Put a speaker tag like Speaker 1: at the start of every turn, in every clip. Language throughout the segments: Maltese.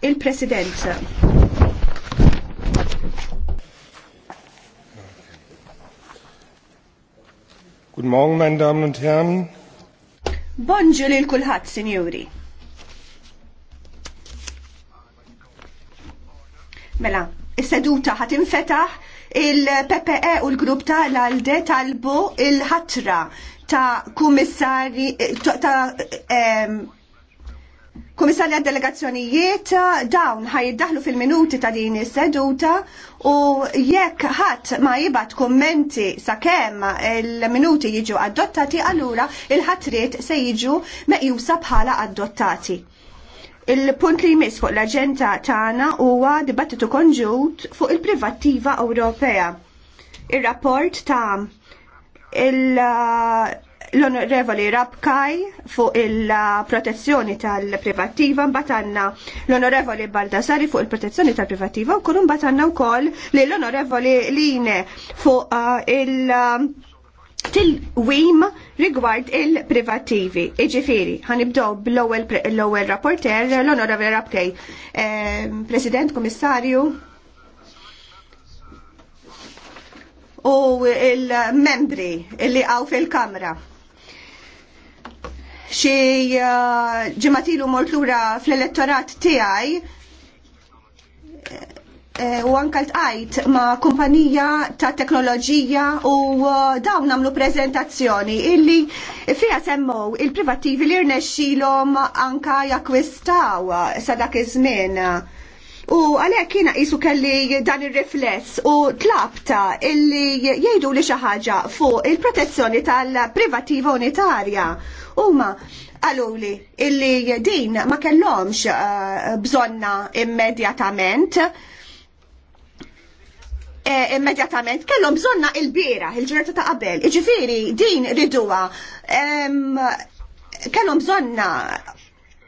Speaker 1: Il-President.
Speaker 2: Guten Morgen, meine Damen und Herren.
Speaker 1: Bonjour, lil kulħadd, signori. Mela, is-seduta ħat infetaħ il-PPE u l-grupp tal-Alde talbu il-ħatra ta' kummissari ta' għad delegazzjonijiet dawn ħajiddaħlu fil-minuti ta' din is-seduta u jekk ħadd ma jibat kummenti sakemm il-minuti jiġu adottati allura il-ħatriet se jiġu meqjusa bħala adottati. Il-punt li jmiss fuq l-aġenda tagħna huwa dibattitu konġut fuq il-privattiva Ewropea. Ir-rapport ta' l-onorevoli Rabkaj fuq il-protezzjoni tal-privattiva, mbatanna l-onorevoli Baldassari fuq il-protezzjoni tal-privattiva, u kolum mbatanna u kol li l-onorevoli Line fuq uh, il- til-wim rigward il-privattivi. Iġifiri, ħanibdow bl-ewel rapporter, l-onorevoli Rabkaj, eh, President, Komissarju, u il-membri li għaw fil-kamra. Xi uh, ġematilu mort lura fl-elettorat tiegħi eh, u għankalt għajt tqajt ma' kumpanija ta' teknoloġija u uh, dawn namlu prezentazzjoni illi fija semmow il-privattivi li rnexxilom anka jakwistaw sa dak iż-żmien U għalhekk jiena qisu kelli dan ir-rifless u tlabta illi jgħidu li xi ħaġa fuq il-protezzjoni tal-privattiva unitarja. Huma għaluli illi din ma kellhomx uh, bżonna immedjatament eh, immedjatament kellhom bżonna il-bira, il ġurta ta' qabel. Iġifieri din riduha kellhom bżonna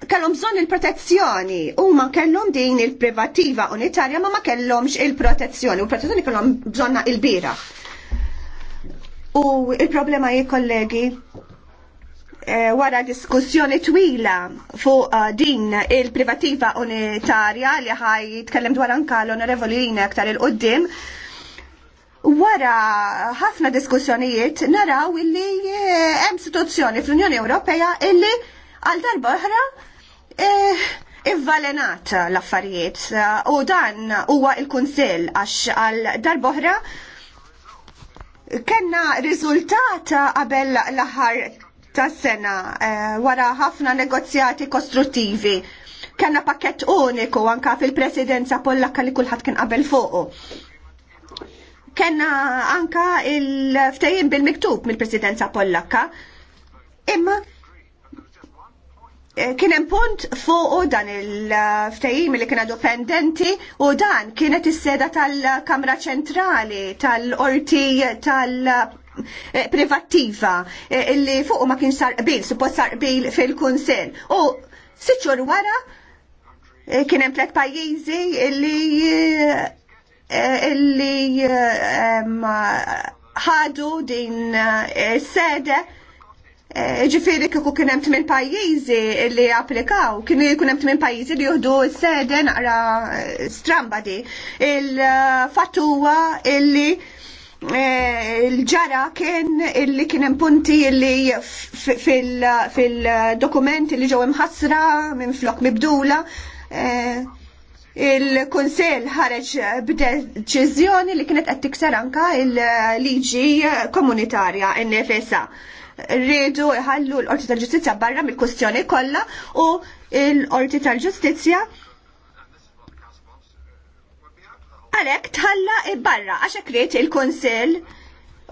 Speaker 1: kellhom bżonn il-protezzjoni huma kellhom din il-privativa unitarja ma ma kellhomx il-protezzjoni u l-protezzjoni kellhom bżonna il-bira. U il-problema hi kollegi eh, wara diskussjoni twila fuq eh, din il-privativa unitarja li ħaj jitkellem dwar anka l-onorevoli aktar il-qoddim. Wara ħafna diskussjonijiet naraw illi eh, hemm situazzjoni fl-Unjoni Ewropea illi għal darba oħra Eh, Ivvalenat l-affarijiet u dan huwa il kunsell għax għal darboħra kena riżultat qabel l-aħħar tas-sena eh, wara ħafna negozjati kostruttivi. Kenna pakket uniku anka fil-presidenza pollakka li kulħadd kien qabel fuqu. Kenna anka il-ftejjin bil-miktub mill-presidenza pollakka. Imma kien hemm punt fuq dan il ftehim li kien għadu pendenti u dan kienet is-seda tal-Kamra Ċentrali tal-Orti tal- eh, privattiva eh, illi fuq ma kien sar qbil, suppost sar qbil fil-Kunsel. U siċur wara eh, kien hemm tliet pajjiżi illi illi ħadu din sede Eh, ġifiri kiku kienem t-min pajizi li applikaw, kienu kienem t-min pajizi li juhdu s sede naqra eh, stramba di. Il-fatuwa illi eh, il-ġara kien illi kienem punti illi fil-dokumenti li ġew imħassra minn flok mibdula. Il-Kunsel ħareġ b'deċiżjoni li kienet qed tikser anka il-liġi komunitarja NFSA rridu iħallu l-Qorti tal-Ġustizzja barra mill-kustjoni kollha u l-Qorti tal-Ġustizzja għalhekk tħalla barra għax kriet il-Kunsill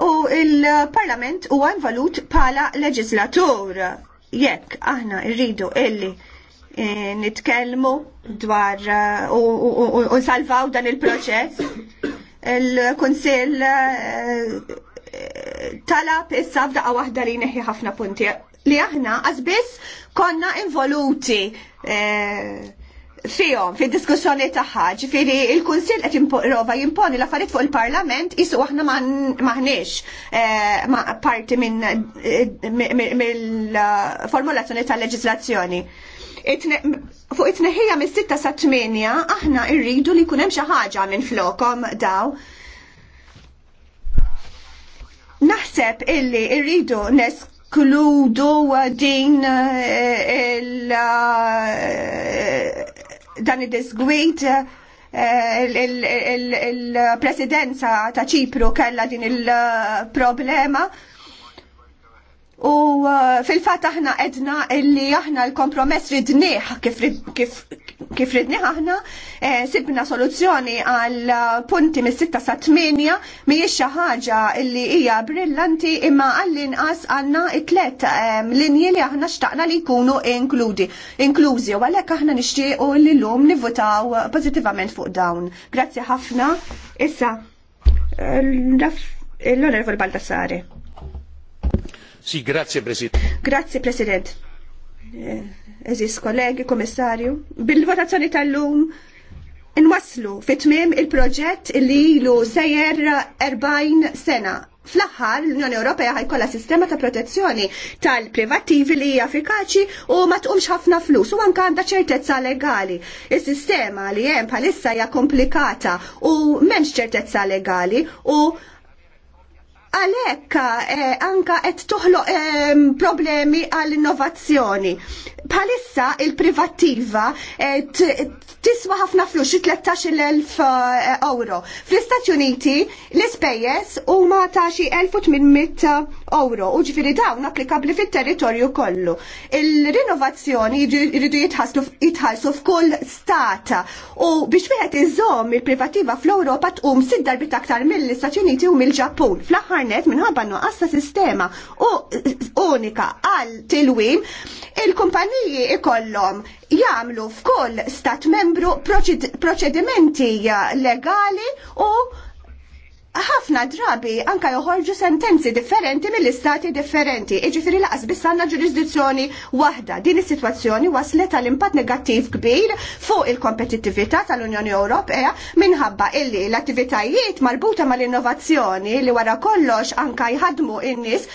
Speaker 1: u il-Parlament huwa involut pala leġislatur. Jekk aħna rridu illi e, nitkellmu dwar e, u salvaw dan il-proċess il-Kunsill e, talab issa f'daqqa waħda li neħi ħafna punti li aħna għazbis konna involuti eh, fihom fid diskussjoni tagħha, ġifieri il-Kunsill qed rova jimponi l-affarijiet fuq il-Parlament isu aħna maħniex eh, parti minn eh, mill-formulazzjoni tal leġislazzjoni fuq it-tneħħija mis-sitta sa tminja aħna rridu li jkun hemm xi ħaġa minn flokom daw naħseb illi irridu nes kludu din eh, il eh, dan id-disgwit eh, il-presidenza ta' ċipru kella din il-problema U uh, fil-fat aħna edna illi aħna l-kompromess ridniħ kif, kif, kif ridniħ aħna e, sibna soluzzjoni għal uh, punti mis 6 sa 8 mi ħaġa illi hija brillanti imma għall-inqas għandna it-tlet ehm, linji li aħna xtaqna li jkunu inkludi. Inklużi u għalhekk aħna nixtiequ li lum nivvutaw pozitivament fuq dawn. Grazzi ħafna. Issa, eh, l-onorevoli Baldassare. Si, grazie President. Grazie President. Eh, eżis kollegi, komissarju. Bil-votazzjoni tal-lum inwaslu fit-tmim il-proġett li ilu sejjer 40 sena. Fl-aħħar l-Unjoni Ewropea ħajkollha sistema ta' protezzjoni tal-privattivi li hija effikaċi u ma tqumx ħafna flus u anke għandha ċertezza legali. Is-sistema li hemm bħalissa hija komplikata u m'hemmx ċertezza legali u għalhekk eh, anka qed toħloq eh, problemi għall-innovazzjoni. Palissa il-privattiva eh, tiswa ħafna flux 13.000 eh, euro. Fl-Istati Uniti l-ispejjeż huma ta' xi 1800 euro u ġifiri dawn applikabbli fit-territorju kollu. Il-rinnovazzjoni jridu jitħallsu f'kull stata u biex wieħed iżomm il-privattiva fl-Ewropa tqum sid darbit aktar mill-Istati Uniti u mill-Ġappun. Fl-aħħar net minħabba nuqqas sistema u unika għal tilwim il-kumpanija il-kumpaniji jagħmlu f'kull stat membru proċedimenti legali u ħafna drabi anka joħorġu sentenzi differenti mill-istati differenti. Iġifiri laqas bissanna ġurisdizzjoni wahda. Din is-sitwazzjoni waslet għal impatt negattiv kbir fuq il-kompetittività tal-Unjoni Ewropea minħabba illi l-attivitajiet marbuta mal-innovazzjoni li wara kollox anka jħadmu in-nies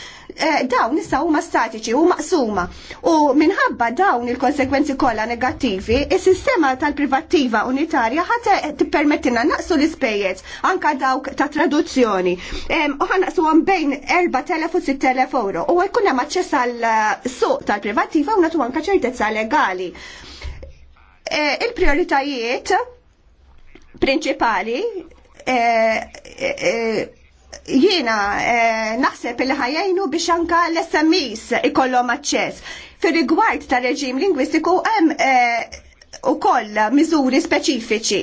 Speaker 1: Eh, dawn issa huma statiċi u maqsuma. U minħabba dawn il-konsekwenzi kollha negattivi, is-sistema tal-privattiva unitarja ħadd e, tippermettilna naqsu l-ispejjeż anka dawk ta' traduzzjoni. U naqsuhom bejn 4000 u 6000 euro. U jkun hemm aċċess għal eh, suq tal-privattiva u nagħtu anke ċertezza legali. Eh, il-prioritajiet prinċipali jiena eh, naħseb il ħajajnu biex anka l-SMEs ikollhom aċċess. Fir-rigward ta' reġim lingwistiku hemm eh, ukoll miżuri speċifiċi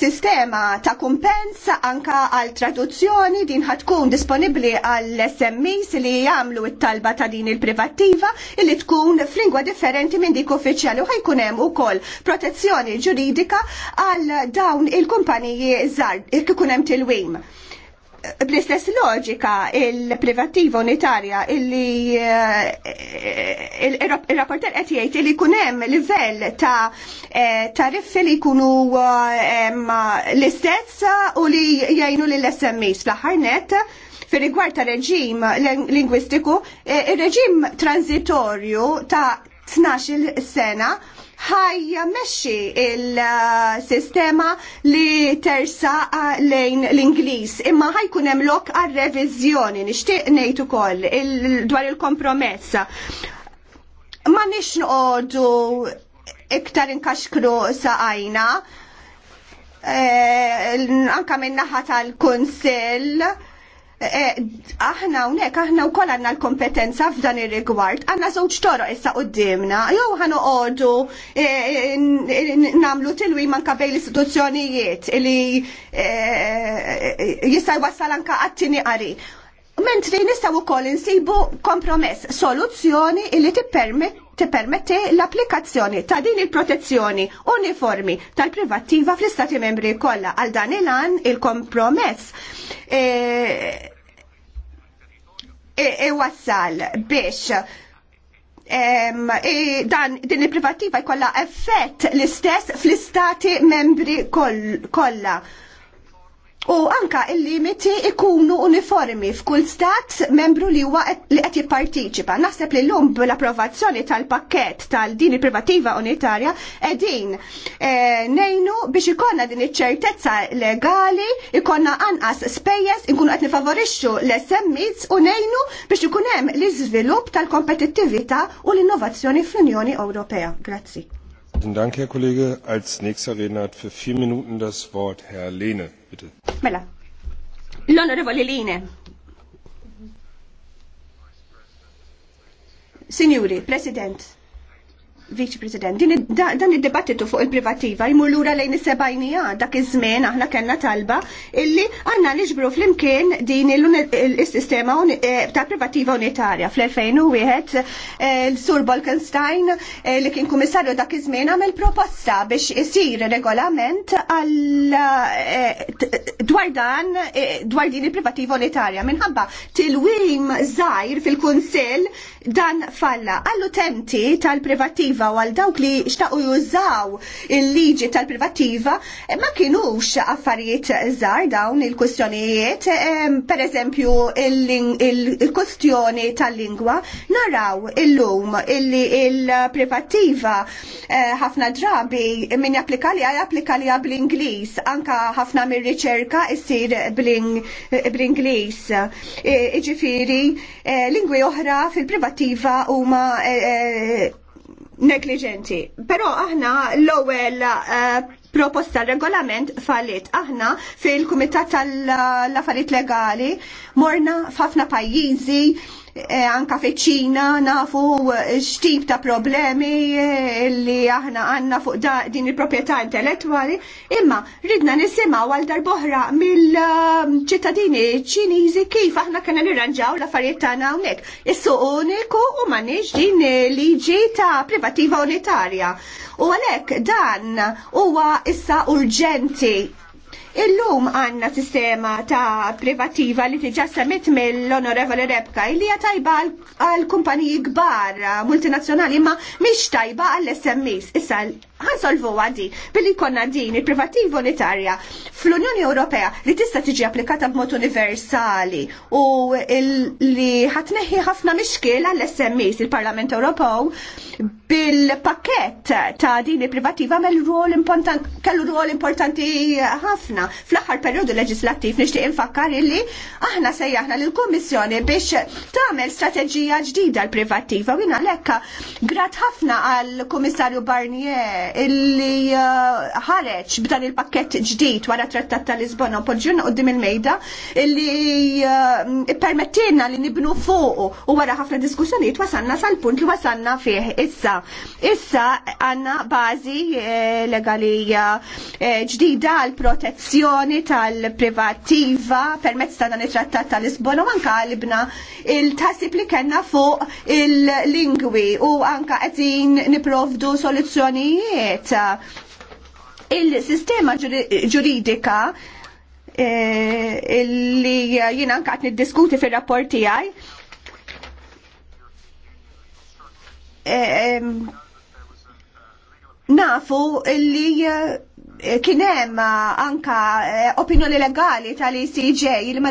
Speaker 1: sistema ta' kumpens anka għal traduzzjoni din ħatkun disponibli għall-SMIs li jagħmlu it-talba ta' din il-privattiva li tkun f'lingwa differenti minn dik uffiċjali u ħajkun hemm ukoll protezzjoni ġuridika għal dawn il-kumpaniji żgħar kif ikun hemm tilwim bl-istess loġika il-privattiva unitarja illi eh, il-rapporter qed jgħid li jkun hemm livell ta' eh, tariffi li jkunu eh, l-istess u li jgħinu lill smis fl-aħħar net fir rigward ta' reġim lingwistiku, ir-reġim transitorju ta' 12 sena ħajja meċi il-sistema li tersa lejn l-Inglis imma ħajkun hemm lok għal-revizjoni nixtieq ngħid ukoll dwar il-kompromessa. Ma nix noqogħdu iktar inkaxkru saqajna eh, anka min-naħa tal-Kunsill Eh, aħna unek, aħna u koll għanna l-kompetenza f'dan ir-rigward, għanna żewġ toro issa qoddimna, jew għanu għodu eh, namlu tilwi manka bej l-istituzzjonijiet li eh, jista' jwassal anka għattini qari. Mentri nistaw ukoll insibu kompromess, soluzzjoni li tippermetti l-applikazzjoni ta' din il-protezzjoni uniformi tal-privattiva fl-Istati membri kollha għal dan il-an il-kompromess. E, iwassal e, e biex e dan din il-privattiva jkollha effett l-istess fl-istati membri kollha. U anka il-limiti ikunu uniformi f'kull stat membru li huwa li qed jipparteċipa. Naħseb li llum bl-approvazzjoni tal-pakkett tal-din privativa unitarja qegħdin e, nejnu biex ikonna din iċ-ċertezza legali, ikonna anqas spejjeż, inkunu qed nifavorixxu l-SMEs u nejnu biex ikun hemm l-iżvilupp tal-kompetittività u l-innovazzjoni fl-Unjoni Ewropea. Grazzi.
Speaker 2: Dank, Herr Kollege. Als nächster Redner hat für vier Minuten das Wort Herr Lehne, bitte.
Speaker 1: Mela. L'onorevole Lehne. Signori, President. Vice President, dan id-dibattitu fuq il-privativa jmur lura lejn is-sebajnija dak iż-żmien aħna kellna talba illi għandna niġbru flimkien din il-sistema eh, ta' privativa unitarja fl-2001 eh, l-Sur Bolkenstein eh, li kien kummissarju dak iż-żmien għamel proposta biex isir regolament għal dwar dan dwar din il-privativa unitarja minħabba til-wim żgħir fil-Kunsill dan falla għall-utenti tal-privativa privattiva u għal dawk li xtaqu jużaw il-liġi tal-privattiva eh, ma kienux affarijiet żgħar dawn il kustjonijiet per eżempju il-kwestjoni tal-lingwa naraw illum illi il-privattiva eh, ħafna drabi min japplika li għaj japplika għab bl-Inglis, anka ħafna mir-riċerka jessir bl-Inglis. Eh, iġifiri, lingwi oħra fil-privattiva huma negliġenti. Però aħna l-ewwel eh, proposta regolament fallit. Aħna fil-Kumitat tal-Affarijiet Legali morna f'ħafna pajjiżi Eh, anka fiċ-Ċina nafu x'tip ta' problemi eh, li aħna għandna fuq din il-proprjetà intellettwali, imma ridna nisimgħu għal darboħra mill-ċittadini Ċiniżi kif aħna kena nirranġaw l-affarijiet tagħna hawnhekk. is uniku u m'għandniex din liġi ta' privativa unitarja. U għalhekk dan huwa issa urġenti Illum għanna sistema ta' privativa li tiġa semmit mill-Onorevoli Rebka li hija tajba għal kumpaniji kbar multinazzjonali ma mhix tajba għall-SMEs. Issa ħansolvu għaddi billi konna din il-privativ monetarja fl-Unjoni Ewropea li tista' tiġi applikata b'mod universali u li ħatneħi ħafna mixkiel għall-SMEs il-Parlament Ewropew bil-pakket ta' din privativa mel rol kellu rol importanti ħafna fl-aħħar periodu leġislattiv nixtieq infakkar illi aħna sejjaħna lill kummissjoni biex tagħmel strateġija ġdida l-privattiva u jiena lekka grat ħafna għall kummissarju Barnier illi uh, ħareġ b'dan il-pakket ġdid wara trattat tal Lisbona u poġġuna qudiem il-mejda illi uh, permettilna li nibnu fuq u wara ħafna diskussjonijiet wasanna sal-punt li wasanna fih issa. Issa għandna bażi eh, legalija eh, ġdida għal protezzjoni tal-privativa permezz ta' dan it-trattat tal Lisbona u anka għalibna il-tasib li kellna fuq il-lingwi u anka qegħdin niprovdu soluzzjonijiet wieħed il-sistema ġuridika eh, li jiena nkat niddiskuti fir-rapport tiegħi eh, nafu li kienem eh, anka eh, opinjoni legali tal-ECJ li ma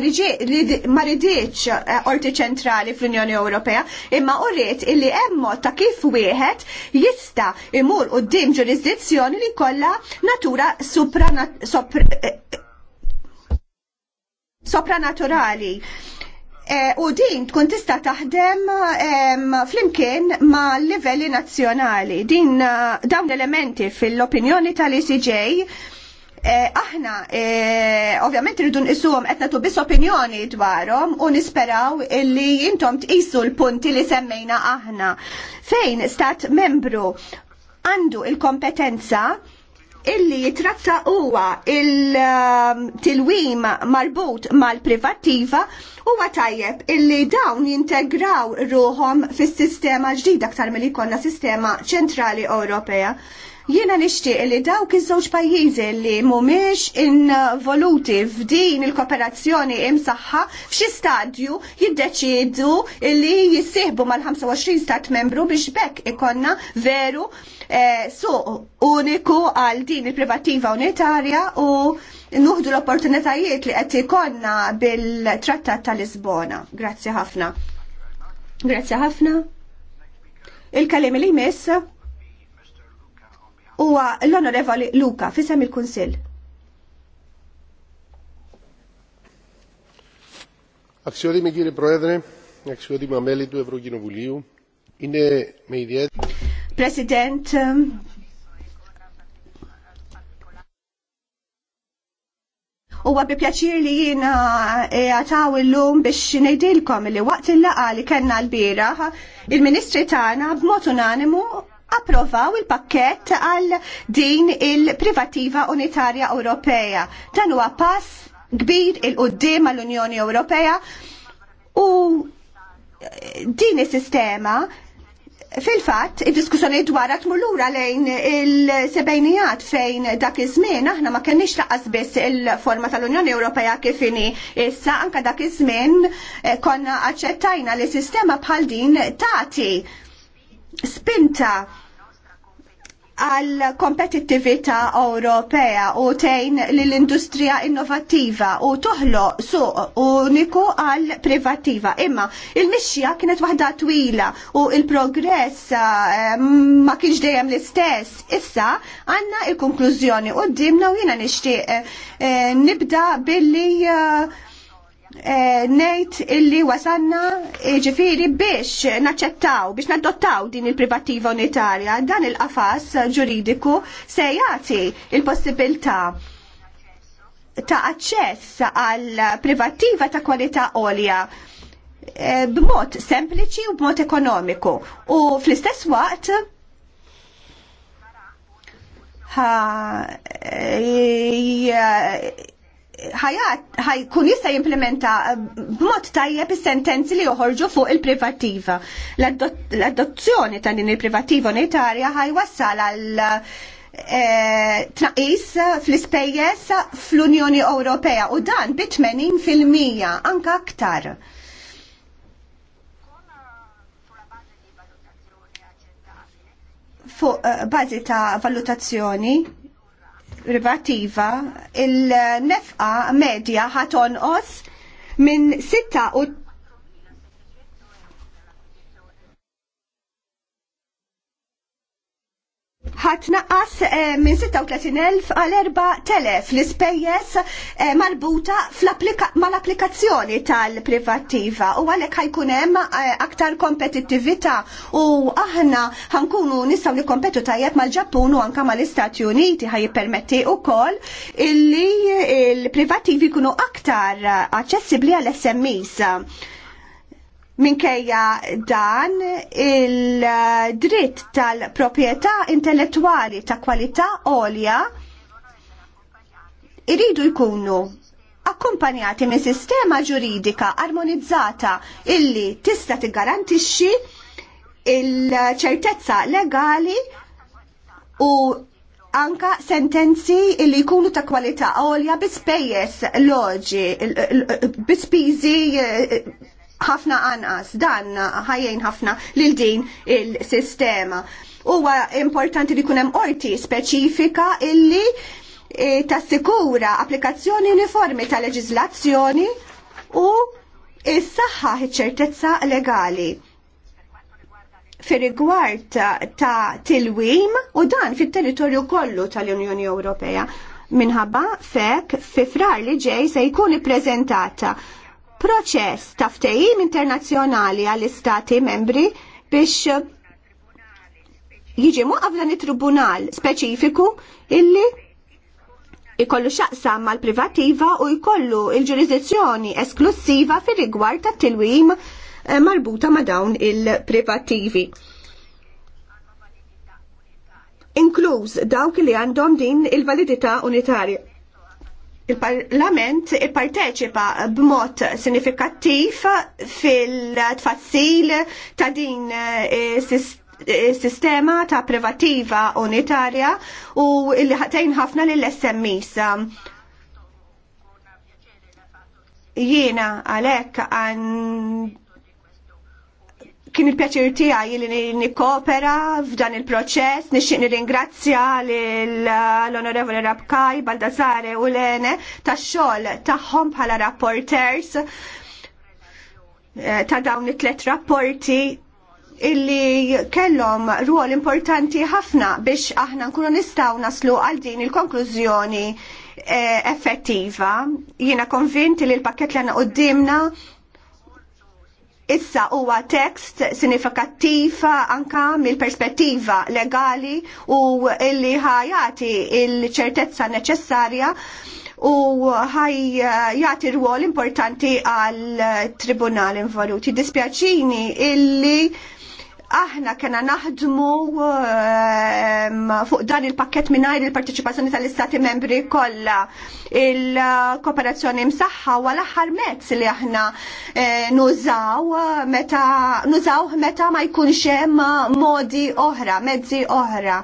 Speaker 1: eh, orti ċentrali fl-Unjoni Ewropea imma urrit illi emmo ta' kif wieħed jista imur u d-dim ġurisdizzjoni li kolla natura supranaturali. Sopra Eh, u din tkun tista' taħdem flimkien ma' livelli nazzjonali. Din eh, dawn elementi fil-opinjoni tal-ECJ eh, aħna ovvjament rridu nqisuhom qed nagħtu biss opinjoni dwarhom u nisperaw illi intom tqisu l-punti li semmejna aħna. Fejn stat membru għandu il-kompetenza illi jitratta huwa il-tilwim um, marbut mal-privattiva huwa tajjeb illi dawn jintegraw ruhom fis-sistema ġdida aktar milli jkollna sistema ċentrali Ewropea. Jiena nixtieq li dawk iż-żewġ pajjiżi li mhumiex involuti f'din il-kooperazzjoni imsaħħa f'xi stadju jiddeċiedu li jissieħbu mal-25 stat membru biex bekk ikonna veru Eh, so, uniku għal din il privativa unitarja u nuħdu l-opportunitajiet li għetti konna bil-Trattat tal Lisbona. Grazie ħafna. Grazie ħafna. Il-kalim li jmiss u l-Onorevoli Luka fisem il-Kunsill.
Speaker 2: Aksjoni Migiri Proedre, aksjoni ma' Meli du Evroginu Vuliju, inne mejdiet. President,
Speaker 1: um, Huwa bi pjaċir li jiena eh, għataw illum biex ngħidilkom li waqt il-laqa li kellna l bira il-Ministri tagħna b'mod unanimu approvaw il-pakket għal din il-privativa unitarja Ewropea. Dan huwa pass kbir il-qoddim għall-Unjoni Ewropea u eh, din is-sistema Fil-fatt, id-diskussjoni dwarat tmur lura lejn il-sebejnijat fejn dak iż-żmien aħna ma kenniex laqas biss il-forma tal-Unjoni Ewropea kif inhi issa anke dak iż-żmien eh, konna aċċettajna li sistema bħal din tagħti spinta għal kompetittività Ewropea u tejn lill-industrija innovattiva u toħlo suq uniku għal privattiva. Imma il-mixja kienet waħda twila u il-progress eh, ma kienx dejjem l-istess. Issa għandna il-konklużjoni u dimna u jiena nixtieq eh, eh, nibda billi Eh, nejt illi wasanna ġifiri biex naċċettaw, biex naddottaw din il-privativa unitarja, dan il-qafas ġuridiku se jagħti il-possibilità ta' aċċess għal privativa ta' kwalità għolja eh, b'mod sempliċi u b'mod ekonomiku u fl-istess waqt ha, eh, ħajat ħajkun jista' jimplementa eh, b'mod tajjeb is-sentenzi li joħorġu fuq il-privattiva. L-adozzjoni ta' din il-privattiva unitarja ħajwassal għal eh, tnaqis fl-ispejjeż fl-Unjoni Ewropea u dan bi 80% anke aktar. Fuq eh, bażi ta' valutazzjoni derivativa il-nefqa medja ħatonqos minn 6 u ħat naqas eh, minn 36.000 għal 4.000 l-ispejjeż eh, marbuta mal-applikazzjoni tal-privattiva u għalhekk ħajkun hemm eh, aktar kompetittività u aħna ħankunu nistgħu nikkompetu tajjeb mal-Ġappun u anke mal-Istati Uniti ħajjippermetti wkoll illi l-privattivi jkunu aktar aċċessibbli għall SMEs Minkejja dan il-dritt tal-propieta intellettuali ta' kwalità olja iridu jkunu akkumpanjati minn sistema ġuridika armonizzata illi tista' tiggarantixxi il-ċertezza legali u anka sentenzi li jkunu ta' kwalità għolja bispejjeż loġi, bispiżi eh, ħafna anqas, dan ħajjin ħafna lil din il-sistema. Huwa importanti li kunem orti speċifika illi e, tassikura applikazzjoni uniformi ta' leġizlazzjoni u is-saħħa ċertezza legali fir rigward ta', ta tilwim u dan fit-territorju kollu tal-Unjoni Ewropea minħabba fek fi frar li ġej se jkun ippreżentata proċess ta' ftehim internazzjonali għall-istati membri biex eh, jiġi muqaf dan it-tribunal speċifiku illi ikollu xaqsam mal privativa u jkollu il-ġurisdizzjoni esklusiva fir rigward ta' tilwim eh, marbuta ma' dawn il-privattivi. Inkluż dawk li għandhom din il-validità unitarja il-Parlament ipparteċipa b'mod sinifikattiv fil-tfassil ta' din eh, eh, sistema ta' privativa unitarja u li ħatejn ħafna lill-SMEs. Jiena għalek għan kien il-pjaċir tiegħi li nikkopera f'dan il-proċess, nixtieq nirringrazzja eh, l-Onorevoli Rabkaj, Baldassare u Lene tax-xogħol tagħhom bħala rapporters eh, ta' dawn it-tlet rapporti illi kellhom ruol importanti ħafna biex aħna nkunu nistgħu naslu għal din il-konklużjoni eh, effettiva. Jiena konvinti li l-pakket li għandna qudiemna issa huwa tekst sinifikattiv anka mill-perspettiva legali u illi ħajati il-ċertezza neċessarja u ħaj eh, jati rwol importanti għal tribunal involuti. Dispjaċini illi Aħna kena naħdmu ehm, fuq dan il-pakket mingħajr il-parteċipazzjoni tal-istati membri kollha il-kooperazzjoni msaħħa u l-aħħar mezz li aħna eh, nużaw meta nużaw meta ma jkunx hemm modi oħra, mezzi oħra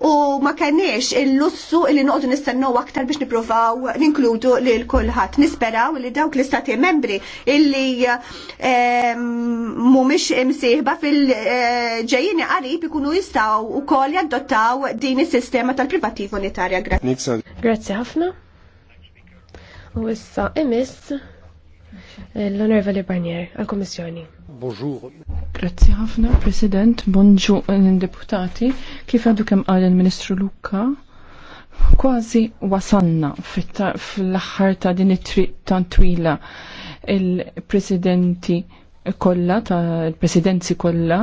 Speaker 1: u ma kenniex il-lussu li noqdu nistennu aktar biex niprofaw ninkludu li l-kulħat. Nisperaw li dawk l-istati membri illi mumiex imsieħba fil-ġejjini qarib ikunu jistaw u kol jaddottaw din is-sistema tal-privativ unitarja. Grazie ħafna. U issa imis l-Onorevoli Barnier
Speaker 3: għal-Komissjoni. Bonjour.
Speaker 4: Grazzi ħafna, President, bonġur deputati. Kif għadu kem għal il-Ministru Luka, kważi wasanna fl-axħar ta' din it-triq tantwila twila il-presidenti kolla, ta' il-presidenzi kolla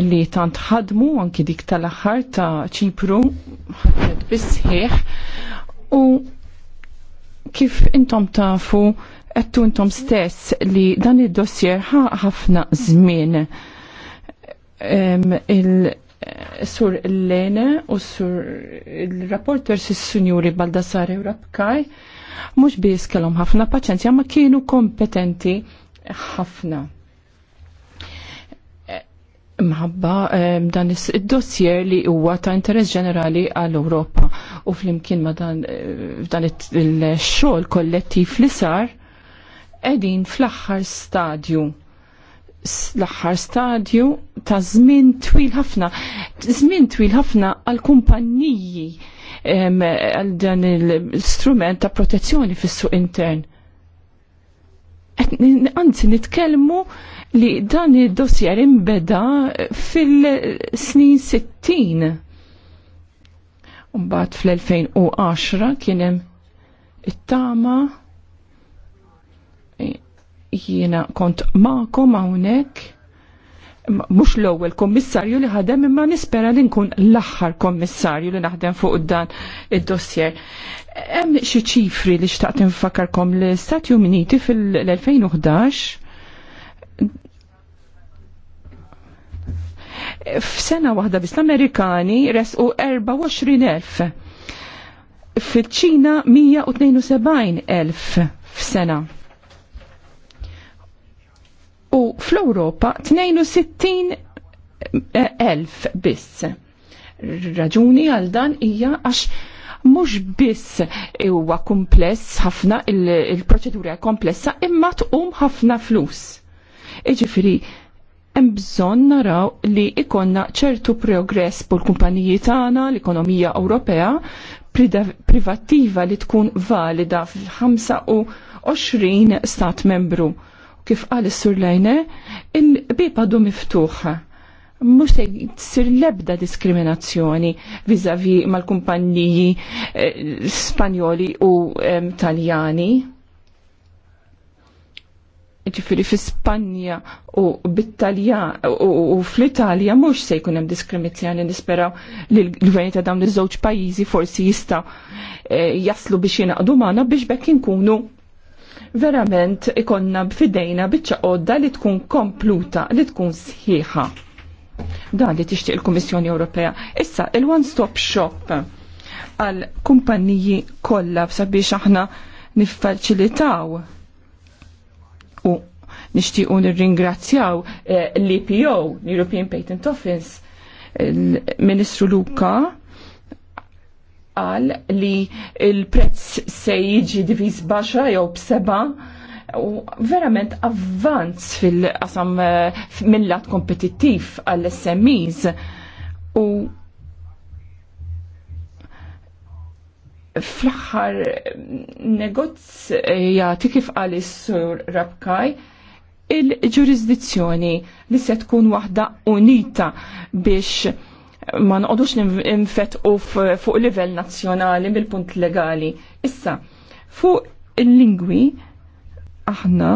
Speaker 4: li tant ħadmu anki dik tal-axħar ta' ċipru ħadmet bisħiħ u kif intom tafu għettu stess li dan id-dossier ħafna żmien il-sur Lene u sur il-rapporters s sunjuri Baldassare u Rabkaj mux bis kellhom ħafna paċenzja ma kienu kompetenti ħafna. Mħabba dan id-dossier li huwa ta' interess ġenerali għall europa u flimkien ma dan eh, il-xogħol kollettiv li sar edin fl-axħar stadju l-axħar stadju ta' żmien twil ħafna, żmien twil ħafna għal kumpanniji għal dan l-strument ta' protezzjoni fis-suq intern. Anzi, nitkellmu li dan id-dossier imbeda fil-snin 60. Umbat fl-2010 kienem it-tama jiena kont ma'kom hawnhekk mux l-ewwel kommissarju li ħadem imma nispera li nkun l-aħħar kommissarju li naħdem fuq dan id-dossier. Hemm xi ċifri li xtaqt infakarkom l stati Uniti fil-2011 f'sena waħda bis l-Amerikani resqu 24,000 fil-ċina 172,000 f'sena u fl-Ewropa 62,000 eh, biss. Raġuni għal dan hija għax mhux biss huwa kumpless ħafna il-proċedura il komplessa imma tqum ħafna flus. Iġifieri hemm bżonn naraw li ikonna ċertu progress pol kumpaniji tagħna l-ekonomija Ewropea privattiva li tkun valida fil-25 stat membru kif qal is-Sur il-bib għadu miftuħ. Mux se tsir lebda diskriminazzjoni vizavi mal-kumpanniji eh, spanjoli u taljani. Ġifiri fi Spanja u bit-Talja u, fl-Italja mux se jkun hemm diskriminazzjoni nisperaw li l-gvern ta' dawn iż-żewġ pajjiżi forsi jista' eh, jaslu biex jinaqdu magħna biex bekk inkunu verament ikonna b'fidejna biċċa qodda li tkun kompluta, li tkun sħiħa. Dan li tixtieq il-Kummissjoni Ewropea. Issa il-one stop shop għal kumpanniji kollha sabiex aħna niffaċilitaw u nixtiequ nirringrazzjaw eh, l-EPO, l-European Patent Office, il-Ministru Luka, qal li il-prezz se jiġi diviż baxa jew b'seba' u verament avvanz fil-qasam eh, mill-lat kompetittiv għall-SMEs u fl-axħar negozjati kif għal sur Rabkaj il-ġurisdizzjoni li se tkun waħda unita biex ma nqodux u fuq livell nazzjonali bil-punt legali. Issa, fuq il-lingwi aħna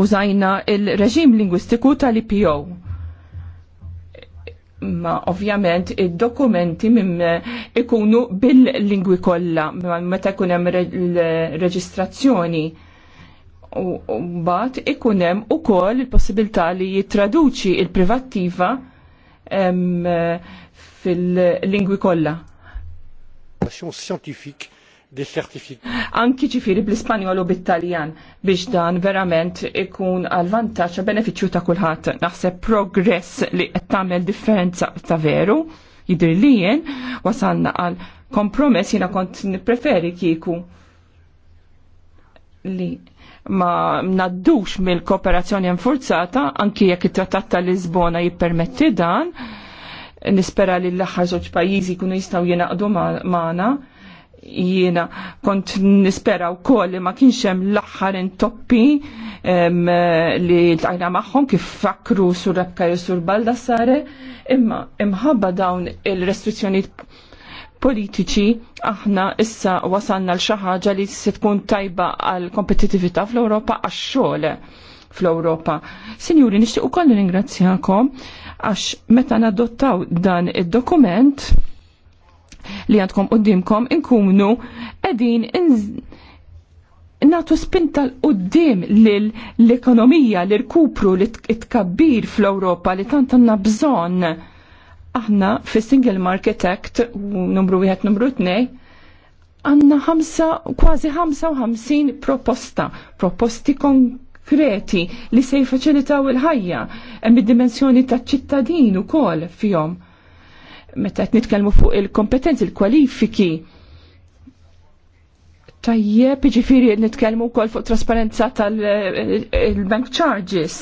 Speaker 4: użajna il-reġim lingwistiku tal-IPO. Ma ovvjament id-dokumenti minn ikunu bil-lingwi kollha meta jkun hemm reġistrazzjoni u mbagħad ikun hemm ukoll il-possibilità li jittraduċi il-privattiva il privattiva fil-lingwi kollha. Anki ċifiri bl-Ispanjol u bit-Taljan biex dan verament ikun għal vantaġġ benefiċċju ta' kulħadd. Naħseb progress li qed tagħmel differenza ta' veru jidri li jien wasalna għal kompromess jiena kont nippreferi kieku li ma naddux mill-kooperazzjoni enfurzata, anki jekk it-trattat ta' Lisbona jippermetti dan, nispera li l-aħħar żewġ pajjiżi jkunu jistgħu jingħaqdu magħna. Jiena kont nispera wkoll li ma kienx hemm l-aħħar intoppi li tqajna magħhom kif fakru sur Rebka jew sur Baldassare, imma imħabba dawn il-restrizzjonijiet politiċi aħna issa wasanna l xi ħaġa li se tkun tajba għal kompetitività fl-Ewropa għax xogħol fl-Ewropa. Sinjuri, nixtieq ukoll ringrazzjakom għax meta nadottaw dan id-dokument li għandkom qudiemkom inkunu qegħdin natu spinta l-qoddim l-ekonomija, l-irkupru, l-tkabbir fl-Europa li tant bżon. bżonn aħna fi Single Market Act numru 1 numru 2 għanna kważi 55 proposta, proposti konkreti li se jfaċilitaw il-ħajja hemm id-dimensjoni taċ-ċittadin ukoll fihom. Meta qed nitkellmu fuq il-kompetenzi, il-kwalifiki, tajjeb ġifiri nitkellmu wkoll fuq trasparenza tal-bank eh, charges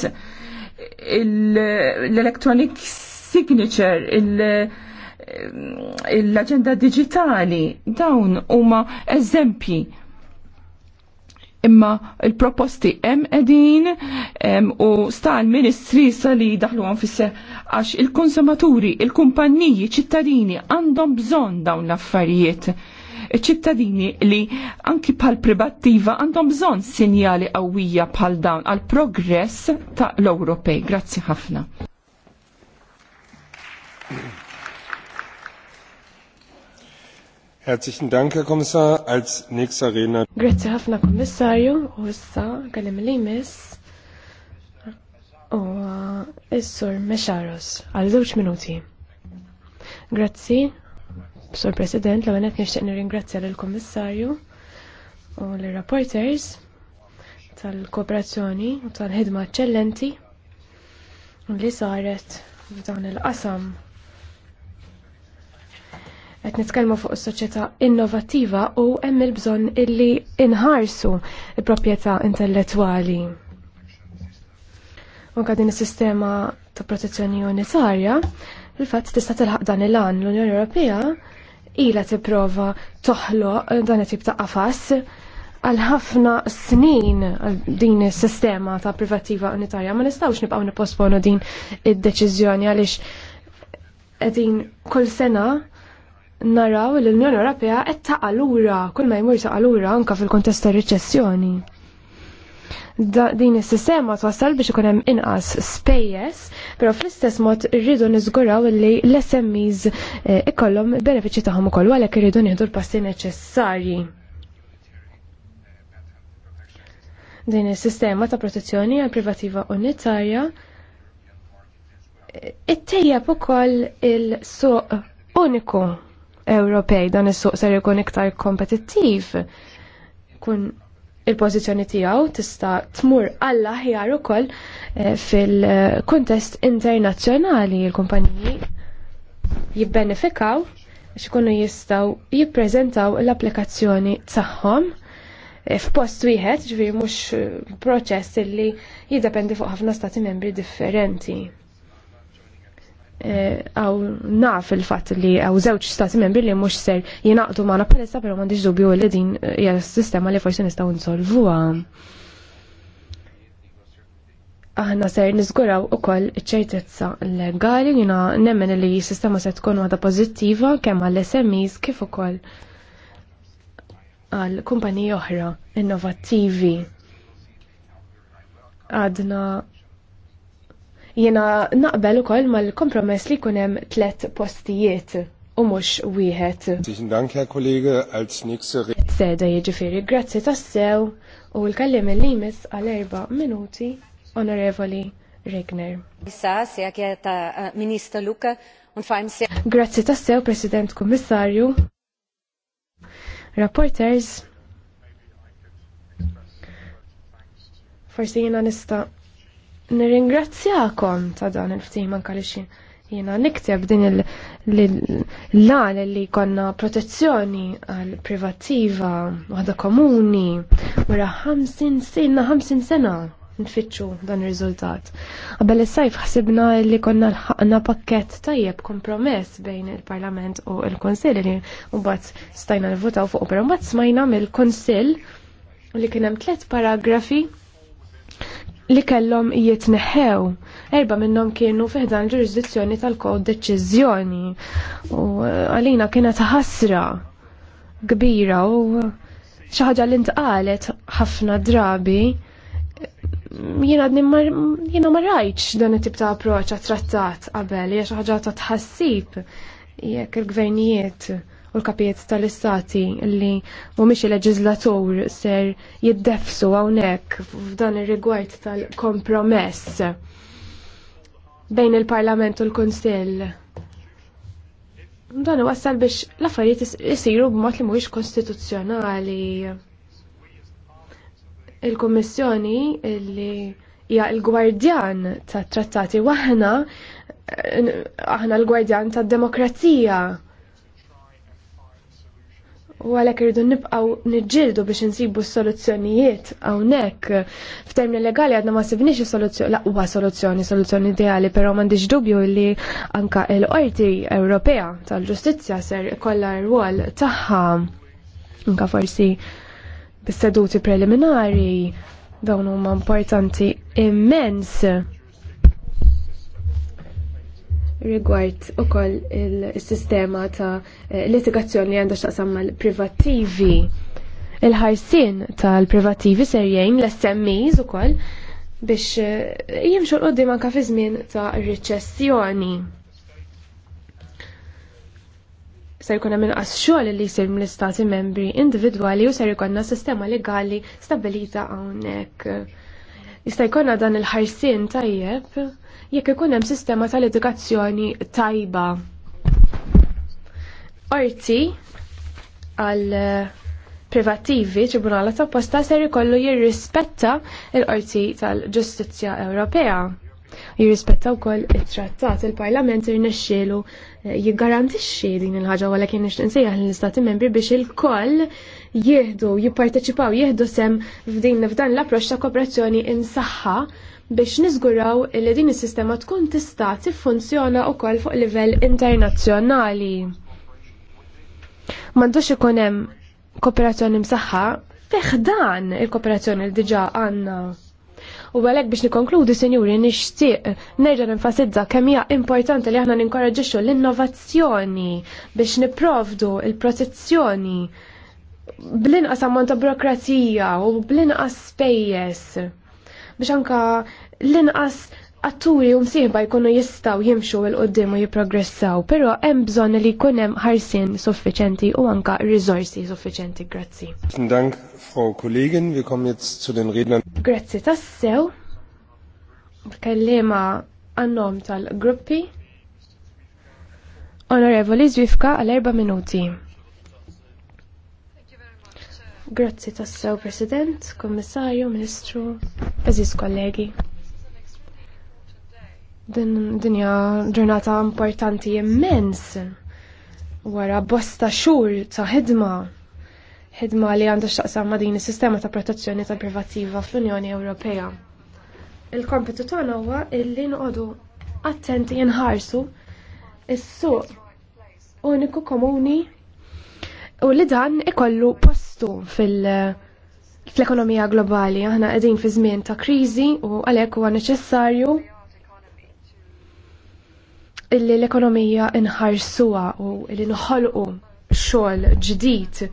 Speaker 4: l-electronics signature il- l-agenda digitali dawn huma eżempji imma il-proposti hemm qegħdin u sta l-ministri sa li daħluhom fisse għax il-konsumaturi, il-kumpanniji, ċittadini għandhom bżonn dawn l-affarijiet. ċittadini li anki pal privattiva għandhom bżonn sinjali qawwija bħal dawn għal progress ta' l-Ewropej. Grazzi ħafna.
Speaker 2: Herzlichen Dank, Herr Kommissar. Als nächster Redner. Grazie
Speaker 3: ħafna, Kommissarju. U issa, kallim li miss. U issur Mesharos, għal żewġ minuti. Grazzi, Sur President, l għanet nishtiq nirringrazzja l-Kommissarju u l-Rapporters tal-kooperazzjoni u tal-ħidma eccellenti li saret f'dan il-qasam qed nitkellmu fuq soċjetà innovattiva u hemm il-bżonn illi inħarsu l proprjetà intellettwali. Anka din is-sistema ta' protezzjoni unitarja, il-fatt tista' tilħaq dan il-għan l-Unjoni Ewropea ila tipprova toħloq dan it-tip ta' qafas għal ħafna snin għal din is-sistema ta' privattiva unitarja ma nistgħux nibqgħu nipposponu din id-deċiżjoni għaliex qegħdin kull sena naraw li l-Unjoni Ewropea qed taqalura kull ma jmur taqalura anke fil-kontest ta' riċessjoni. Din is-sistema twassal biex ikun hemm inqas spejjeż, però fl-istess mod irridu niżguraw li l-SMEs eh, ikollhom benefiċċji tagħhom ukoll għalhekk irridu nieħdu l-passi neċessarji. Din is-sistema ta' protezzjoni għal privativa unitarja eh, it-tejjeb ukoll il-suq uniku Ewropej dan is-suq ser ikun iktar kompetittiv. Kun il-pożizzjoni tiegħu tista' tmur alla ħjar ukoll eh, fil-kuntest internazzjonali l-kumpaniji jibbenefikaw biex ikunu jistgħu jippreżentaw l-applikazzjoni tagħhom eh, f'post wieħed, ġifieri mhux proċess li jiddependi fuq ħafna stati membri differenti għaw eh, naf il-fat li għaw zewċ stati membri li mux ser jenaqdu maħna palissa, pero mandiġ dubju li din jgħal sistema li forsi nistaw nsolvuha. Aħna ser nizguraw u koll ċertezza legali jina nemmen li sistema se tkun waħda pozittiva kemm għall smes kif ukoll għal kumpaniji oħra innovattivi. Għadna Jena naqbel ukoll mal-kompromess li kunem tlet postijiet u mux wieħed.
Speaker 2: Seda jiġifieri
Speaker 3: grazzi tassew u l-kallim il-limis għal erba minuti onorevoli Regner. Eh, grazzi tassew, President Kommissarju. Rapporters, forsi jena nista Nirringrazzjakom ta' dan il-ftim anka li jiena nikteb din il-lan li konna protezzjoni għal privattiva waħda komuni wara 50 sena 50 sena nfittxu dan ir-riżultat. Qabel is-sajf ħsibna li konna l ħakna pakkett tajjeb kompromess bejn il-Parlament u l konsil li mbagħad stajna l-votaw fuq, u mbagħad smajna mill konsil li kien hemm tliet paragrafi li kellhom jitneħħew. Erba minnhom kienu fiħdan ġurisdizzjoni tal-kod deċiżjoni u eh, għalina kienet ħasra kbira u xi ħaġa li ntqalet ħafna drabi jiena jiena ma rajtx dan it-tip ta' approċċ trattat qabel hija xi ħaġa ta' tħassib jekk il-gvernijiet u l-kapijiet tal-istati li mhumiex il leġizlatur ser jiddefsu hawnhekk f'dan ir-rigward tal-kompromess bejn il-Parlament u l-Kunsill. Dan wassal biex l-affarijiet isiru b'mod li mhuwiex kostituzzjonali. Il-Kummissjoni li hija l-gwardjan tat-trattati waħna eh, aħna l-gwardjan tad-demokrazija. U għalek irridu nibqaw nġildu biex nsibu soluzzjonijiet nek. F'termini legali għadna ma sibniex soluzzjoni, laqwa soluzzjoni, soluzzjoni ideali, pero mandiġ dubju li anka l-Qorti Ewropea tal-Ġustizzja ser kolla r-rwol taħħa. Anka forsi bis-seduti preliminari dawn huma importanti immens rigward ukoll il-sistema ta' eh, litigazzjoni li għandha x'taqsam mal-privattivi. Il-ħarsin tal-privattivi ser jgħin l-SMEs ukoll biex eh, jimxu l-qoddim anka fi żmien ta' riċessjoni. Ser jkun hemm inqas xogħol li jsir mill-istati membri individwali u ser jkollna sistema legali stabilita hawnhekk. Jista' jkollna dan il-ħarsin tajjeb jekk ikun hemm sistema tal-edukazzjoni tajba. Orti għal eh, privattivi ċibunala ta' posta ser ikollu jirrispetta l-qorti tal-ġustizzja Ewropea. Jirrispetta wkoll it-trattat il-Parlament irnexxielu eh, jiggarantixxi din il-ħaġa għalek kien nixtieq l lill-Istati Membri biex il-koll jieħdu jipparteċipaw jieħdu sem f'din f'dan l-approċċ ta' kooperazzjoni insaħħa biex niżguraw li din is-sistema tkun tista' tiffunzjona wkoll fuq livell internazzjonali. M'għandux ikun hemm kooperazzjoni msaħħa fih dan il-kooperazzjoni li diġà għandna. U għalek biex nikonkludi, senjuri, nixtieq nerġa' nenfasizza kemm hija importanti li aħna ninkoraġġixxu l-innovazzjoni biex niprovdu il-protezzjoni bl-inqas ammont ta' burokrazija u bl-inqas spejjeż biex anka l-inqas atturi u msiħba jkunu jistaw jimxu il qoddim u jiprogressaw, pero hemm bżonn li jkun hemm ħarsin suffiċenti u anka riżorsi suffiċenti. Grazzi.
Speaker 2: Dank, Frau Kollegin, wir kommen jetzt zu den Rednern.
Speaker 3: Grazzi tassew. Kellima għannom tal-gruppi. Onorevoli Zwifka għal erba' minuti. Grazzi tassew President, Kommissarju, Ministru, Eżis kollegi. Din dinja ġurnata importanti immens wara bosta xhur ta' ħidma ħidma li għandha x'taqsam ma' din is-sistema ta' protezzjoni tal privattiva fl-Unjoni Ewropea. Il-kompetu tagħna huwa illi noqogħdu attenti jinħarsu is-suq uniku komuni u li dan ikollu postu fil- fl-ekonomija globali. Aħna qegħdin fi żmien ta' kriżi u għalhekk huwa neċessarju illi l-ekonomija inħarsuha u li nħolqu xogħol ġdid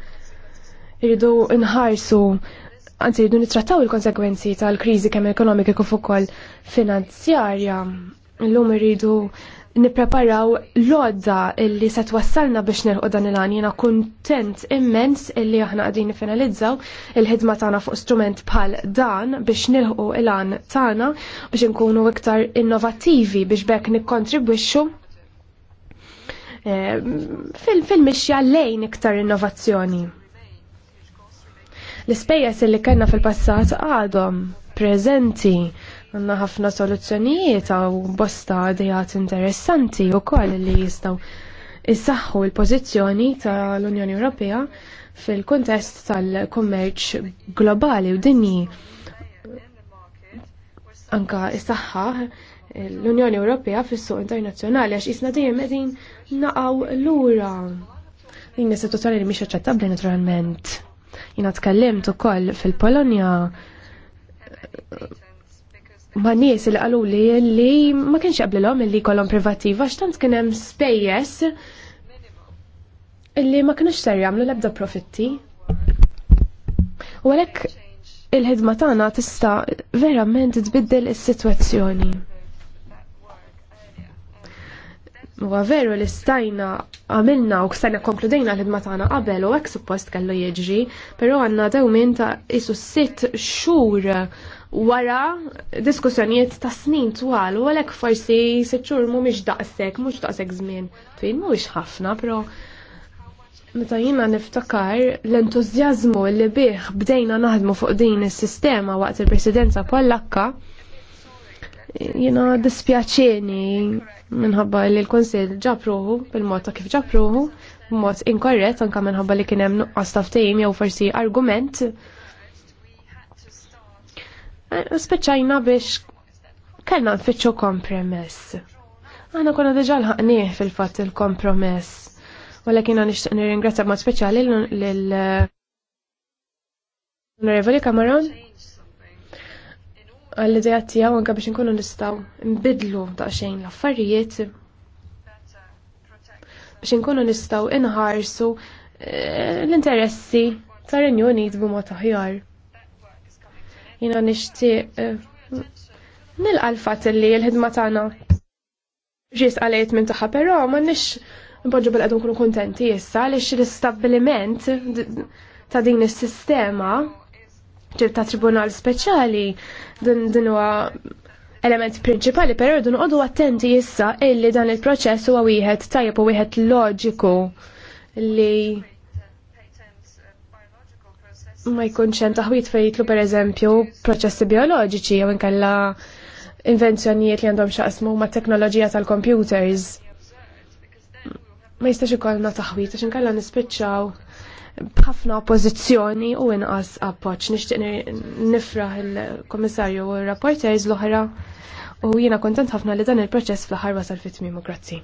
Speaker 3: irridu nħarsu anzi jridu nittrattaw il-konsekwenzi tal-kriżi kemm ekonomika kif ukoll finanzjarja. Illum irridu nipreparaw l-odda illi se twassalna biex nirħu dan il-għan jena kontent immens illi aħna għadin finalizzaw il-ħidma tagħna fuq strument bħal dan biex nilħu il-għan tagħna biex nkunu iktar innovattivi biex bekk nikkontribwixxu eh, fil-mixja lejn iktar innovazzjoni. L-ispejjeż illi kellna fil-passat għadhom preżenti Għanna ħafna soluzzjonijiet għaw bosta għadijat interessanti u koll li jistaw issaħħu l-pozizjoni tal-Unjoni Ewropea fil-kontest tal-kommerċ globali u dinji. Anka jissaxħa l-Unjoni Ewropea fis-suq internazzjonali għax jisna dejjem qegħdin naqaw lura. Din is situazzjoni li miexa ċattabli naturalment. Jiena tkellimt ukoll fil-Polonja ma' nies li qalu li li ma kienx l-om illi jkollhom privattiva x'tant kien hemm spejjeż illi ma kinux ser jagħmlu l-ebda profitti. U għalhekk il-ħidma tagħna tista' verament tbiddel is-sitwazzjoni. Huwa veru li stajna għamilna u stajna konkludejna l-ħidma tagħna qabel u hekk suppost kellu jiġri, però għandna dewmin ta' isu sitt xhur wara diskussjonijiet ta' snin twal u għalhekk forsi seċċur mhumiex daqshekk, mhux daqshekk żmien fejn mhuwiex ħafna, però meta jiena niftakar l-entużjażmu li bih bdejna naħdmu fuq din is-sistema waqt il-Presidenza Pollakka jiena dispjaċini minħabba li l-Konsil ġabruħu bil-mod ta' kif ġabruħu b'mod inkorrett anke minħabba li kien hemm nuqqas taftejm jew forsi argument Eh, speċajna biex kellna nfittxu kompromess. Għana konna deġa l fil-fat il-kompromess. Walakin għan nishtiq nirringrazzja mod speċjali l-Onorevoli eh, Cameron għall-idea tiegħu anke biex inkunu nistgħu nbidlu daqsxejn l-affarijiet biex inkunu nistgħu inħarsu eh, l-interessi tar-Renju Unit b'mod aħjar. Jina nixtieq eh, nilqa l-fatt li l-ħidma tagħna ġis għalejt minn taħħa, però ma nix nbogġu bil kunu kontenti issa li l-istabbiliment ta' din is-sistema ta' tribunal speċjali din huwa element prinċipali, però rridu noqogħdu attenti issa illi dan il-proċess huwa wieħed tajjeb u wieħed loġiku li ma jkunx hemm taħwit fejn jitlu pereżempju proċessi bioloġiċi jew inkella invenzjonijiet li għandhom xaqsmu ma' teknoloġija tal-computers. Ma jistax ikollna taħwit għax inkella nispiċċaw b'ħafna oppożizzjoni u inqas appoġġ. Nixtieq nifraħ il kummissarju u r-rapporters l-oħra u jiena kontent ħafna li dan il-proċess fl-aħħar wasal fit tmiem Grazzi.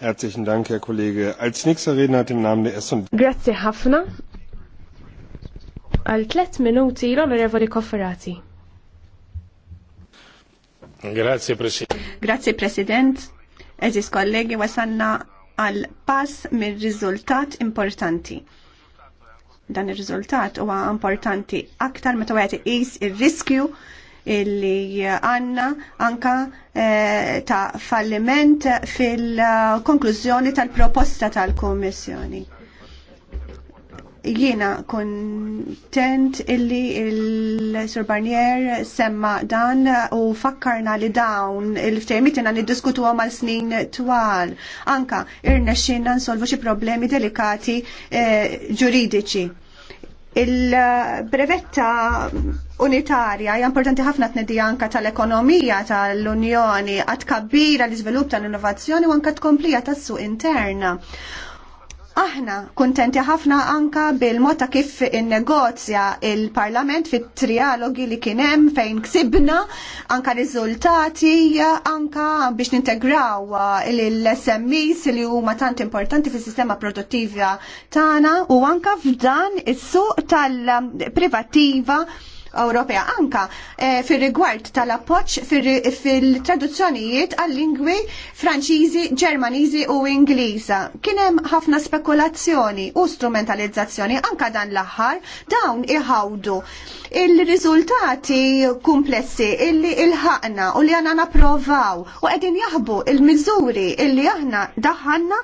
Speaker 2: Herzlichen Dank, Herr Kollege. Als nächster Redner hat im Namen der S&D.
Speaker 3: Grazie, Hafner għal tlet minuti l-Onorevoli Kofferati.
Speaker 2: Grazie President.
Speaker 1: Grazie President. Eżis kollegi wasanna għal pass mir riżultat importanti. Dan ir-riżultat huwa importanti aktar meta wieħed iqis ir-riskju illi għanna anka eh, ta' falliment fil-konklużjoni tal-proposta tal-Kommissjoni jiena kontent illi il-Sur Barnier semma dan u fakkarna li dawn il-ftejmit jena niddiskutu għom għal snin twal. Anka, irna xinna nsolvu xie problemi delikati eh, ġuridiċi. Il-brevetta unitarja hija importanti ħafna tnedi anka tal-ekonomija tal-Unjoni għad kabbira l-iżvilupp tal-innovazzjoni u anka tkomplija tas-suq interna. Aħna kuntenti ħafna anka bil-mod ta' kif innegozja il il-Parlament fit-trialogi li kien hemm fejn ksibna anka riżultati anka biex nintegraw uh, l-SMEs li huma tant importanti fis-sistema produttiva tagħna u anka f'dan is-suq tal-privattiva Ewropea anka eh, fir-rigward tal-appoġġ fil-traduzzjonijiet għal-lingwi Franċiżi, Ġermaniżi u Ingliża. Kien hemm ħafna spekulazzjoni u strumentalizzazzjoni anka dan l-aħħar dawn iħawdu il-riżultati komplessi illi ilħaqna u li għana naprovaw u għedin jaħbu il mizuri illi aħna daħanna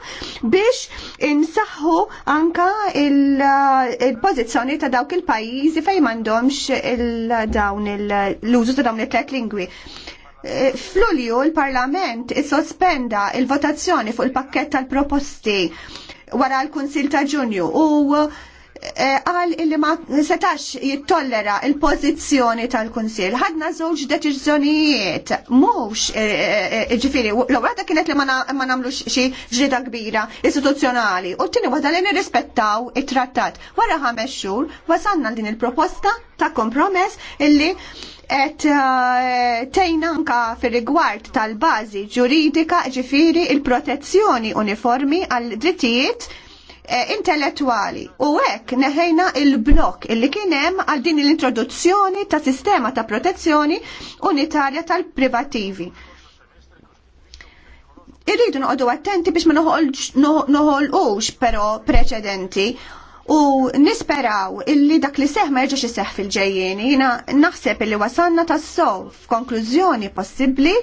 Speaker 1: biex insaħħu anka il-pozizjoni ta' dawk il-pajizi fej mandomx il il-dawn l-użu ta' dawn it-tlet lingwi. Eh, F'Lulju l-Parlament sospenda il-votazzjoni fuq il-pakket tal-proposti wara l-Kunsil ta' Ġunju u Eh, għal illi ma setax jittollera il-pozizjoni tal-Kunsil. Ħadna żewġ deċiżjonijiet, mhux eh, eh, ġifieri, l-ewwel kienet li ma namlux xi ġrida kbira istituzzjonali u t tini waħda li nirrispettaw it-trattat. Wara ħames xhur wasanna din il-proposta ta' kompromess illi et tejna anka fir rigward tal-bażi ġuridika ġifiri il-protezzjoni uniformi għal drittijiet Eh, intellettuali u hekk neħejna il-blok illi kien hemm għal din l-introduzzjoni ta' sistema ta' protezzjoni unitarja tal-privativi. Irridu noqogħdu attenti biex ma noħolqux però preċedenti u nisperaw illi dak li seħ ma jerġax iseħħ fil-ġejjeni. Jina naħseb illi wasanna tas-sow f'konklużjoni possibbli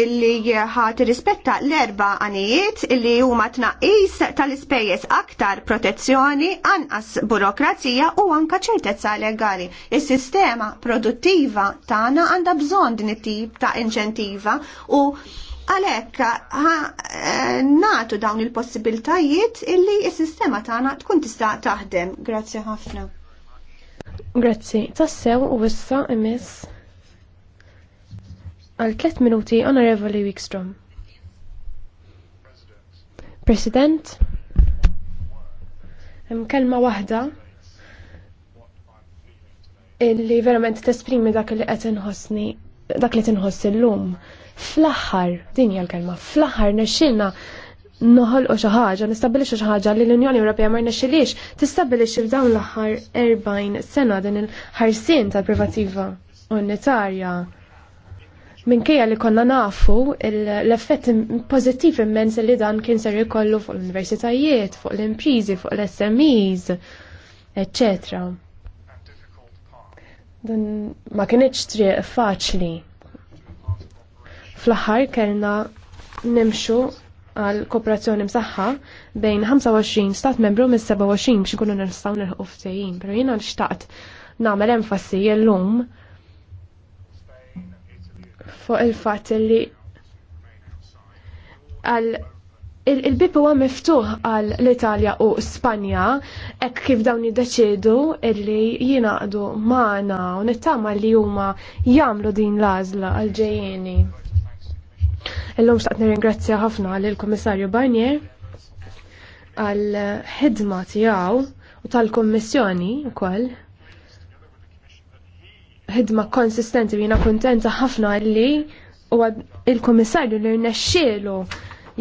Speaker 1: illi ħat rispetta l-erba għanijiet illi huma tnaqqis tal-ispejjeż aktar protezzjoni, anqas burokrazija u anka ċertezza legali. Is-sistema produttiva tagħna għandha bżonn din it-tip ta' inċentiva u għalhekk eh, natu dawn il-possibiltajiet illi is-sistema tagħna tkun tista' taħdem. Grazzi ħafna.
Speaker 3: Grazzi, tassew u issa imiss għal 3 minuti Onorevoli Wikstrom. President, hemm kelma waħda illi verament tesprimi dak li qed inħossni dak li tinħoss illum. Fl-aħħar, din hija l-kelma, fl-aħħar nexxilna noħolqu xi ħaġa, nistabbilixxu xi ħaġa li l-Unjoni Ewropea ma rnexxilix tistabbilixxi f'dawn l-aħħar 40 sena din il-ħarsien tal-privativa unitarja minkejja li konna nafu l-effett pozittiv immens li dan kien ser ikollu fuq l-universitajiet, fuq l-imprizi, fuq l-SMEs, etc. Dan ma kienieċ triq faċli. Fl-aħħar kellna nimxu għal kooperazzjoni msaħħa bejn 25 stat membru mis 27 biex ikunu nistgħu nilħu ftehim, pero jiena xtaqt nagħmel enfasi llum fuq il-fatt li għal il-bib huwa miftuħ għal l-Italja u Spanja, ek kif dawn jiddeċidu illi jinaqdu maħna u nittama li huma jamlu din l għażla għal ġejjeni. Illum xtaqt nirringrazzja ħafna lil komissarju Barnier għal ħidma tiegħu u tal kummissjoni wkoll ħidma konsistenti jina kontenta ħafna li u il-komissarju li rnexxielu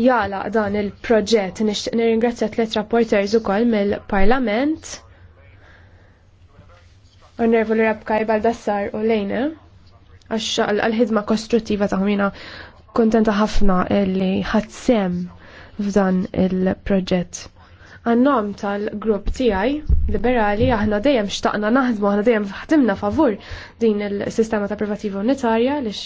Speaker 3: jala dan il-proġett nixtieq nirringrazzja tliet rapporters ukoll mill-Parlament. Onorevol Rabkaj Baldassar u Lejna għax għal-ħidma kostruttiva jina kontenta ħafna li ħadsem f'dan il-proġett għannom tal-grupp tiegħi liberali aħna dejjem xtaqna naħdmu aħna dejjem ħdimna favur din il-sistema ta' privativa unitarja lix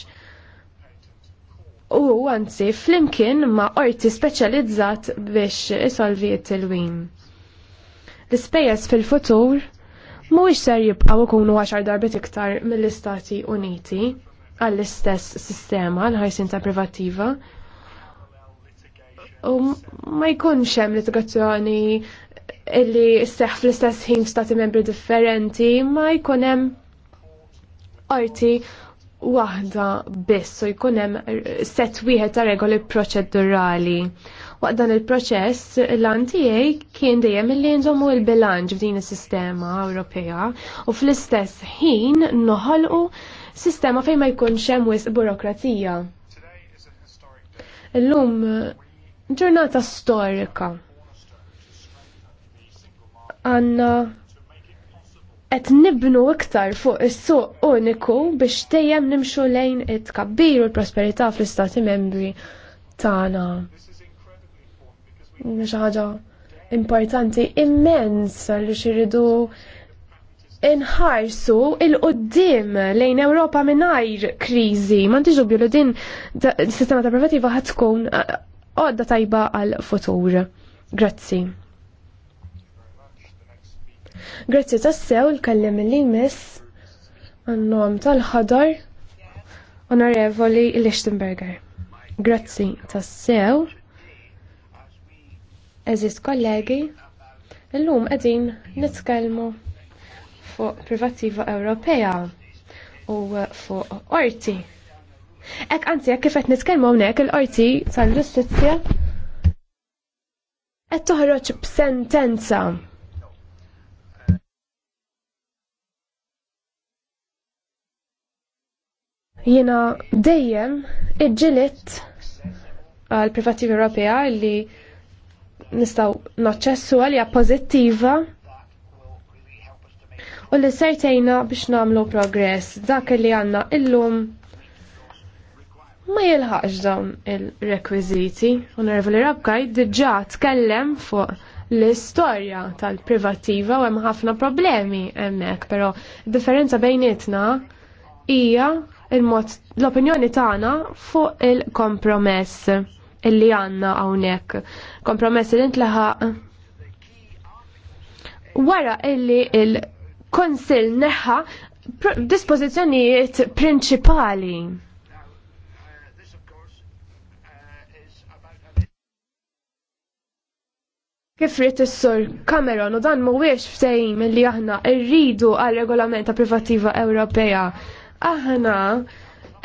Speaker 3: u għanzi flimkien ma' orti speċjalizzat biex isolvi it-tilwim. L-ispejjeż fil-futur mhuwiex ser jibqgħu jkunu għaxar darbit iktar mill-Istati Uniti għall-istess sistema l-ħarsin ta' privativa u ma jkunx hemm litigazzjoni illi seħ fl-istess ħin f'stati membri differenti ma jkun hemm qorti waħda biss u jkun hemm set wieħed ta' regoli proċedurali. Waqt dan il-proċess l-antijaj kien dejjem illi nżommu il-bilanċ f'din is-sistema Ewropea u fl-istess ħin noħolqu sistema fejn ma jkunx hemm wisq burokrazija. Illum ġurnata storika. Għanna qed nibnu iktar fuq is-suq uniku biex tejjem nimxu lejn it-tkabbir u l-prosperità fl-istati membri tagħna. Xi ħaġa importanti immens li xiridu inħarsu il-qoddim lejn Ewropa mingħajr kriżi. M'għandix dubju li din sistema ta' privativa ħad tkun għodda tajba għal futur. Grazzi. Grazzi tassew il kallem li mis għannom tal-ħadar onorevoli Lichtenberger. Grazzi tassew. Eżist kollegi, illum qegħdin nitkellmu fuq privattiva Ewropea u fuq orti Ek anzi, jekk kif qed nitkellmu hawnhekk il-qorti tal-ġustizzja qed toħroġ b'sentenza. Jiena dejjem iġġiliet għal privattivi Ewropea li nistaw naċċessu għalija pożittiva u li sertejna biex namlu progress dak li għanna illum ma jilħaqx dawn il-rekwiziti. Onorevoli Rabkaj diġà tkellem fuq l-istorja tal-privattiva u hemm ħafna problemi hemmhekk, però differenza bejnietna hija il-mod l-opinjoni tagħna fuq il-kompromess illi għandna hawnhekk. Kompromess li ntlaħaq wara illi il-Konsil neħħa dispożizzjonijiet prinċipali Kif rrit is-sur Cameron u dan mhuwiex ftehim li aħna rridu għal regolamenta ta' privattiva Ewropea. Aħna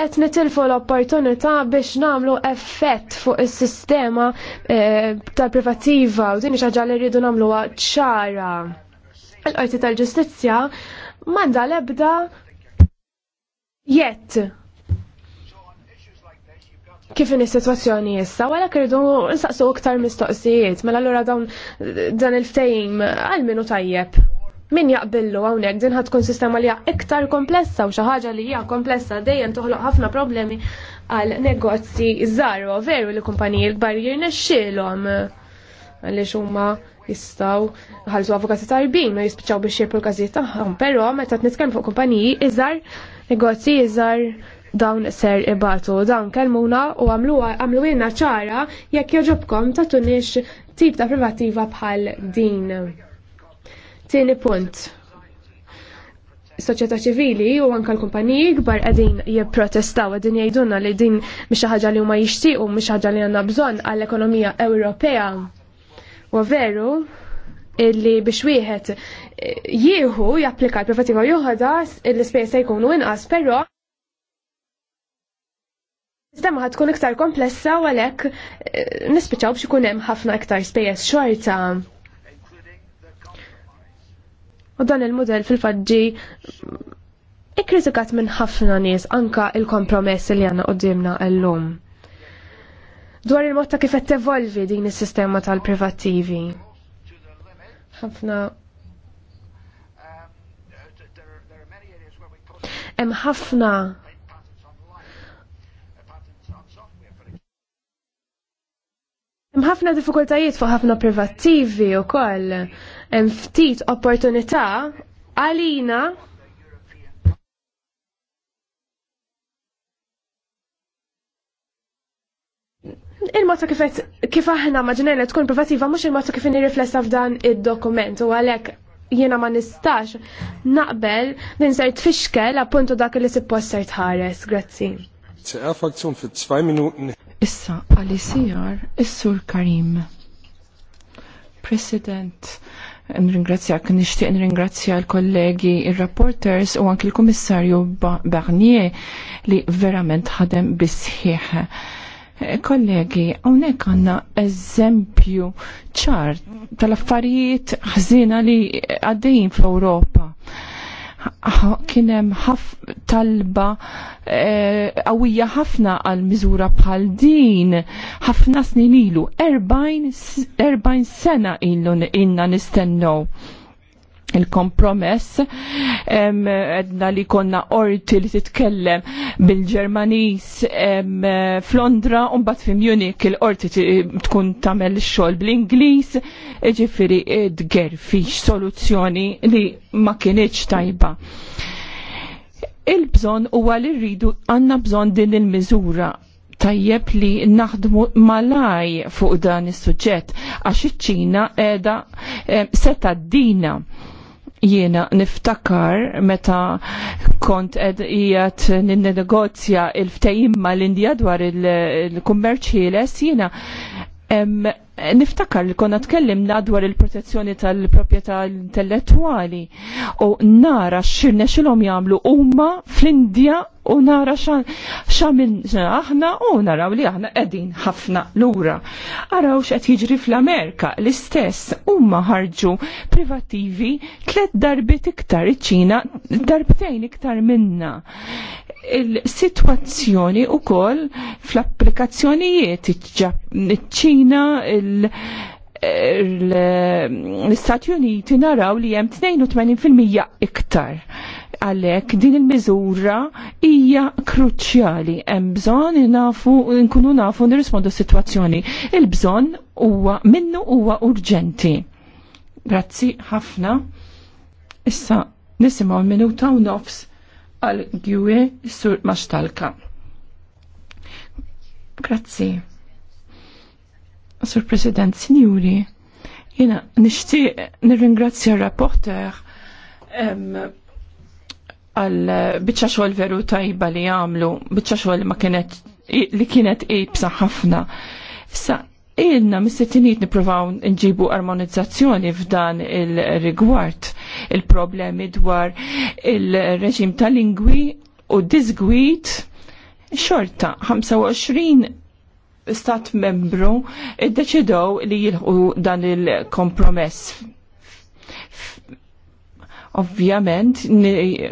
Speaker 3: qed nitilfu l-opportunità biex nagħmlu effett fuq is-sistema eh, tal-privattiva u din xaġa li rridu nagħmluha ċara. Il-Qorti tal-Ġustizzja m'għandha l-ebda jett kif in is-sitwazzjoni issa, wara kirdu nsaqsu iktar mistoqsijiet, mela allura dawn dan il-ftejim għal minu tajjeb. Min jaqbillu hawnhekk din ħadkun sistema li hija iktar komplessa u xi ħaġa li hija komplessa dejjem toħloq ħafna problemi għal negozji żgħar veru li kumpaniji l-kbar jirnexxielhom għaliex huma jistaw ħalsu avukati tajbin u jispiċċaw biex jirpu l-każijiet tagħhom, però meta t fuq kumpaniji iżgħar negozji iżgħar dawn ser ibatu dawn kelmuna u għamlu ilna ċara jekk joġobkom ta' tunix tip ta' privativa bħal din. Tieni punt. Soċjetà ċivili u anka l-kumpaniji kbar qegħdin jipprotestaw qegħdin jgħidulna li din miex ħaġa li huma jixtiequ miex ħaġa li għandna bżonn għall-ekonomija Ewropea. U veru illi biex wieħed jieħu japplika l-privativa joħodas l-ispejjeż se jkunu inqas, però Iżda ma tkun iktar komplessa u għalhekk eh, nispiċaw biex ikun hemm ħafna iktar spejjeż xorta. U dan il-modell fil-faġġi ikkritikat minn ħafna nies anka il-kompromess li għandna qoddimna llum. Dwar il-mod ta' kif qed tevolvi din is-sistema tal-privattivi. Ħafna hemm ħafna Hemm ħafna fuq ħafna privattivi wkoll hemm ftit opportunità għalina il-mota kif aħna maġinajna tkun privativa mhux il-mota kif nirriflessa f'dan id-dokument u għalhekk jiena ma nistax naqbel din ser tfixkel appuntu dak li suppost ser tħares. Grazzi.
Speaker 2: CR-fraktion für zwei Minuten.
Speaker 4: Issa għal is Issur Karim. President, nringrazzjak, nishtiq nringrazzja l-kollegi, il-rapporters u anki l-komissarju Barnier li verament ħadem bisħieħ. Kollegi, għonek għanna eżempju ċar tal-affarijiet ħżina li għaddejn fl-Europa kienem talba għawija eh, e, ħafna għal miżura bħal din ħafna snin ilu 40, 40 sena ilu inna nistennow il-kompromess edna li konna orti li titkellem bil-Ġermanis f'Londra un bat fi Munich il-orti tkun tamel xol bl-Inglis ġifiri id-ger fix soluzzjoni li ma kienieċ tajba il-bżon u li rridu għanna bżon din il-mizura tajjeb li naħdmu malaj fuq dan is suġġett għax iċ-Ċina edha seta d-dina jiena niftakar meta kont qed qiegħed ninnegozja il-ftehim mal-Indja dwar il-kummerċ ħieles jiena niftakar li konna tkellimna dwar il-protezzjoni tal-propieta intellettuali u nara xirne xilom jamlu umma fl-Indja u nara xamil aħna u naraw li aħna edin ħafna lura. Araw xa jiġri fl-Amerika l-istess huma ħarġu privativi tliet darbit iktar iċ-Ċina darbtejn iktar minna il-situazzjoni u koll fl-applikazzjonijiet ċina, il l-Istati Uniti naraw li hemm 82% iktar. Għalhekk din il-miżura hija kruċjali. Hemm bżon nafu nkunu nafu nirrispondu s-sitwazzjoni. Il-bżonn huwa minnu huwa urġenti. Grazzi ħafna. Issa nisimgħu minuta u nofs għal għjue sur maċtalka. Grazzi. Sur President, Sinjuri, jena nishti nirringrazzja r-rapporter għal bieċa xogħol veru tajba li għamlu, bieċa xogħol ma kienet li kienet ejbsa ħafna. Sa ilna mis-settinit niprofaw nġibu armonizzazzjoni f'dan il-rigward il-problemi dwar il-reġim tal-lingwi u disgwit xorta 25 stat membru iddeċidew li jilħu dan il-kompromess. Ovvjament,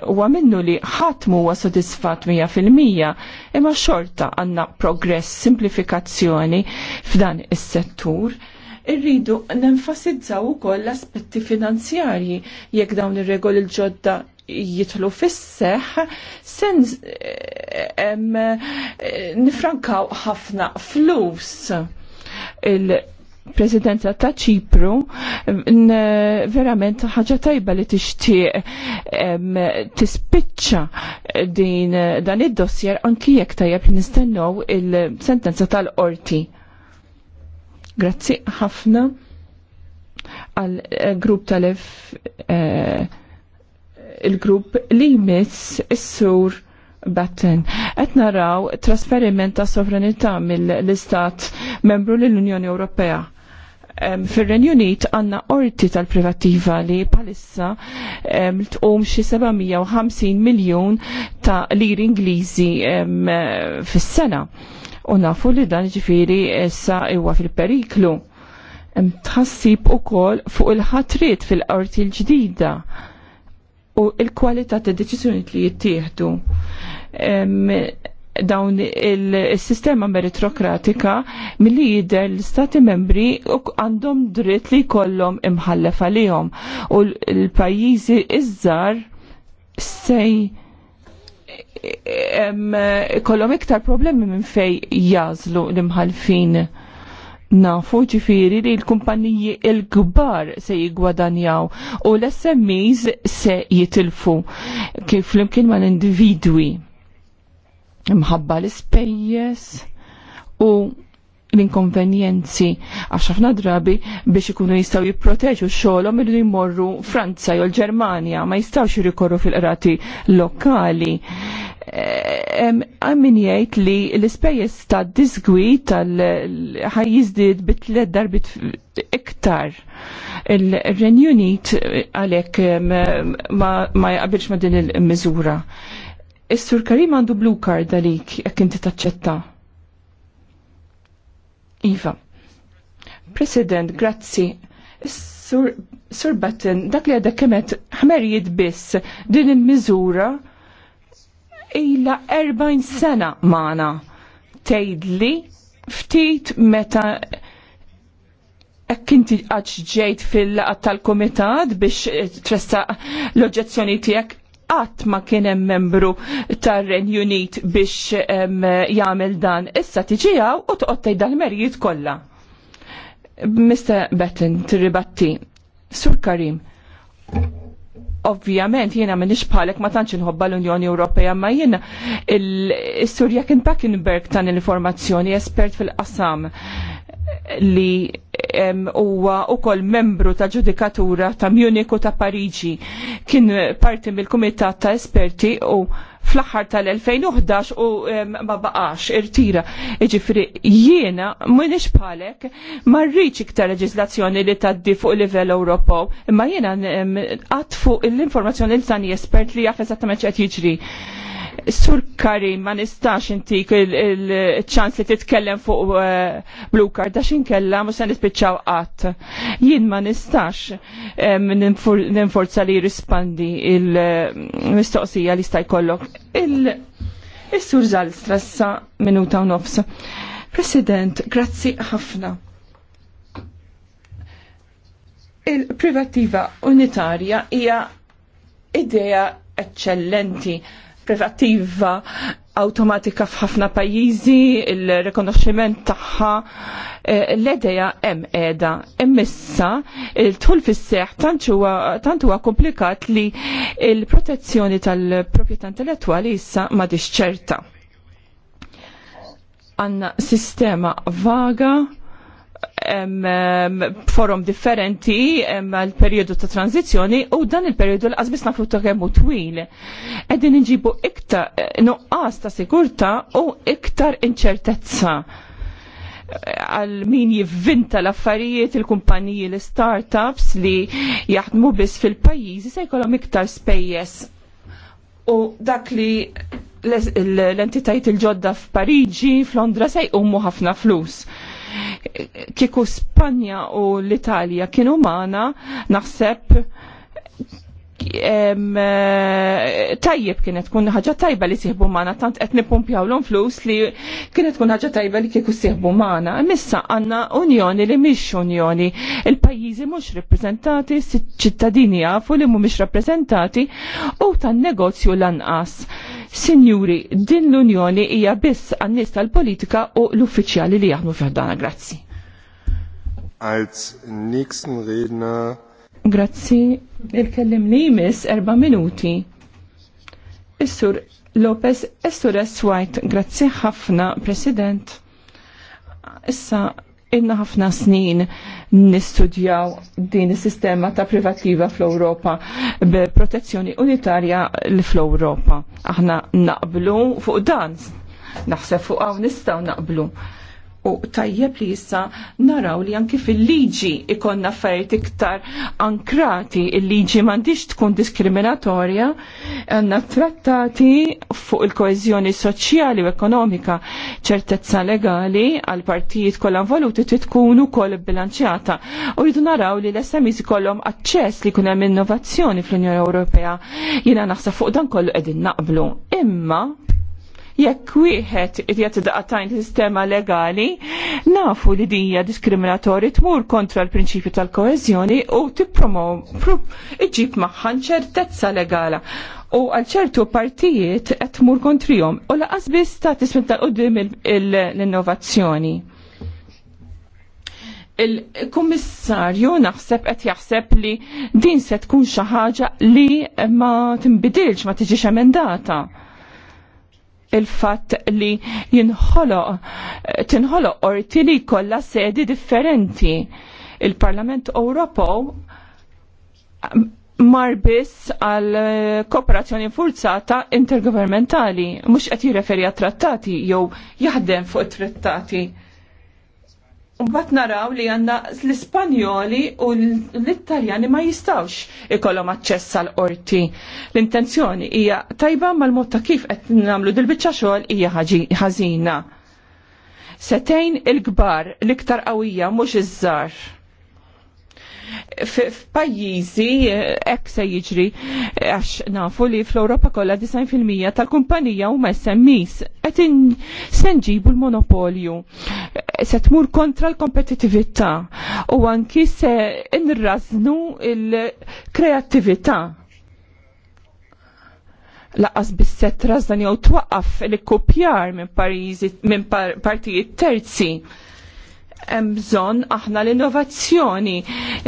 Speaker 4: huwa minnu li ħadd huwa sodisfatt 100% imma xorta għandna progress, simplifikazzjoni f'dan is-settur irridu nenfasizzaw ukoll l-aspetti finanzjarji jekk dawn ir-regoli l-ġodda jitlu fisseħ sen nifrankaw ħafna flus il-Presidenza ta' ċipru verament ħaġa tajba li tixtieq tispiċċa din dan id-dossier anki jekk tajjeb nistennew il-sentenza tal-qorti. Grazzi ħafna għal eh, grupp tal ef eh, il-grupp li jmiss is-sur Batten. Qed naraw trasferiment ta' sovranità mill-istat membru l-Unjoni Ewropea. Fir-Renju Unit għandna orti tal-privattiva li palissa tqum xi 750 miljun ta' lir Ingliżi fis-sena. U nafu li dan ġifiri issa huwa fil-periklu tħassib ukoll fuq il-ħatrit fil-qorti l-ġdida u il-kwalità ta' deċiżjoni li jittieħdu. Dawn il-sistema meritokratika milli jidher l-Stati membri għandhom dritt li jkollhom imħallef għalihom u l-pajjiżi iż sej kollom iktar problemi minn fej jazlu l-imħalfin nafu ġifiri li l kumpanniji il-kbar se jigwadanjaw u l-SMEs se jitilfu kif flimkien ma l-individwi mħabba l-spejjes u l-inkonvenjenzi għax ħafna drabi biex ikunu jistaw jipproteġu xogħolhom irridu jmorru Franza jew l-Ġermanja ma jistawx jirikorru fil-qrati lokali. Eh, Għammin jgħid li l-ispejjeż ta' disgwi tal-ħaj jizdid bit darbit iktar. Il-Renju Unit eh, għalhekk ma jaqbilx ma din il-miżura. Is-Sur Karim għandu blue card għalik jekk inti taċċetta. Iva. President, grazzi. Sur, sur Batten, dak li għadda kemet ħmerijiet biss din il-miżura ila 40 sena maħna tejdli ftit meta Ek inti għadġ ġejt fil-laqat tal-komitat biex tressa l-oġezzjoni tijek, qatt ma kien hemm membru tar-Renju Unit biex jagħmel dan. Issa tiġijaw u toqgħod tgħid dal-merijiet kollha. Mr. Betten, tirribatti, Sur Karim, ovvjament jiena minix bħalek ma tantx inħobba l-Unjoni Ewropea ma jiena il-Sur Jakin Pakenberg tan l-informazzjoni espert fil-qasam li huwa ukoll membru ta' ġudikatura ta' Munich u ta' Pariġi. Kien parti mill-kumitat ta' esperti u fl-aħħar tal-2011 u ma baqax irtira. Iġifri jiena m'inix bħalek ma rridx iktar leġislazzjoni li taddi fuq livell Ewropew, imma jiena għad fuq l-informazzjoni li tani espert li jaf eżattament x'qed jiġri Sur Karim, ma nistax intik il-ċans li titkellem fuq uh, Blue Card, kella mus għan nispiċċaw qatt. Jien ma nistax ninforza li rispandi il-mistoqsija li staj kollok. Il-sur Zal stressa minuta u nofs. President, grazzi ħafna. Il-privativa unitarja hija idea eccellenti privattiva automatika f'ħafna pajjiżi, il-rekonoxximent tagħha eh, l-edeja hemm qiegħda. Immissa il-tul fis-seħ tant huwa komplikat li l protezzjoni tal-proprjetà intellettwali issa ma ċerta. Għandna sistema vaga forum differenti għal periodu ta' tranzizjoni u dan il-periodu l-qasbis nafu ta' kemmu twil. Eddin nġibu iktar eh, nuqqas ta' sigurta u iktar inċertezza għal min jivvinta l-affarijiet il-kumpaniji l-startups li jaħdmu biss fil-pajjiżi se jkollhom iktar spejjeż. U dak li l-entitajiet il-ġodda f'Pariġi, f'Londra se jqumu ħafna flus. Kieku Spanja u l-Italja kienu mana naħseb Eh, tajjeb kienet tkun ħaġa tajba li siħbu mana, tant qed nipumpjaw l flus li kienet tkun ħaġa tajba li kieku siħbu maħna. Missa għanna unjoni li mhix unjoni. Il-pajjiżi mhux rappreżentati, ċittadini jafu li mhumiex rappreżentati u tan-negozju lanqas. Signuri, din l-unjoni hija biss għan-nies tal-politika u l-uffiċjali li jaħdmu fiħdana. Grazzi.
Speaker 2: Als nächsten Redner
Speaker 4: Grazzi Il-kellim li jmiss erba minuti. Is-sur Lopez Estures White, grazzi ħafna, President. Issa inna ħafna snin nistudjaw din is-sistema ta' privativa fl-Ewropa b'protezzjoni unitarja fl-Ewropa. Aħna naqblu fuq dan, naħseb fuq hawn nistgħu naqblu. U tajjeb li jissa naraw li anki fil-liġi ikon affarijiet iktar ankrati, il-liġi mandiġ tkun diskriminatorja, għanna trattati fuq il-koezjoni soċjali u ekonomika ċertezza legali għal partijiet kollha involuti trid tkun ukoll bilanċjata. U jidu naraw li l-SMIs kollom aċċess li jkun hemm innovazzjoni fl-Unjoni Ewropea. Jiena naħsa fuq dan kollu qegħdin naqblu. Imma jekk wieħed qed daqatajn sistema legali, nafu li dinja diskriminatorji tmur kontra l-prinċipju tal-koeżjoni u tippromow iġib magħha ċertezza legala u għal ċertu partijiet qed tmur kontrihom u laqas biss ta' tismin ta' qudiem l-innovazzjoni. Il-kummissarju naħseb qed jaħseb li din se tkun xi ħaġa li ma tinbidilx ma tiġix emendata il-fatt li jinħolo, tinħoloq orti li kolla sedi differenti. Il-Parlament Ewropew marbis għal kooperazzjoni forzata intergovernmentali, mhux qed jirreferi għat trattati jew jaħdem fuq it-trattati. Mbagħad naraw li għandna l-Ispanjoli u l-Italjani ma jistawx ikollhom aċċess għal qorti. L-intenzjoni hija tajba mal-mod ta' kif qed nagħmlu dil-biċċa xogħol hija ħażina. Setejn il-kbar l-iktar qawwija mhux iż-żgħar f'pajjiżi eh, hekk se jiġri eh, għax nafu li fl-Ewropa kollha 90% tal-kumpanija huma SMEs qed se nġibu l-monopolju eh, se tmur kontra l-kompetittività u anki se nraznu l kreattività laqas bis setra dan jew twaqqaf l-kopjar minn minn partijiet terzi hemm bżonn aħna l-innovazzjoni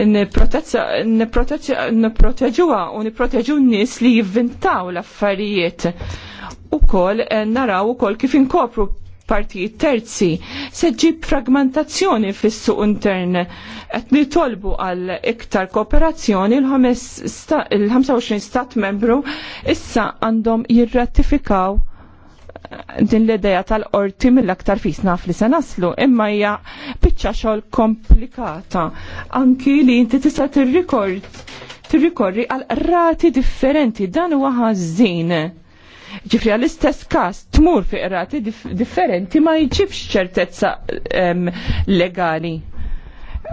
Speaker 4: n-proteġuwa u nipproteġu n-nies li jivvintaw l-affarijiet. Ukoll eh, naraw ukoll kif inkopru partijiet terzi se ġib fragmentazzjoni fis-suq intern qed nitolbu għal iktar kooperazzjoni l-25 stat membru issa għandhom jirratifikaw din l-ideja tal-qorti mill-aktar fisna li se naslu, imma hija biċċa xogħol komplikata. Anki li inti tista' tirrikord tirrikorri għal rati differenti dan huwa ħażin. Ġifri għall-istess każ tmur fi rati differenti ma jġibx ċertezza legali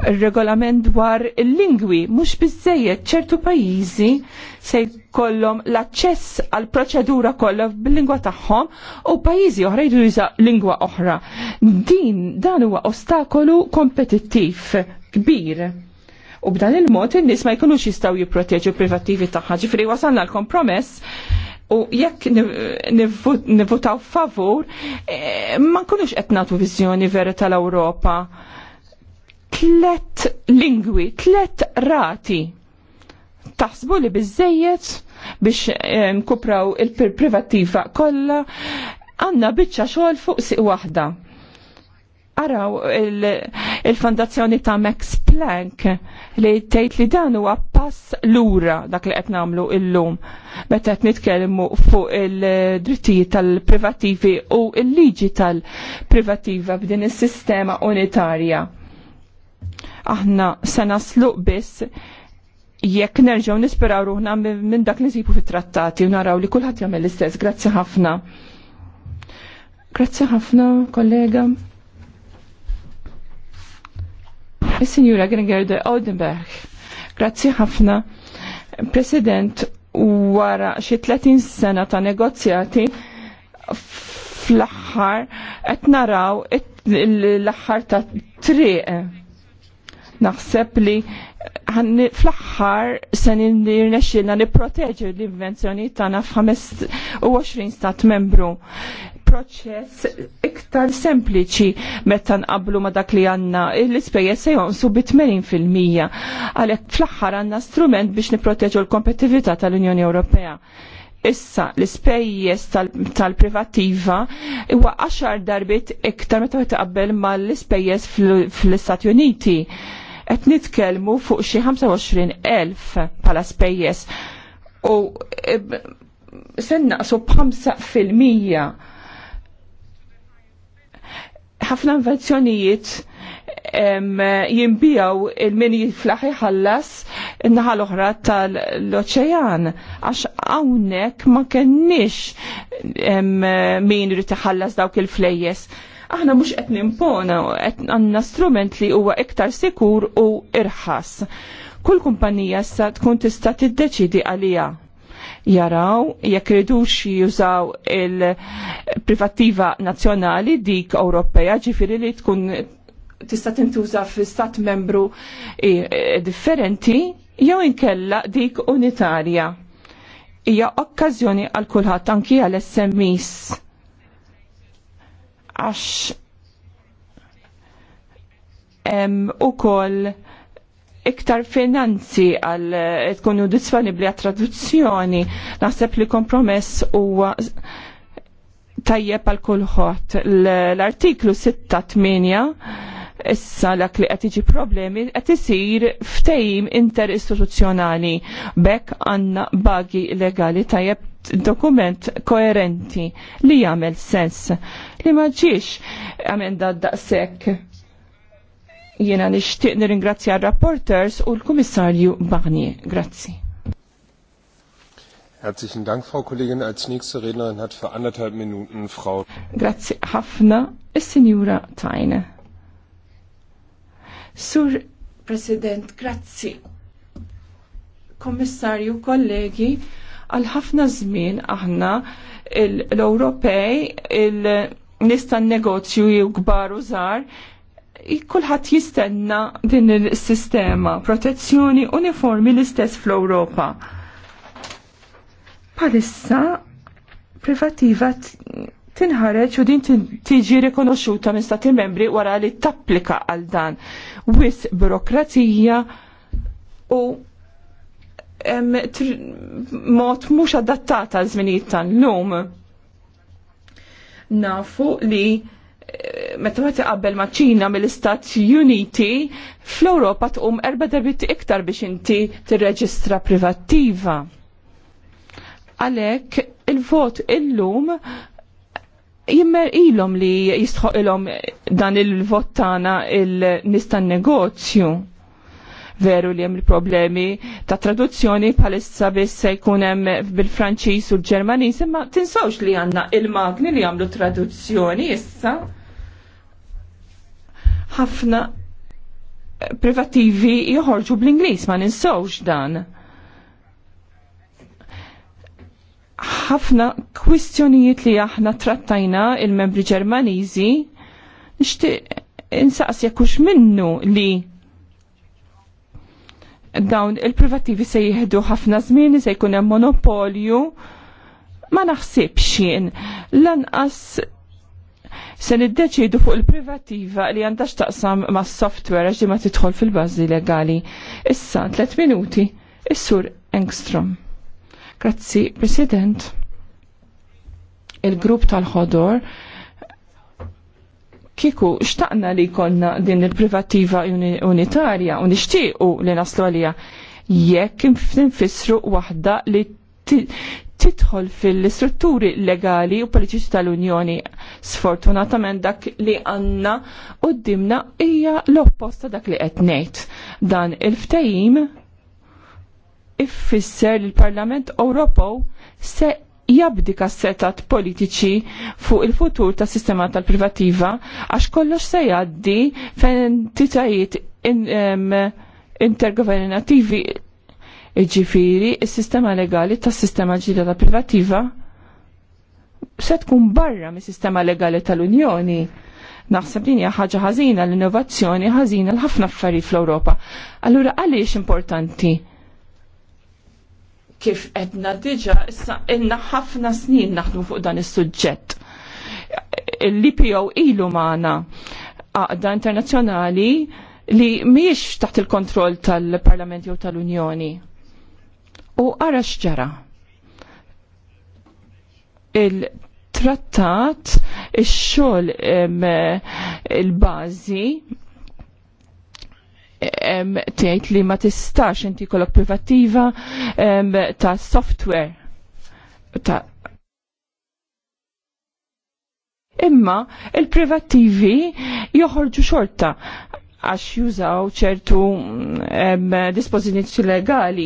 Speaker 4: regolament dwar il-lingwi, mhux biżejjed ċertu pajjiżi se jkollhom l-aċċess għal proċedura kollha bil-lingwa tagħhom u pajjiżi oħra jridu juża lingwa oħra. Din dan huwa ostakolu kompetittiv kbir. U b'dan il-mod in-nies ma jkunux jistgħu jipproteġu privattivi tagħha. Ġifieri wasalna l-kompromess u jekk nivvutaw favur, eh, ma nkunux qed nagħtu viżjoni vera tal-Ewropa tlet lingwi, tlet rati. Taħsbu li bizzejiet biex eh, nkupraw il-privattiva kollha għanna biċċa xogħol fuq siq waħda. Araw il-fondazzjoni ta' Max Planck li tgħid li dan huwa pass lura dak li qed nagħmlu illum meta qed nitkellmu fuq il-drittijiet tal-privattivi u l-liġi tal-privattiva b'din is-sistema unitarja aħna se naslu biss jekk nerġgħu nisperaw ruħna minn dak li nsibu fit-trattati u naraw li kulħadd jagħmel l-istess. Grazzi ħafna. Grazzi ħafna, kollega. Is-Sinjura Gringerde Odenberg. Grazzi ħafna. President, wara xi 30 sena ta' negozjati fl-aħħar qed naraw l-aħħar ta' triq Naħseb li fl-axħar se nirnexxilna nipproteġu l-invenzjoni tagħna f'25 stat membru. Proċess iktar sempliċi meta nqablu ma dak li għandna l-ispejjeż se jonqsu bi 80%. Għalhekk fl-aħħar għandna strument biex nipproteġu l-kompetittività tal-Unjoni Ewropea. Issa l-ispejjeż tal-privattiva huwa għaxar darbit iktar meta qabel mal-ispejjeż fl-Istati Uniti qed nitkellmu fuq xi 25,000 bħala spejjeż u e, se naqsu b'5 ħafna invenzjonijiet jimbijaw il-min jiflaħ jħallas naħa l-oħra tal-oċean għax hawnhekk ma kenniex min jrid iħallas dawk il-flejjes. Aħna mhux qed nimpona qed għandna strument li huwa iktar sikur u irħas. Kull kumpanija sa tkun tista' tiddeċidi għalija jaraw jekk ridux jużaw il-privattiva nazzjonali dik Ewropea ġifieri li tkun tista' tintuża fi stat membru e, e, differenti jew inkella dik unitarja. Hija okkażjoni għal kulħadd anki għal SMEs għax u koll iktar finanzi għal eh, tkunu disponibli għal traduzzjoni, naħseb li kompromess u tajjeb għal kulħadd. L-artiklu 6-8 Issa l li qed jiġi problemi qed isir ftejim interistituzzjonali bekk għandna bagi legali tajjeb dokument koerenti li jagħmel sens li ma ġiex emenda daqshekk. Jiena nixtieq nirringrazzja r-rapporters u l-Kummissarju Barnier. Grazzi.
Speaker 2: Herzlichen Dank, Frau Kollegin. Als nächste Rednerin hat für anderthalb Minuten Frau.
Speaker 4: Grazie, Hafner, Signora Teine. Sur President, grazzi. Kommissarju, kollegi, għal ħafna żmien aħna l-Ewropej il-nista negozju jgbar użar kulħadd jistenna din il-sistema protezzjoni uniformi l-istess fl-Ewropa. Palissa privativa tinħareġ u din tiġi rikonoxxuta minn stati membri wara li tapplika għal dan wis burokrazija u mod mhux adattata għal żminijiet l lum Nafu li eh, meta ma tiqabbel ma' mill-Istati Uniti, fl-Ewropa tqum erba darbit iktar biex inti tirreġistra privattiva. Għalhekk il-vot illum jimmer ilom li jistħu ilom dan il-vottana il-nistan negozju. Veru li jem il-problemi ta' traduzzjoni palissa biss se jkunem bil-Franċis u l-Ġermanis, imma tinsawx li għanna il-magni li għamlu traduzzjoni issa. ħafna privativi joħorġu bl-Inglis, ma ninsawx dan ħafna kwistjonijiet li aħna trattajna il-membri ġermaniżi nixtieq insaqs jekkux minnu li dawn il-privattivi se jieħdu ħafna żmien se jkun hemm monopolju ma naħsibx jien lanqas se niddeċidu fuq il-privattiva li għandha x'taqsam mas software għax ma tidħol fil-bażi legali. Issa tliet minuti is-sur Engstrom. Grazzi, President. Il-grupp tal-ħodor kiku xtaqna li konna din il-privativa unitarja u nixtiequ li naslu għalija jekk tinfissru waħda li titħol fil-istrutturi legali u politiċi tal-Unjoni. Sfortunatament dak li għanna u dimna hija l-opposta dak li qed ngħid. Dan il ftajim iffisser li l-Parlament Ewropew se jabdika setat politiċi fuq il-futur ta' sistema tal-privativa għax kollox se jaddi entitajiet intergovernativi iġifiri il-sistema legali ta' sistema ġdida tal privativa se tkun barra mis sistema legali tal-Unjoni. Naħseb din hija ħaġa ħażina l-innovazzjoni ħażina l-ħafna affarijiet fl-Ewropa. Allura għaliex importanti? kif edna diġa, issa inna ħafna snin naħdmu fuq dan is-suġġett. Il-LPO ilu maħna għaqda internazzjonali li miex taħt il-kontroll tal-Parlament jew tal-Unjoni. U ara xġara. Il-trattat, il-xol il-bazi, il trattat il xol il bazi tgħid li ma tistax inti kollok privattiva ta' software ta' Imma il-privattivi joħorġu xorta għax jużaw ċertu dispożizzjoni legali.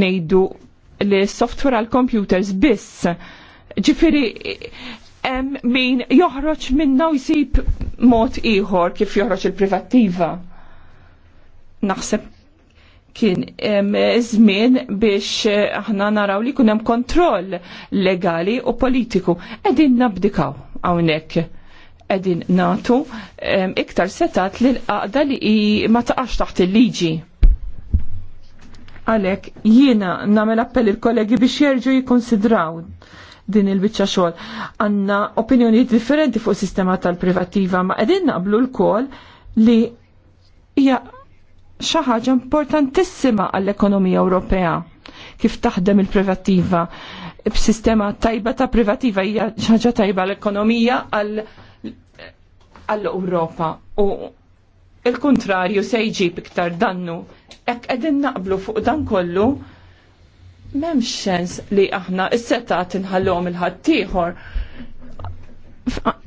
Speaker 4: Nejdu li software għal computers biss. Ġifiri, min joħroġ minna u jisib mod ieħor kif joħroġ il-privattiva. Naħseb kien żmien biex eh, aħna naraw li kunem kontroll legali u politiku. Edin nabdikaw hawnhekk edin natu iktar setat li l-qaqda li ma taqax taħt il-liġi. Għalek, jiena namel appell il-kollegi biex jerġu jikonsidraw din il-bicċa xogħol. Għandna opinjoni differenti fuq sistema tal-privattiva, ma qegħdin naqblu l-kol li hija xi ħaġa importantissima għall-ekonomija Ewropea kif taħdem il-privattiva. B'sistema tajba ta' privattiva hija xi ħaġa tajba l-ekonomija għall-Ewropa u il-kontrarju se jġib iktar dannu. Ek qegħdin naqblu fuq dan kollu M'hemmx xens li aħna s-seta tinħallom il-ħaddieħor.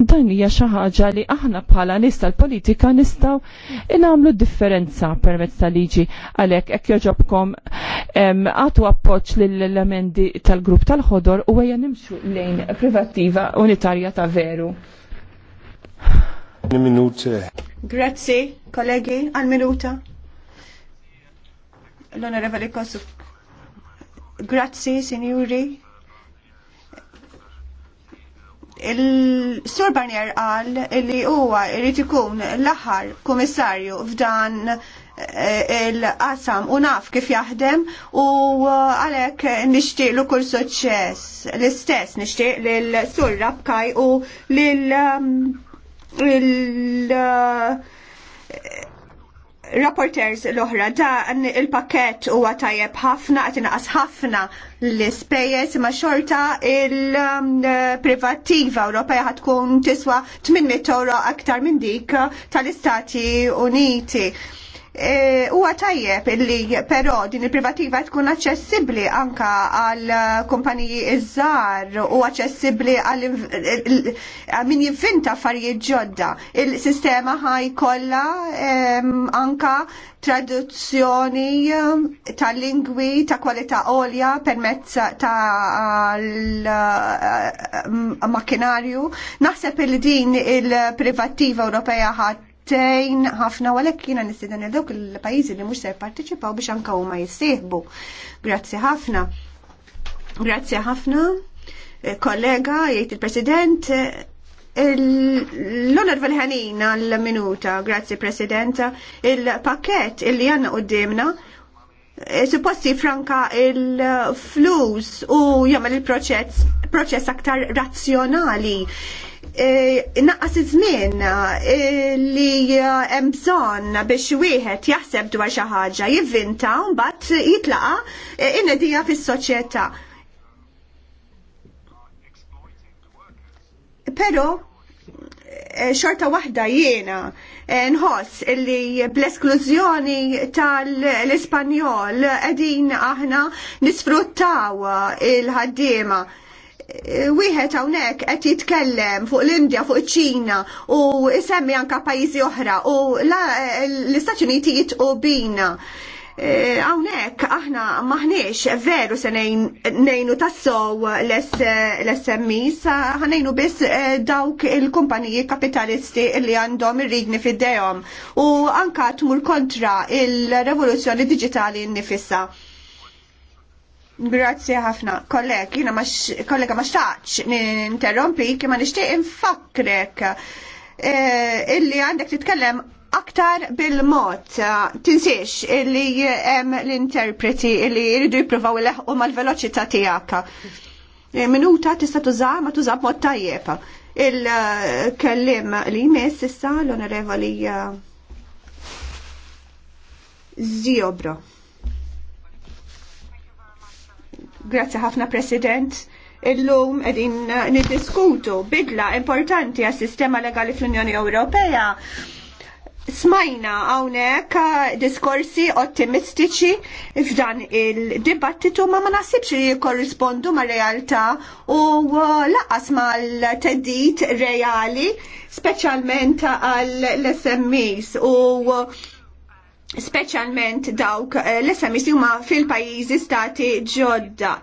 Speaker 4: Dan hija xi ħaġa li aħna bħala nista l politika nistgħu nagħmlu differenza permezz tal-liġi għalhekk hekk joġobkom għatu appoġġ lill-elementi tal-grupp tal-ħodor u għajja nimxu lejn privattiva unitarja ta' veru.
Speaker 1: Grazzi, kollegi, għal minuta. L-onorevoli Kosuf Grazzi, Sinjuri. il-Sur Barnier għal li huwa irid ikun l-aħħar kummissarju f'dan eh, il-qasam u naf kif jaħdem u eh, għalek nishtiq lu kull suċċess l-istess nishtiq lil-sur Rabkaj u lil ehm, eh, rapporters l-oħra dan il-pakket huwa tajjeb ħafna qed inqas ħafna l-ispejjeż ma' xorta il-privattiva um, Ewropea ħad tkun tiswa 800 euro aktar minn dik tal-Istati Uniti. E, huwa tajjeb illi però din il-privativa tkun aċċessibbli anka għal kumpaniji żgħar u aċċessibbli għal min jivvinta affarijiet ġodda. Il-sistema ħaj kollha anka traduzzjoni tal lingwi ta' kwalità għolja permezz ta' eh, makkinarju. Naħseb il din il-privattiva Ewropea ħadd tejn ħafna u għalhekk jiena nistieden il dawk il-pajjiżi li mhux se jipparteċipaw biex anke huma jissihbu. Grazzi ħafna. Grazzi ħafna. Eh, kollega, jgħid il-President, eh, l-onorvel Valħanin l-minuta, grazzi Presidenta, il-pakket il-li għanna għoddimna, eh, supposti franka il-flus u jgħamil il-proċess aktar razzjonali E, naqqas iż-żmien e, li e, hemm bżonn biex wieħed jaħseb dwar xi ħaġa jivvinta u mbagħad jitlaqa inedija fis-soċjetà. Però xorta waħda jiena nħoss illi bl-esklużjoni tal-Ispanjol qegħdin aħna nisfruttaw il-ħaddiema wieħed hawnhekk qed jitkellem fuq l-Indja, fuq iċ-Ċina u isemmi anka pajjiżi oħra u l-Istati Uniti jitqu bina. E, hawnhekk aħna maħniex veru se ngħinu tassow l-SMEs ngħinu biss e, dawk il-kumpaniji kapitalisti li għandhom ir-rigni fid-dejhom u anka tmur kontra il-revoluzzjoni diġitali nnifisha. Grazzi ħafna. Kolleg, jina max, kollega ma xtaqx ninterrompi, kima nishtiq infakrek illi għandek titkellem aktar bil-mod. Tinsiex illi hemm l-interpreti illi jridu jippruvaw il u mal-veloċità tiegħek. Minuta tista' tuża ma tuża b'mod tajjeb. Il-kellim li jmiss issa l-onorevoli Ziobro. Grazzi ħafna President. Illum edin uh, niddiskutu bidla importanti għas sistema legali fl-Unjoni Ewropea. Smajna hawnhekk uh, diskorsi ottimistiċi f'dan il-dibattitu ma ma nasibx li korrispondu ma' realtà u uh, laqas mal-teddit reali speċjalment għall smes u specialment dawk eh, l-SMS huma fil-pajjiżi stati ġodda.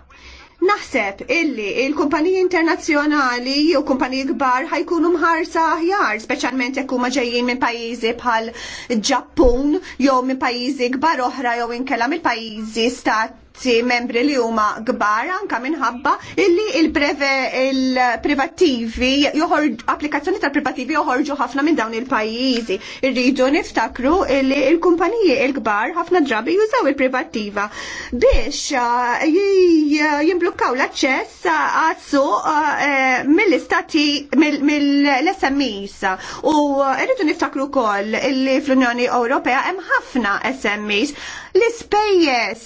Speaker 1: Naħseb illi il-kumpaniji internazzjonali u kumpaniji kbar ħajkunu mħarsa aħjar, speċjalment jekk huma ġejjin minn pajjiżi bħal Ġappun jew minn pajjiżi kbar oħra jew inkella mill pajjiżi stat stati membri li huma kbar anka minħabba illi il-privattivi il applikazzjoni tal-privattivi joħorġu ħafna minn dawn il-pajjiżi. Irridu niftakru illi il-kumpaniji il-kbar ħafna drabi jużaw il-privattiva biex uh, jimblukkaw l-aċċess għazzu uh, eh, mill-istati mill smis U uh, irridu niftakru kol illi fl-Unjoni Ewropea hemm ħafna SMIs l-ispejjeż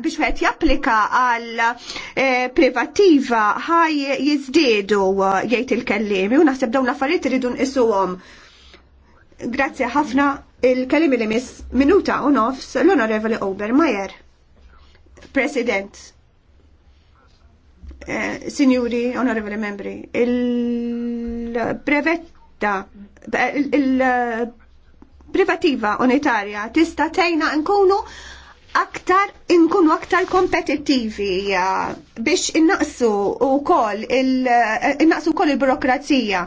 Speaker 1: biex qed japplika għal eh, privattiva ħaj jiżdiedu eh, jgħid il-kellimi u naħseb dawn l-affarijiet iridu nqisuhom. Grazzi ħafna il kellimi li miss minuta u nofs l-Onorevoli Obermeyer. President, eh, Signori, Onorevoli Membri, il-brevetta, il-privativa unitarja tista tejna nkunu aktar inkunu aktar kompetittivi biex innaqsu u kol innaqsu kol il-burokrazija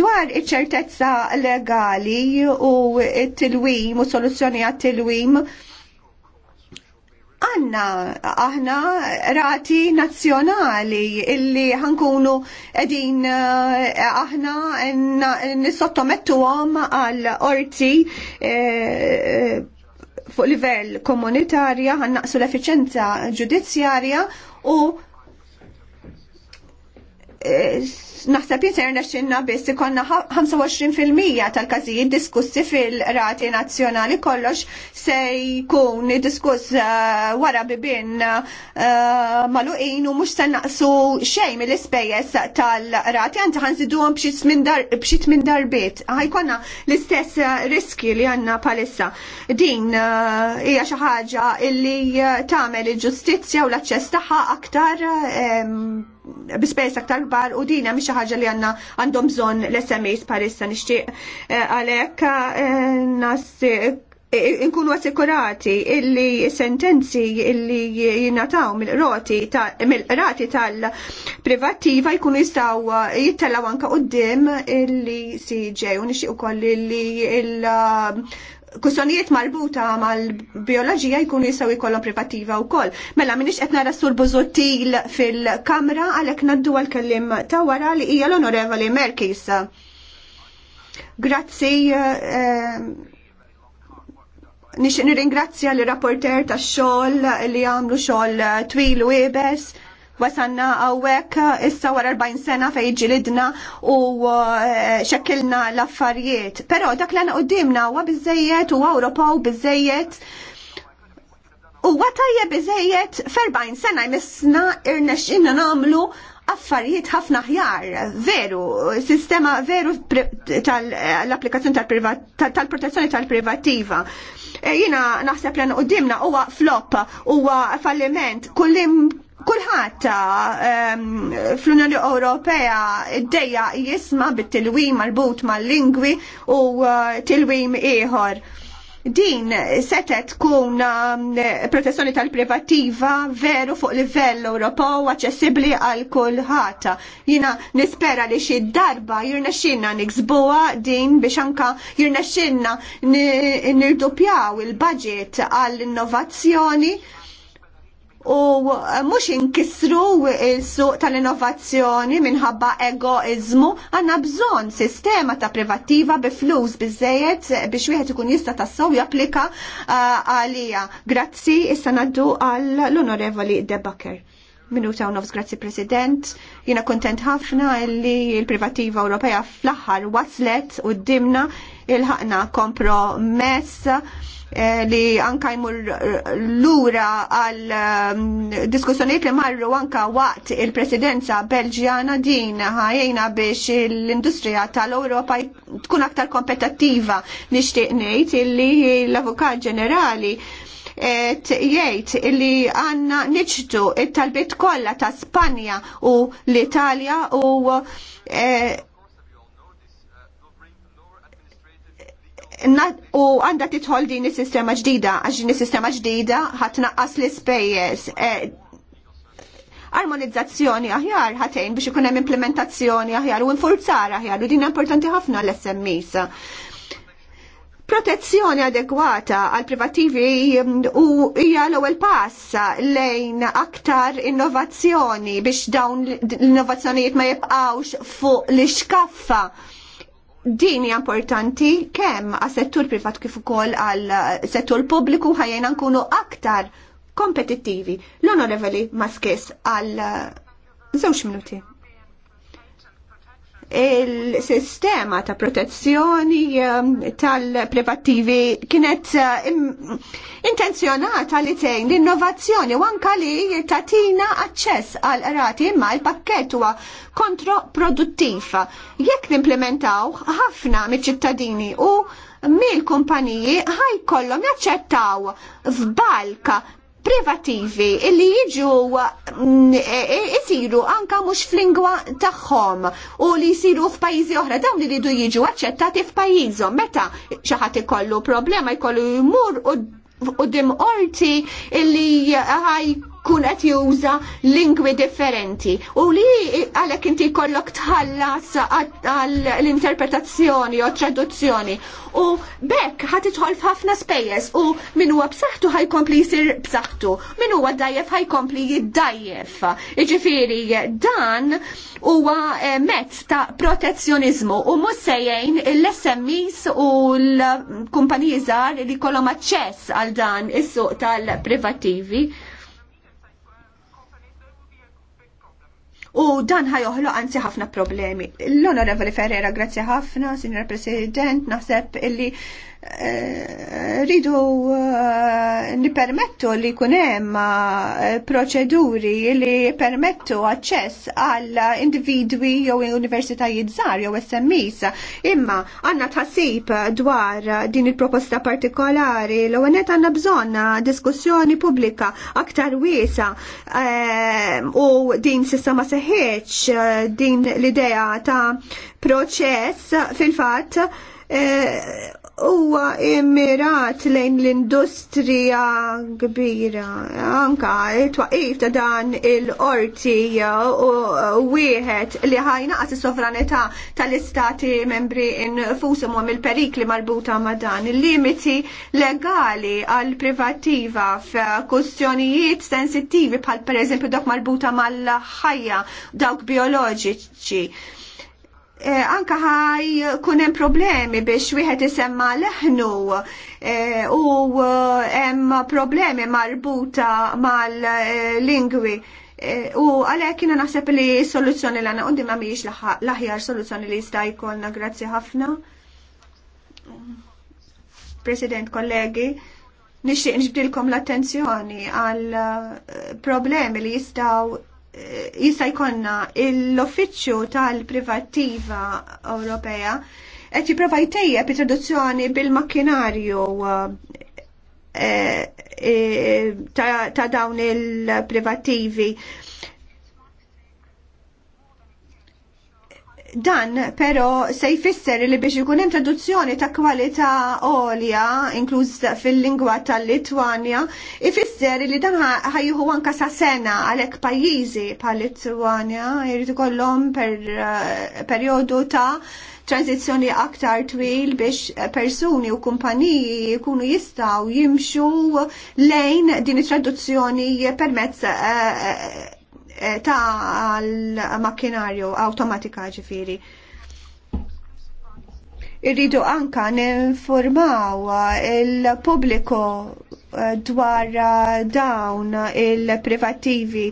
Speaker 1: dwar iċ-ċertezza legali u t-tilwim u soluzzjoni għat-tilwim għanna aħna rati nazzjonali illi ħankunu edin aħna nisottomettu għom għal orti e, fuq livell komunitarja ħannaqsu l-efficienza ġudizzjarja u eh, naħseb jiterna biss ikonna 25% tal-każijiet diskussi fil-rati nazzjonali kollox se jkun diskuss eh, wara bibin eh, maluqin u mhux se naqsu xejn mill-ispejjeż tal-rati għandi ħanżiduhom b'xi tmin darbiet. Ħajkonna l-istess eh, riski li għandna palissa. Din hija xi ħaġa illi tagħmel il-ġustizzja u l-aċċess tagħha aktar bispejs aktar kbar u dina mhix ħaġa li għandna għandhom bżonn l-SMEs parissa nixtieq eh, għalhekk eh, nas eh, inkunu assikurati illi sentenzi illi jingħataw mill-roti mill-rati tal-privattiva jkunu jistaw jittalaw anka qoddim illi CJ u nixtieq ukoll illi il- kustjonijiet marbuta mal-bioloġija jkunu jisaw privativa privattiva wkoll. Mela minix qed nara sur fil-kamra għalhekk naddu għall-kellim ta' wara li hija l-Onorevoli Merkis. Grazzi Nix eh, nixtieq nirringrazzja l-rapporter tax-xogħol li għamlu xogħol twil u ebes wasanna għawek issa wara 40 sena fej ġilidna u eh, xekkilna l-affarijiet. Pero dak l-għana huwa bizzejiet u Ewropa u bizzejiet u għatajja bizzejiet f'40 sena jmissna irnexinna namlu affarijiet ħafna ħjar, veru, sistema veru tal-applikazzjoni tal-protezzjoni tal-privativa. tal protezzjoni tal privativa Eh, jina naħseb l qudiemna huwa flop, huwa falliment, kullim Kulħadd um, fl-Unjoni Ewropea id-dejja jisma bit-tilwim marbut mal-lingwi u uh, tilwim ieħor din setet tkun um, protezzjoni tal-privativa veru fuq livell Ewropew aċċessibbli għal kulħadd. Jiena nispera li xi darba jirnexxinna niksbuha din biex anka jirnexxinna nirdupjaw il-budget għall-innovazzjoni u eh, mux inkisru il-suq tal-innovazzjoni minħabba egoizmu għanna bżon sistema ta' privattiva bi flus bizzejet biex wieħed ikun jista' tassaw japplika eh, għalija. Grazzi, issa naddu għall-onorevoli Debaker. Minuta u nofs, grazzi President. Jina kontent ħafna li il-privattiva Ewropea fl-aħħar waslet u d-dimna il-ħakna kompromess Eh, li anka jmur eh, lura għal ehm, diskussjoniet li marru anka waqt il-presidenza belġjana din ħajjina biex l-industrija tal-Europa tkun aktar kompetittiva nixtieq ngħid illi l-Avukat Ġenerali et eh, jgħid li għanna niċtu it-talbiet kollha ta' Spanja u l-Italja u u għanda titħol din is-sistema ġdida, għax din is-sistema ġdida ħatnaqqas l-ispejjeż. E, armonizzazzjoni aħjar ħatejn biex ikun hemm implementazzjoni aħjar u infurzar aħjar u din importanti ħafna l smis protezzjoni adegwata għal privativi u hija l-ewwel pass lejn aktar innovazzjoni biex dawn l-innovazzjonijiet ma jibqgħux fuq l-iskaffa din hija importanti kemm għas-settur privat kif ukoll għal settur pubbliku ħajjena nkunu aktar kompetittivi. L-onorevoli Maskis għal eh, żewġ minuti il-sistema ta' protezzjoni um, tal-privattivi kienet uh, intenzjonata li tejn l-innovazzjoni u anka li tatina aċċess għal rati imma l-pakket huwa kontroproduttiv. Jekk nimplementaw ħafna miċ-ċittadini u mill-kumpaniji ħaj kollom jaċċettaw f'balka privativi illi jiġu jisiru mm, e, e, anka mhux fl-lingwa tagħhom u li jisiru f'pajjiżi oħra dawn li jridu jiġu aċċettati f'pajjiżhom meta xi ħadd ikollu problema jkollu jmur u qudiem qorti illi ħaj kun qed juża lingwi differenti u li għalhekk inti jkollok tħallas għall-interpretazzjoni u traduzzjoni u bekk ħad f'ħafna spejjeż u min huwa b'saħħtu ħajkompli jsir b'saħħtu, min huwa dajjef ħajkompli jiddajjef. Jiġifieri dan huwa eh, mezz ta' protezzjonizmu u mhux sejjejn l-SMEs u l-kumpaniji żgħar li jkollhom aċċess għal dan is-suq tal-privattivi. U dan ħaj ħajoħloq anzi ħafna problemi. L-Onorevoli Ferrera, grazie ħafna, Signor President, naħseb illi .ridu eh, nipermettu li kunem eh, proċeduri li permettu aċċess għal individwi jew universitajiet żgħar jew SMIs. Imma għandna tħassib dwar din il-proposta partikolari l għanet għandna bżonn diskussjoni pubblika aktar wiesa eh, u din sissa ma seħħieċ din l-idea ta' proċess fil-fatt huwa immirat lejn l-industrija kbira. Anka twaqif ta' dan il-qorti uh, u wieħed li ħajnaqas is-sovranità tal-istati membri infushom għam il-perikli marbuta ma' dan. Il-limiti legali għal privattiva f'kustjonijiet sensittivi bħal pereżempju dok marbuta mal-ħajja dawk bioloġiċi eh, anka ħaj kunem problemi biex wieħed isemma leħnu eh, u eh, hemm problemi marbuta mal-lingwi eh, u għalhekk kiena naħseb li soluzzjoni l-għana undi ma miex l-aħjar soluzzjoni li jista' jkollna grazzi ħafna. President, kollegi, nixtieq nġbdilkom l-attenzjoni għal eh, problemi li jistgħu Eh, jista' jkollna l-Uffiċċju tal-Privattiva Ewropea qed jipprova jtejjeb it-traduzzjoni bil-makkinarju eh, eh, ta' dawn il-privattivi Dan però se jfisser li biex ikun hemm traduzzjoni ta' kwalità għolja inkluż fil-lingwa tal-Litwanja, ifisser li dan ħajju anka sa' sena għalhekk pajjiżi bħal-Litwanja jrid ikollhom per eh, perjodu ta' tranzizzjoni aktar twil biex persuni u kumpaniji jkunu jistaw jimxu lejn din it-traduzzjoni permezz eh, eh, Eh, ta' l-makkinarju automatika ġifiri. Irridu anka ninformaw il-pubbliku eh, dwar eh, dawn il-privattivi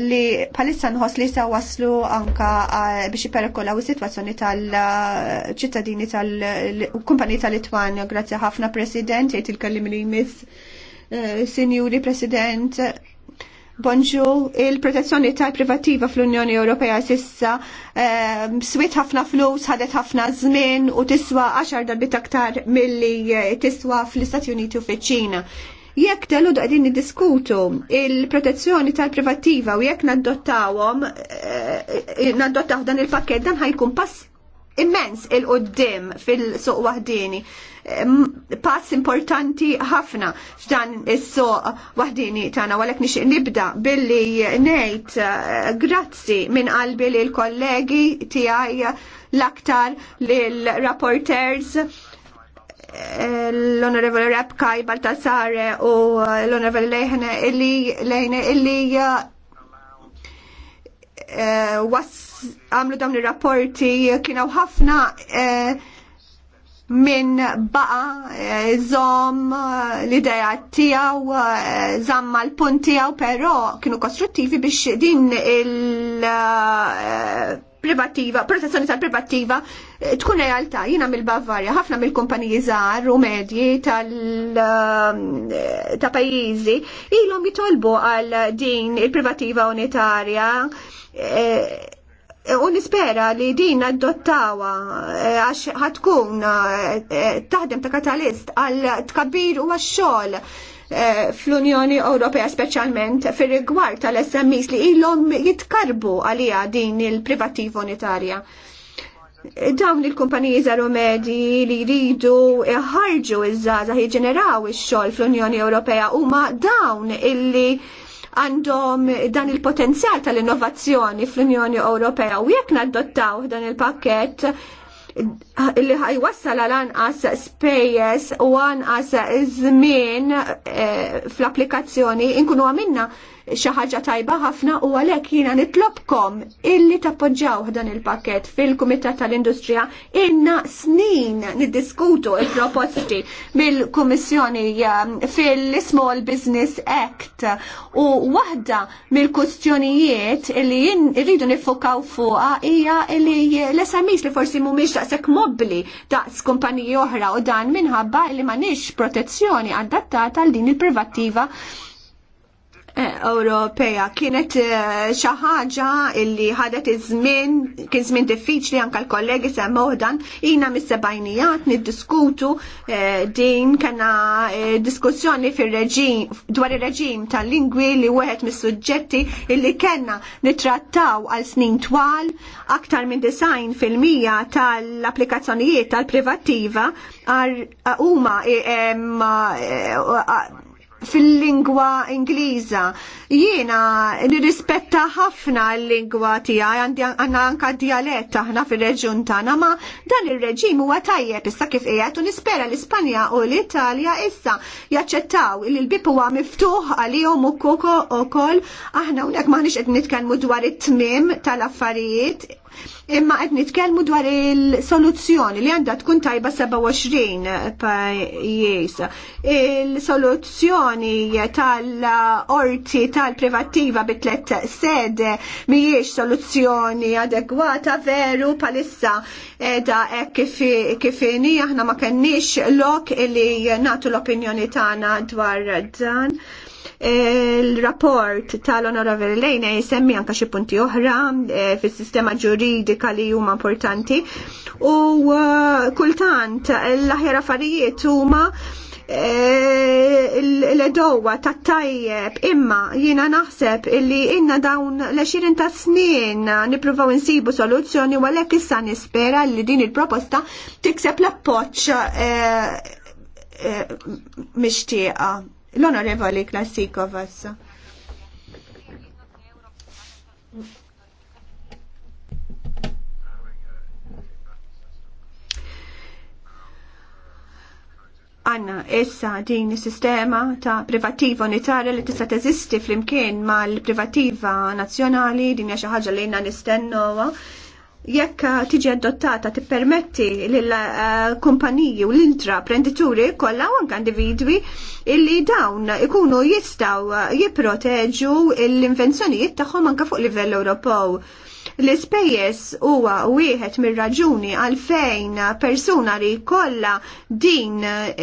Speaker 1: li palissa nħos li sa waslu anka biex iperikolaw is-sitwazzjoni tal-ċittadini tal kumpani tal-Litwan. Grazzi ħafna President, jgħid il-kellim li jmiss. E, Sinjuri President, Bonġu, il-protezzjoni tal privativa fl-Unjoni Ewropea sissa ehm, swit ħafna flus, ħadet ħafna żmien u tiswa 10 darbit aktar milli eh, tiswa fl-Istati Uniti u fiċ-Ċina. Jekk telu daqdin diskutu il-protezzjoni tal privativa u jekk naddottawhom eh, eh, naddottaw dan il-pakket dan ħajkun pass immens il-qoddim fil-suq waħdini pass importanti ħafna f'dan is-soq waħdini tagħna għalhekk nixtieq nibda billi ngħid eh, grazzi minn qalbi l kollegi tiegħi l-aktar l rapporters eh, l-Onorevole Rebkaj Baltasare u l-Onorevole Lejne illi Lejne illi eh, was għamlu dawn ir-rapporti kienu ħafna uh, minn baqa eh, zom eh, l-ideja tijaw eh, zamma l-punt tijaw pero kienu kostruttivi biex din il- privativa, protezzjoni tal-privattiva tkun realtà jina mill-Bavarja, ħafna mill-kumpaniji żgħar u medji tal ta' pajjiżi ilhom jitolbu għal din il-privattiva unitarja. E Eh, u nispera li din adottawa eh, għax ħatkun eh, taħdem ta' katalist għal tkabbir u għax-xogħol fl-Unjoni Ewropea speċjalment fir-rigward tal smis li ilhom jitkarbu għalija din il-privattiv unitarja. Dawn il-kumpaniji żaru medji li jridu ħarġu iż-żgħażagħ jġeneraw ix-xogħol fl-Unjoni Ewropea huma dawn illi għandhom dan il-potenzjal tal-innovazzjoni fl-Unjoni Ewropea u jekk nadottaw dan il-pakket li ħajwassal għal anqas spejjes u anqas żmien eh, fl-applikazzjoni inkunu għamilna xi ħaġa tajba ħafna u għalhekk jiena nitlobkom illi tappoġġjaw dan il-pakket fil-Kumitat tal-Industrija inna snin niddiskutu il-proposti mill-Kummissjoni um, fil-Small Business Act u waħda mill-kustjonijiet illi jridu nifokaw fuqha hija illi l-SMEs li forsi mhumiex daqshekk mobbli daqs kumpaniji oħra u dan minħabba li ma protezzjoni adattata għal din il-privattiva Eh, Ewropeja kienet eh, xi ħaġa li ħadet iż-żmien kien żmien diffiċli anke l-kollegi semmew dan ina mis-sebajnijat niddiskutu eh, din kena diskussjoni fir-reġim dwar ir-reġim tal-lingwi li wieħed mis-suġġetti illi kellna nittrattaw għal snin twal aktar minn design fil-mija tal-applikazzjonijiet tal-privattiva huma fil-lingwa Ingliża. Jiena nirrispetta ħafna l-lingwa tiegħi għandna anka dialett aħna fir-reġjun tagħna, ma dan ir-reġim huwa tajjeb issa kif qiegħed u nispera l-Ispanja u l-Italja issa jaċċettaw li l-bib huwa miftuħ għalihom ukoll aħna hawnhekk maħniex qed nitkellmu dwar it-tmiem tal-affarijiet Imma qed nitkellmu dwar il-soluzzjoni li għandha tkun tajba 27 pajjiż. Il-soluzzjoni tal-orti tal-privattiva bi tlet sede mhijiex soluzzjoni adegwata veru palissa edha hekk kif aħna ma kenniex lok li nagħtu l-opinjoni tagħna dwar dan. Il-rapport tal-Onorevoli Lejna jisemmi anka xi punti oħra eh, fis-sistema ġuridika li huma importanti u eh, kultant l-aħjar affarijiet huma eh, l-edowa ta' tajjeb imma jina naħseb illi inna dawn l-20 ta' snin nipruvaw insibu soluzzjoni għalek issa nispera li din il-proposta tikseb l-appoċ mishtiqa. L-onorevoli Klassiko vassa. għanna issa din sistema ta' privativa unitarja li tista' teżisti flimkien mal-privativa nazzjonali din hija xi ħaġa li jna nistennuha jekk tiġi adottata tippermetti lill eh, kumpaniji u l-intraprendituri kollha u anke individwi illi dawn ikunu jistgħu jipproteġu l-invenzjonijiet tagħhom anke fuq livell Ewropew. L-ispejjeż huwa wieħed mir-raġuni għalfejn persuna li jkollha din eh,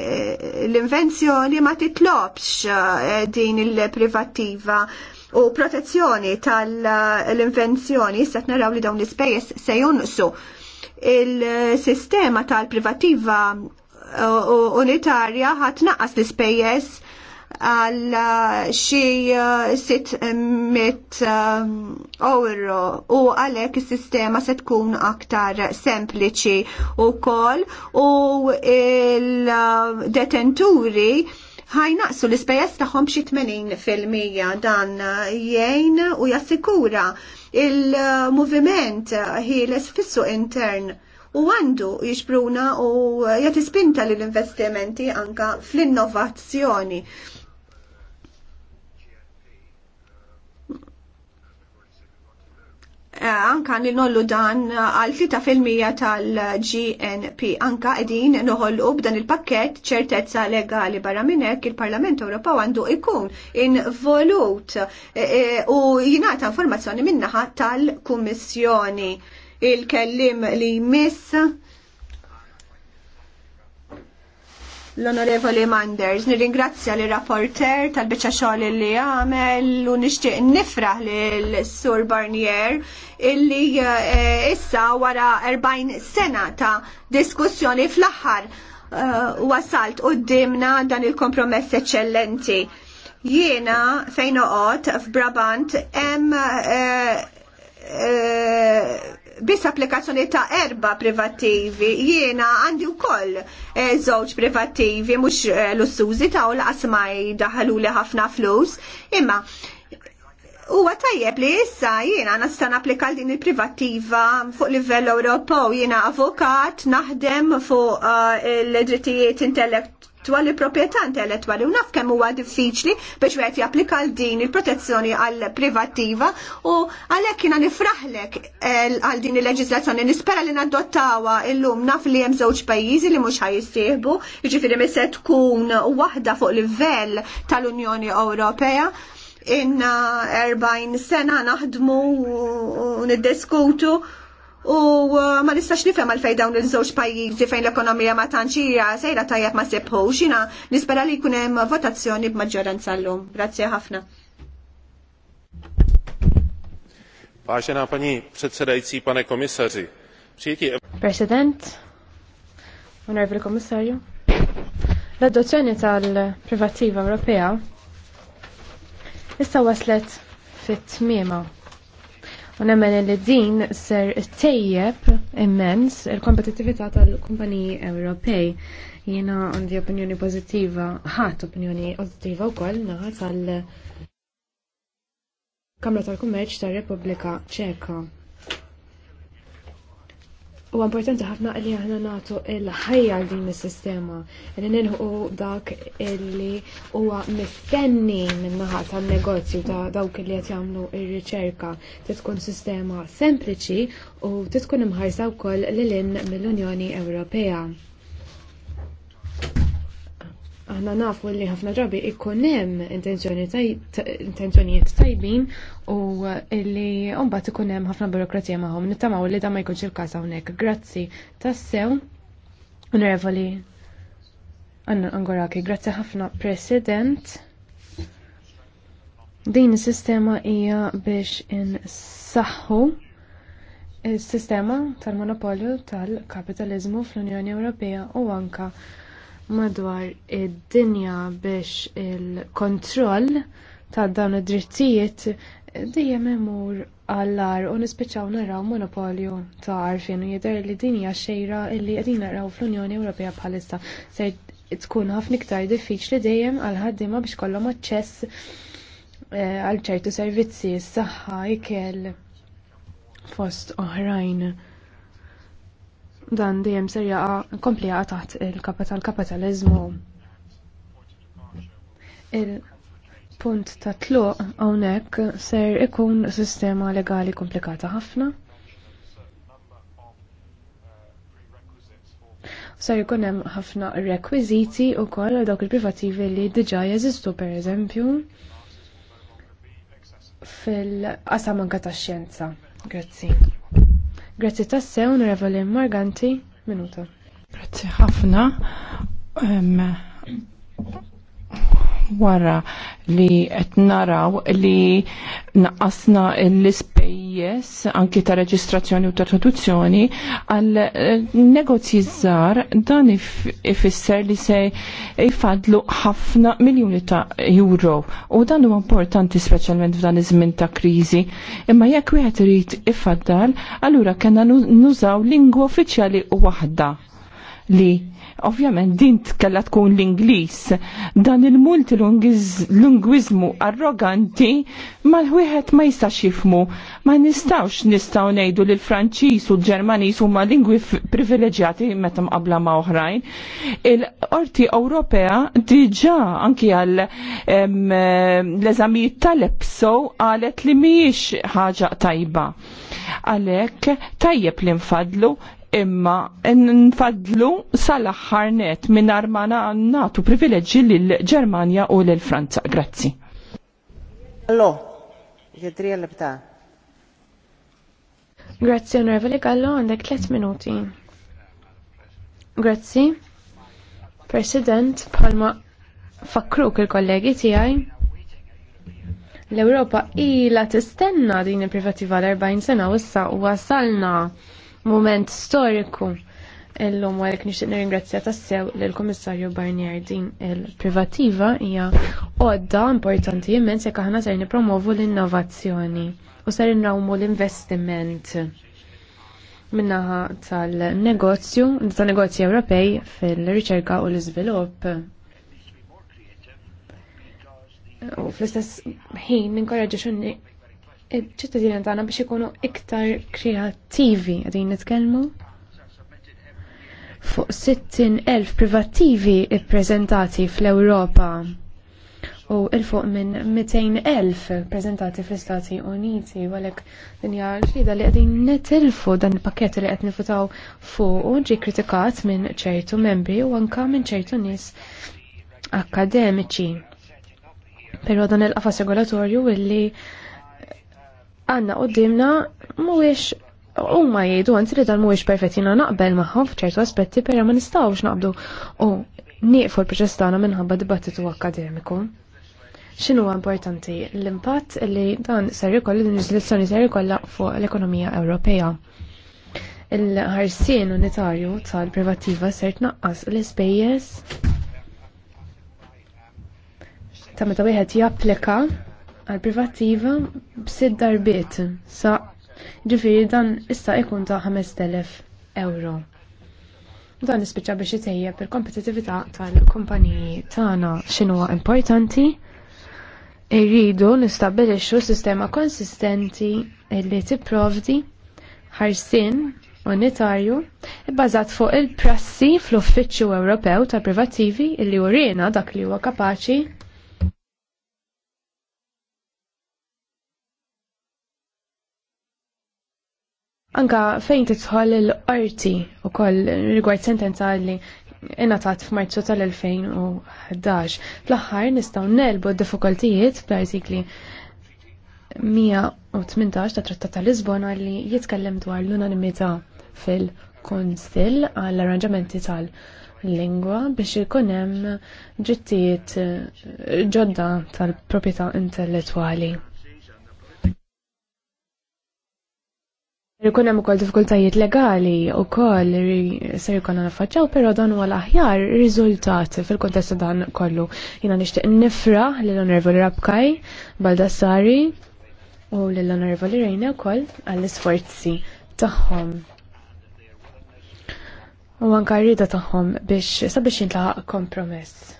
Speaker 1: eh, l-invenzjoni ma titlobx din il-privattiva u protezzjoni tal-invenzjoni, issa naraw li dawn l-ispejjeż se jonqsu il-sistema tal-privativa uh, unitarja naqas l-ispejjeż għal uh, xi 600 uh, euro u għalhekk is-sistema se tkun aktar sempliċi wkoll u l detenturi ħajnaqsu l-ispejjeż tagħhom xi 80% dan jgħin u jassikura il-moviment ħieles fissu intern u għandu jixbruna u jagħti spinta lill-investimenti anka fl-innovazzjoni. Eh, anka nollu dan eh, għal 3% tal-GNP. Anka edin u b'dan il-pakket ċertezza legali barra minnek il-Parlament Ewropew għandu ikun involut eh, u jingħata informazzjoni minnaħa tal-Kummissjoni. Il-kellim li jmiss l-Onorevoli Manders. Nirringrazzja li rapporter tal-bicċa xogħol li għamel u nixtieq nifraħ li sur Barnier illi eh, issa wara 40 sena ta' diskussjoni fl-aħħar uh, wasalt dimna dan il-kompromess eċċellenti. Jiena fejn oqgħod f'Brabant hemm eh, Bis applikazzjoni ta' erba privattivi, jiena għandi wkoll eh, żewġ privattivi mhux eh, ussużi ta' u laqas ma jdaħaluli ħafna flus, imma Huwa tajjeb li issa jiena nista' napplika din il-privattiva fuq livell Ewropew jiena avukat naħdem fuq uh, il-drittijiet intellekt li proprjetà intellettwali u naf kemm huwa diffiċli biex wieħed japplika l din il-protezzjoni għal privattiva u għalhekk jiena nifraħlek eh, għal din il-leġiżlazzjoni nispera li nadottawha illum naf li hemm żewġ pajjiżi li mhux ħajjissieħbu, jiġifieri mi se tkun waħda fuq livell tal-Unjoni Ewropea inna eh, 40 sena naħdmu u niddiskutu u uh, ma nistax nifhem għalfej dawn il-żewġ pajjiżi fejn l-ekonomija ma tantx sejra tajjeb ma sebħux x'ina nispera li jkun hemm votazzjoni b'maġġoranza llum. Grazzi ħafna.
Speaker 2: Vážená paní předsedající, pane komisaři, přijetí...
Speaker 3: President, onorevole komisario, l-adozzjoni tal-privattiva Ewropea issa waslet fit tmima U nemmen li din ser tejjeb immens il kompetitivita tal-kumpaniji Ewropej. Jena għandi opinjoni pozittiva, ħat opinjoni pozittiva wkoll naħa tal- Kamra tal-Kummerċ tar-Repubblika Ċeka. U importanti ħafna li aħna nagħtu il-ħajja għal din is-sistema li nilħu dak illi huwa mistenni min-naħa tan-negozju ta' dawk li qed jagħmlu r-riċerka tkun sistema sempliċi u tkun imħarsa wkoll lil mill-Unjoni Ewropea aħna nafu li ħafna drabi ikun hemm intenzjonijiet tajbin u li mbagħad ikun hemm ħafna burokrazija magħhom. Nittamaw li da ma jkunx il-każ hawnhekk. Grazzi tassew. Onorevoli Anna Angoraki, grazzi ħafna President. Din is-sistema hija biex insaħħu is-sistema tal-monopolju tal-kapitalizmu fl-Unjoni Ewropea u anka madwar id-dinja biex il-kontroll ta' dawn id-drittijiet dejjem imur għallar u nispiċċaw naraw monopolju ta' għarfien u jidher li din hija xejra illi qegħdin naraw fl-Unjoni Ewropea bħalissa se tkun ħafna iktar diffiċli dejjem għal ħaddiema biex kollhom aċċess eh, għal ċertu servizzi s-saħħa ikel fost oħrajn dan dejjem ser jaqa' komplija taħt il-kapital kapitalizmu. Il-punt ta' tluq hawnhekk ser ikun sistema legali komplikata ħafna. Ser ikun hemm ħafna rekwiżiti wkoll dawk il-privativi li diġà jeżistu pereżempju fil-qasam anke tax-xjenza. Grazzi. Grazzi tassew, Onorevole Morganti, minuta.
Speaker 4: Grazzi ħafna. Um, wara li qed naraw li naqasna l-ispejjeż anki ta' reġistrazzjoni u ta' traduzzjoni għal eh, negozji żgħar dan ifisser li se jfadlu ħafna miljuni ta' euro u dan huwa importanti speċjalment f'dan iż-żmien ta' kriżi. Imma jekk wieħed irid ifaddal, allura kellna nużaw lingwa uffiċjali waħda li ovvjament din tkella tkun l-Ingliż. Dan il-multilingwiżmu arroganti mal-wieħed ma jistax jifmu. Ma nistawx nistaw ngħidu li l-Franċiż u l-Ġermaniż huma lingwi privileġjati meta mqabla ma' oħrajn. Il-Qorti Ewropea diġà anki għal l-eżamijiet tal-EPSO qalet li mhijiex ħaġa tajba. Għalhekk tajjeb li nfadlu imma nfadlu sal-aħħar net minn armana natu privileġġi l ġermanja u l Franza. Grazzi.
Speaker 1: Allo, jedrija l-bta.
Speaker 3: Grazzi, onorevoli Gallo, għandek 3 minuti. Grazzi. President, palma fakruk il-kollegi tijaj. L-Europa ila tistenna din il-privativa l-40 sena u issa u wasalna moment storiku L-lum għalek nixtieq nirringrazzja tassew l komissarju Barnier din il-privativa hija għodda importanti immens jekk aħna ser nippromovu l-innovazzjoni u ser nrawmu l-investiment minnaħa tal-negozju, tal-negozji Ewropej fil-riċerka u l-iżvilupp. U fl-istess ħin x'unni ċittadini tagħna biex ikunu iktar kreattivi qegħdin nitkellmu. Fuq 60,000 privattivi ppreżentati fl-Ewropa u il-fuq minn 200,000 ppreżentati fl-Istati Uniti u għalhekk din hija xhieda li qegħdin netilfu dan il-pakket li qed nifutaw fuq u ġi kritikat minn ċertu membri u anke minn ċertu nies akademiċi. Però dan il-qafas regolatorju illi għanna qoddimna mhuwiex huma jgħidu għanzi li dan muwix perfettina naqbel magħhom f'ċertu aspetti perra ma nistgħux naqbdu u nieqfu l-proċess tagħna minħabba dibattitu akademiku. X'inhu importanti l-impatt li dan ser jkollu din iż-lezzjoni ser jkollha fuq l-ekonomija Ewropea. Il-ħarsien unitarju tal-privattiva ser tnaqqas l-ispejjeż ta' meta wieħed japplika għal privattiva b'sitt darbiet sa ġifiri dan issa ikun ta' 5000 euro. Dan ispiċa biex itejjeb il-kompetitività tal-kumpaniji tagħna x'inhuwa importanti. Irridu nistabilixu sistema konsistenti li tipprovdi ħarsien unitarju, bbażat fuq il-prassi fl-Uffiċċju Ewropew tal-Privattivi illi urina dak li huwa kapaċi Anka fejn titħol il-qorti u koll rigward sentenza li inatat f'Marzu tal-2011. Fl-aħħar nistgħu nelbu d-diffikultijiet bl-artikli 118 ta' Trattat ta' Lisbona li jitkellem dwar l-unanimità fil-Konsil għall-arranġamenti tal-lingwa biex ikun hemm ġittijiet ġodda tal-proprjetà intellettwali. Ikun hemm ukoll diffikultajiet legali wkoll ser jkollna naffaċċaw, però dan huwa l-aħjar riżultat fil-kontest dan kollu. Jiena nixtieq nifra lil onorevoli Rabkaj, Baldassari u lil onorevoli Rejna wkoll għall-isforzi tagħhom. U anka rrida tagħhom biex sabiex jintlaqa' kompromess.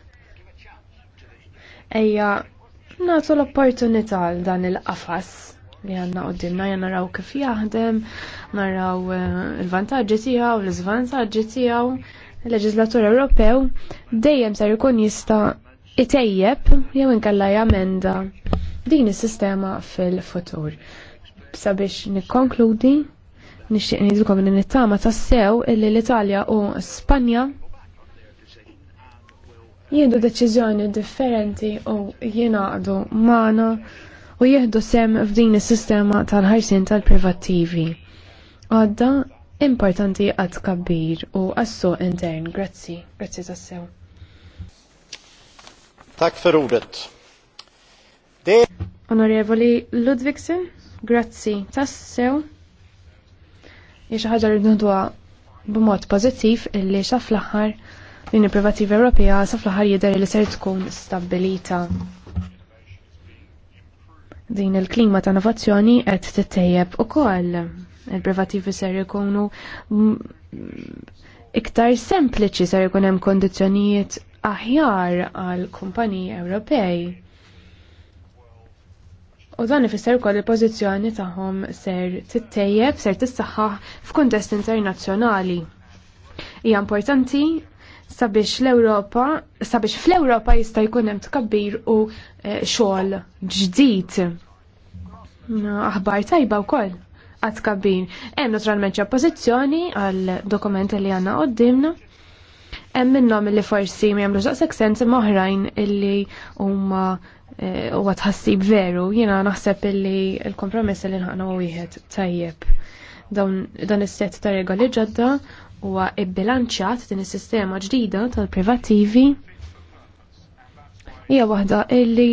Speaker 3: Ejja, nagħtu l-opportunità dan il-qafas li għanna għoddimna naraw kif jaħdem, naraw eh, il-vantagġi tijaw, l-izvantagġi tijaw, il-leġizlatur Ewropew dejjem sar ikun jista' itejjeb jew inkella jamenda din is-sistema fil-futur. Sabiex nikkonkludi, nixtieq nidilkom li nittama tassew illi l-Italja u Spanja jiedu deċiżjoni differenti u jingħaqdu magħna u jieħdu sem f'din is-sistema tal-ħarsien tal-privattivi. Għadda importanti għad kabbir u għassu intern. Grazzi, grazzi tassew.
Speaker 4: Tak fer ordet. De...
Speaker 3: Onorevoli Ludvigsen, grazzi tassew. Jiex ħagġa li nħudwa b'mod pożittiv illi sa fl-aħħar din il Ewropea sa fl-aħħar jidher li ser tkun stabbilita Din il-klima ta' innovazzjoni qed tittejjeb ukoll. Il-privativi ser ikunu iktar sempliċi ser ikun hemm kondizzjonijiet aħjar għal kumpaniji Ewropej. U dan ifisser ukoll il-pożizzjoni tagħhom ser tittejjeb, ser tissaħħaħ f'kuntest internazzjonali. Hija importanti sabiex l-Ewropa, sabiex fl-Ewropa jista' jkun hemm tkabbir u eh, xogħol ġdid. Aħbar tajba wkoll għad tkabbir. Hemm naturalment oppożizzjoni għal dokumenti li għandna qoddimna. Hemm minnhom li forsi ma jagħmlu daqshekk sens oħrajn illi huma eh, huwa tħassib veru, jiena naħseb illi l-kompromess li nħaqna wieħed tajjeb dawn dan is-set ta' regoli ġodda huwa ibbilanċjat din is-sistema ġdida tal-privattivi hija waħda illi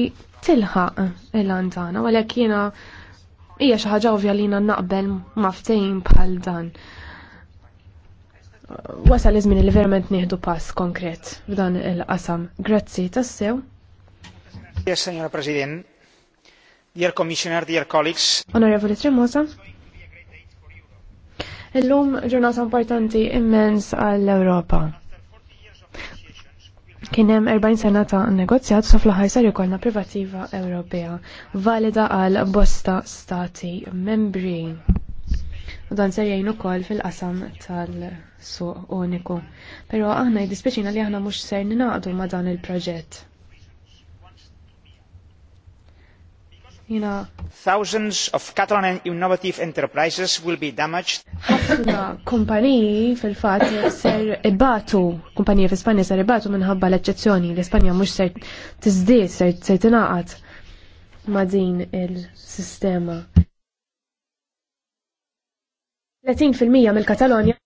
Speaker 3: tilħaq il għandana għalhekk jiena hija xi ħaġa ovvja li naqbel maftejn bħal dan. Wasal li żmien li verament nieħdu pass konkret f'dan il-qasam. Grazzi tassew.
Speaker 2: Yes, Signora President. Dear Commissioner, dear colleagues.
Speaker 3: Onorevoli Tremosa. Illum ġurnata importanti immens għall-Ewropa. Kien hemm 40 sena ta' negozjat sa fl-aħħar sar ikollna privativa Ewropea, valida għal bosta stati membri. dan ser jgħin ukoll fil-qasam tal-suq uniku. Però aħna jdispiċina li aħna mhux ser ninaqdu ma' dan il-proġett. You
Speaker 2: Thousands of Catalan innovative enterprises will be damaged.
Speaker 3: Ħafna kumpaniji fil fatt ser ibatu, kumpaniji fl Spanja ser ibatu minħabba l-eċċezzjoni. L-Ispanja mhux ser tiżdied, ser ser tingħaqad ma' din il-sistema. 30% mill-Katalonja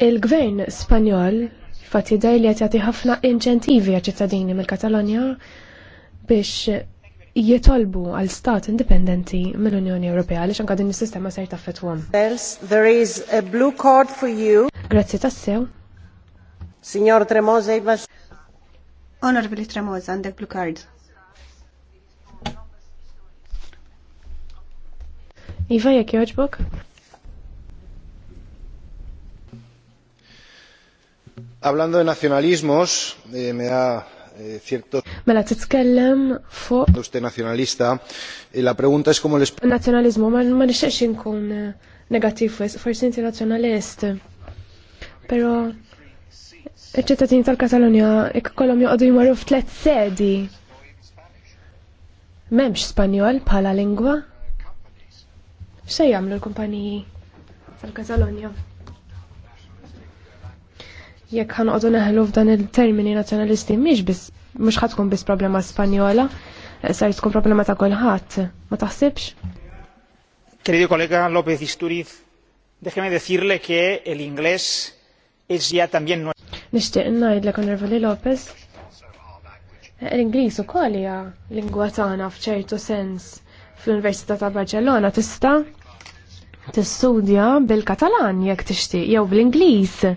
Speaker 3: Il-gvern Spanjol fat jidaj li qed jagħti ħafna inċentivi għal ċittadini mill-Katalonja biex jitolbu għal stat indipendenti mill-Unjoni Ewropea għaliex anke din is-sistema se jtaffetwhom.
Speaker 1: There is a blue card for you. Grazzi tassew. Signor Tremosa, jibax. Onorabili Tremosa, għandek blue card. Iva, jek joġbok?
Speaker 3: Hablando de nacionalismos, eh, me da eh, cierto... la mela, titkellem fo... Usted nacionalista, eh, la pregunta es como les... Nacionalismo, ma, ma nixexin kun eh, negativ, forse inti nazzjonalist. Pero iċ-ċittadini tal-Katalonja ikkollhom joqogħdu jmorru f'tliet sedi. Memx Spanjol pala lingua. X'se jamlu l-kumpaniji tal katalonia jekk ħanqodu neħlu f'dan il-termini nazzjonalisti mhix biss mhux ħatkun biss problema Spanjola, eh, sar tkun problema ta' kulħadd. Ma taħsibx?
Speaker 2: Querido kollega López Isturiz, déjeme decirle que el inglés es ja tambien nuestro.
Speaker 3: Nishtiq ngħidlek Onorevoli López, L-Ingliż ukoll hija lingwa tagħna f'ċertu sens fl-Università ta' Barcellona tista' tistudja bil-Katalan jekk tixtieq jew bl-Ingliż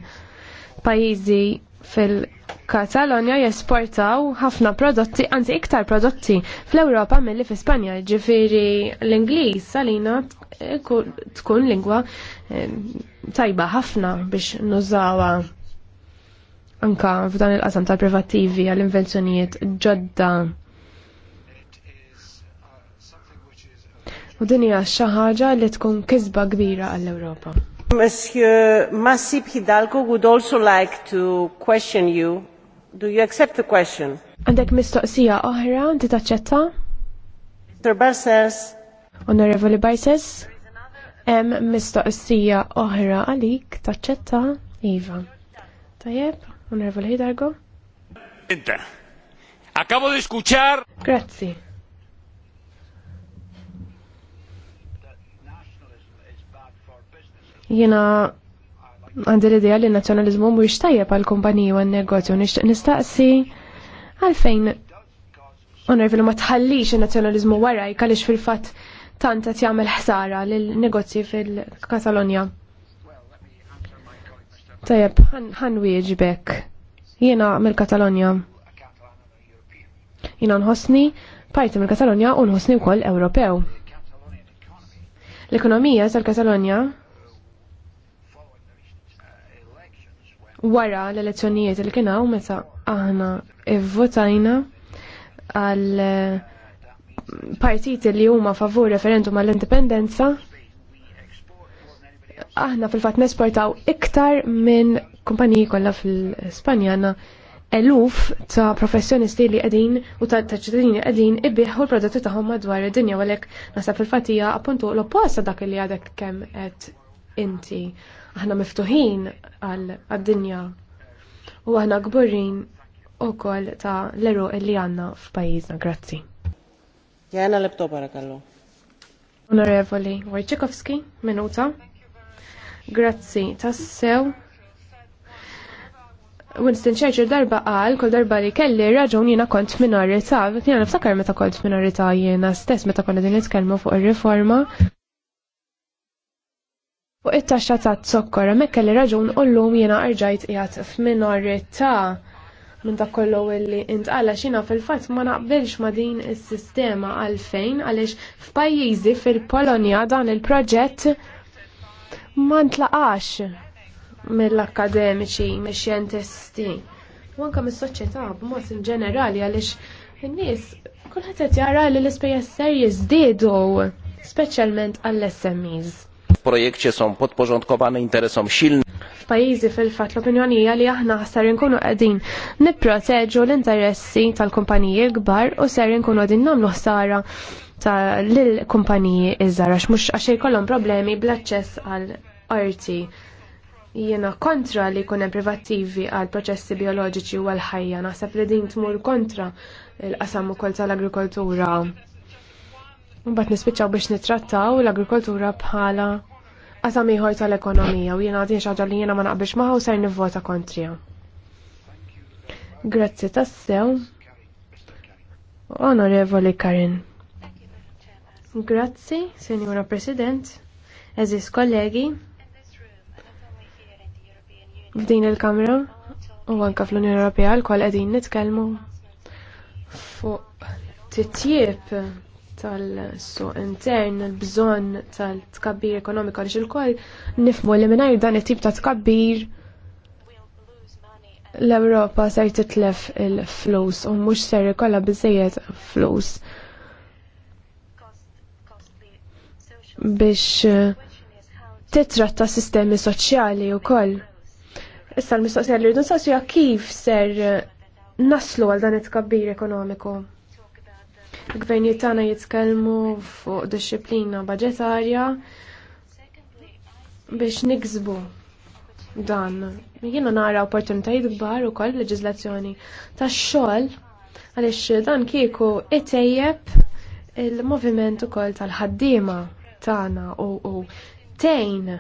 Speaker 3: Pajjiżi fil-Katalonja jesportaw ħafna prodotti, anzi iktar prodotti fl-Ewropa milli fi Spanja, ġifiri l-Ingliż salina tkun lingwa tajba ħafna biex nużawa anka f'dan il-qasam tal-privattivi għall-invenzjonijiet ġodda. U din hija xi ħaġa li tkun kisba kbira għall-Ewropa.
Speaker 4: Monsieur Masip Hidalgo would also like to question you. Do you accept the question?
Speaker 1: Għandek
Speaker 3: mistoqsija oħra, inti taċċetta?
Speaker 4: Mr. Barses.
Speaker 3: Onorevoli Barses, hemm mistoqsija oħra għalik taċċetta Iva. Tajjeb, Onorevoli Hidalgo.
Speaker 4: Inta. Acabo de escuchar.
Speaker 3: Grazie. jina għandi l-idea li nazjonalizmu mu mhuwiex tajjeb għal kumpaniji u n-negozju nixtieq nistaqsi għalfejn onorevoli ma tħallix in nazjonalizmu wara għaliex fil-fatt tanta qed jagħmel ħsara l negozji fil-Katalonja. Tajjeb, ħan wieġbek. Jiena mill-Katalonja. Jiena nħossni parti mill-Katalonja u nħossni wkoll Ewropew. L-ekonomija tal-Katalonja wara l-elezzjonijiet li kien hawn meta aħna votajna għal eh, partiti li huma favur referendum għall indipendenza aħna fil-fatt nesportaw iktar minn kumpaniji kollha fil-Spanjana eluf ta' professjonisti li qegħdin u ta' ċittadini qegħdin ibbiħu l-prodotti tagħhom madwar id-dinja għalhekk naħseb fil-fatt appuntu l-opposta dak li għadek kemm qed inti. Aħna miftuħin għal-dinja u aħna gburin u koll ta' l-eru illi għanna f'pajizna. Grazzi.
Speaker 4: Jena l-ibtu barakallu.
Speaker 3: Onorevoli Wojciechowski, minuta. Grazzi, tassew. Winston Churchill darba qal, kol darba li kelli raġun jina kont minorita, jiena niftakar meta kont minorita jiena stess meta konna din nitkellmu fuq ir-riforma fuq it-taxxa tat-sokkor hemmhekk kelli raġun qullum jiena rġajt qiegħed f'minorità minn dak kollu illi intqala xina fil-fatt ma naqbilx ma din is-sistema għalfejn għaliex f'pajjiżi fil-Polonja dan il-proġett ma ntlaqax mill-akademiċi, mix-xjentisti. U anke mis-soċjetà b'mod ġenerali għaliex in-nies kulħadd qed jara li l-ispejjeż ser jiżdiedu, speċjalment għall-SMEs
Speaker 1: projekcie są podporządkowane interesom silnych.
Speaker 3: F'pajjiżi fil-fatt l-opinjoni li aħna ser inkunu qegħdin nipproteġu l-interessi tal-kumpaniji kbar u ser inkunu qegħdin nagħmlu ħsara lill-kumpaniji iżgħar għax mhux għax jkollhom problemi bl-aċċess għal arti. Jiena kontra li jkun hemm privattivi għal proċessi bioloġiċi u għal ħajja naħseb li din tmur kontra l-qasam ukoll tal-agrikoltura. Mbagħad nispiċċaw biex nittrattaw l-agrikoltura bħala qasam ieħor tal-ekonomija u jena għadin xaġa li jiena ma naqbilx magħha u ser nivvota kontrija. Grazzi tassew. Onorevoli Karin. Grazzi, Senjora President, eżis kollegi, f'din il-Kamra u anka fl-Unjoni Ewropea l-kol qegħdin nitkellmu fuq titjieb tal-suq intern, il-bżonn tal-tkabbir ekonomika għaliex il nifmu li mingħajr dan it-tip ta' tkabbir l-Ewropa ser titlef il-flus u mhux ser ikollha biżejjed flus biex uh, titratta sistemi soċjali wkoll. Issa l-mistoqsija li rridu nsaqsu kif ser uh, naslu għal dan it-tkabbir ekonomiku il-gvernijiet tagħna jitkellmu fuq disċiplina budġetarja biex niksbu dan. Jiena nara opportunitajiet kbar ukoll leġiżlazzjoni tax-xogħol għaliex dan kieku itejjeb il-moviment ukoll tal-ħaddiema tagħna u tejn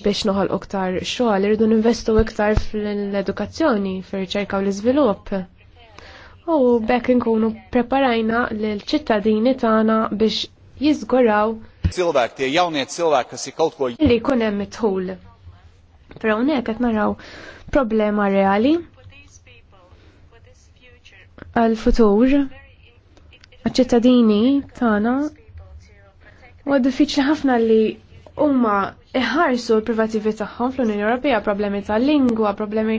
Speaker 3: biex noħol iktar xogħol irridu ninvestu iktar fl-edukazzjoni, fir-riċerka u l-iżvilupp u bekk inkunu preparajna l-ċittadini tagħna biex jiżguraw
Speaker 4: Silvek, tie jawnie silvek, kas kaut ko... Li
Speaker 3: kunem mitħul. Pero unek għet naraw problema reali għal-futur għal-ċittadini tana u diffiċli ħafna li huma iħarsu l-privativi tagħhom fl-Unjoni Ewropea, problemi tal-lingwa, problemi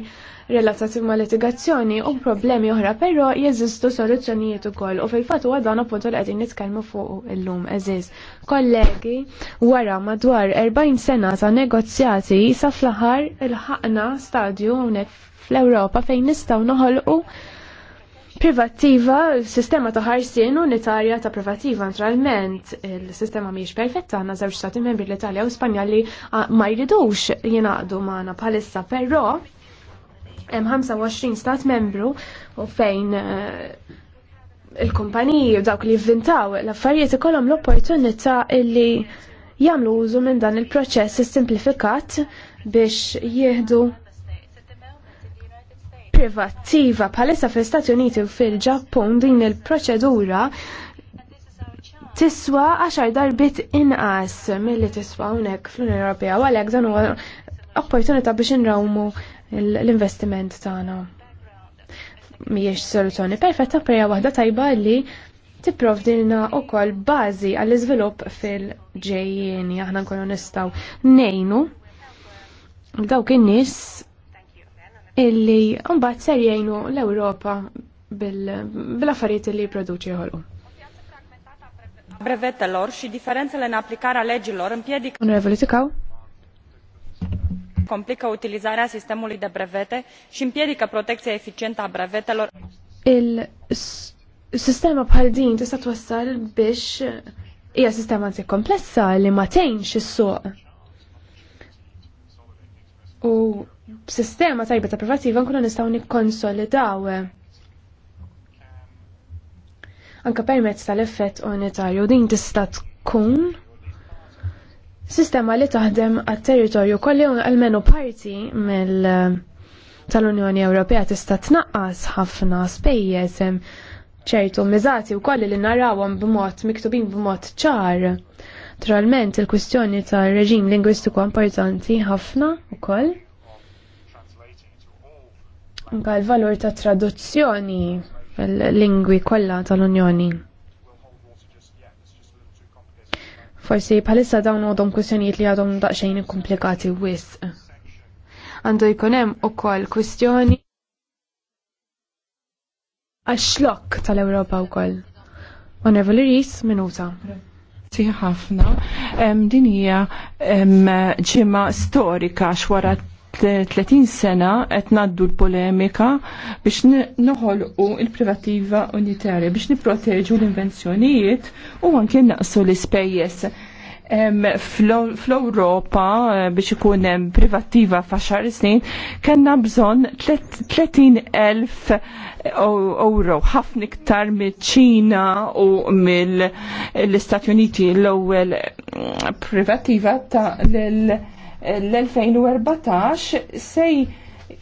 Speaker 3: relatati ma' litigazzjoni u problemi oħra, però jeżistu soluzzjonijiet ukoll u fil-fatt huwa dan appuntu li qegħdin nitkellmu fuq illum eżiż. Kollegi, wara madwar 40 sena ta' negozjati sa fl-aħħar il-ħaqna stadju hawnhekk fl-Ewropa fejn nistgħu noħolqu privattiva, sistema ta' ħarsien unitarja ta' privattiva naturalment, il-sistema miex perfetta, għanna zewġ stati membri l-Italja u Spanja li ma jridux jenaqdu għana bħalissa, però Hemm 25 stat membru u fejn eh, il-kumpaniji u dawk li jivvintaw l-affarijiet ikollhom l-opportunità illi jagħmlu użu minn dan il-proċess simplifikat biex jieħdu privattiva bħalissa fl-Istati Uniti u fil-Ġappun din il-proċedura tiswa għaxar darbit inqas milli tiswa hawnhekk fl-Unjoni Ewropea u għalhekk dan huwa opportunità biex inrawmu l-investiment tagħna. Mhijiex soluzzjoni perfetta preja waħda tajba li tipprovdilna wkoll bażi għall-iżvilupp fil-ġejjieni aħna nkunu nistgħu nejnu dawk in-nies illi mbagħad ser jgħinu l-Ewropa bil-affarijiet li jipproduċi jħolqu.
Speaker 4: Brevetelor xi differenza l-in applikara leġilor impjedi.
Speaker 3: Onorevoli Tikaw
Speaker 4: complică utilizarea sistemului de brevete și împiedică protecția eficientă a brevetelor.
Speaker 3: Il sistema bħal din tista' twassal biex hija sistema anzi komplessa li ma tgħinx is-suq. U b'sistema tajba ta' privattiva nkunu nistgħu nikkonsolidaw anka permezz tal-effett unitarju din tista' tkun Sistema li taħdem għat-territorju kolli għalmenu parti mill eh, tal-Unjoni Ewropea tista' tnaqqas ħafna spejjeż eh, ċertu miżati u kolli li narawhom b'mod miktubin b'mod ċar. Naturalment il-kwistjoni tar-reġim lingwistiku importanti ħafna ukoll. Anka l-valur ta' traduzzjoni l-lingwi kollha tal-Unjoni. Forsi bħalissa dawn għodhom kwistjonijiet li għadhom daqsxejn komplikati wisq. Għandu jkun hemm ukoll kwistjoni għax-xlokk tal-Ewropa wkoll. Onorevoli Ris, minuta. Tiħafna,
Speaker 4: ħafna. Din hija ġimgħa storika xwara 30 sena qed ngħaddu l-polemika biex noħolqu il-privattiva unitarja biex nipproteġu l-invenzjonijiet u anke naqsu l-ispejjeż. Fl-Europa eh, biex ikun hemm privattiva faxar snin kellna bżonn 30,000 euro ħafna iktar mill-Ċina u mill-Istati Uniti l-ewwel mm, privattiva ta' l l-2014 sej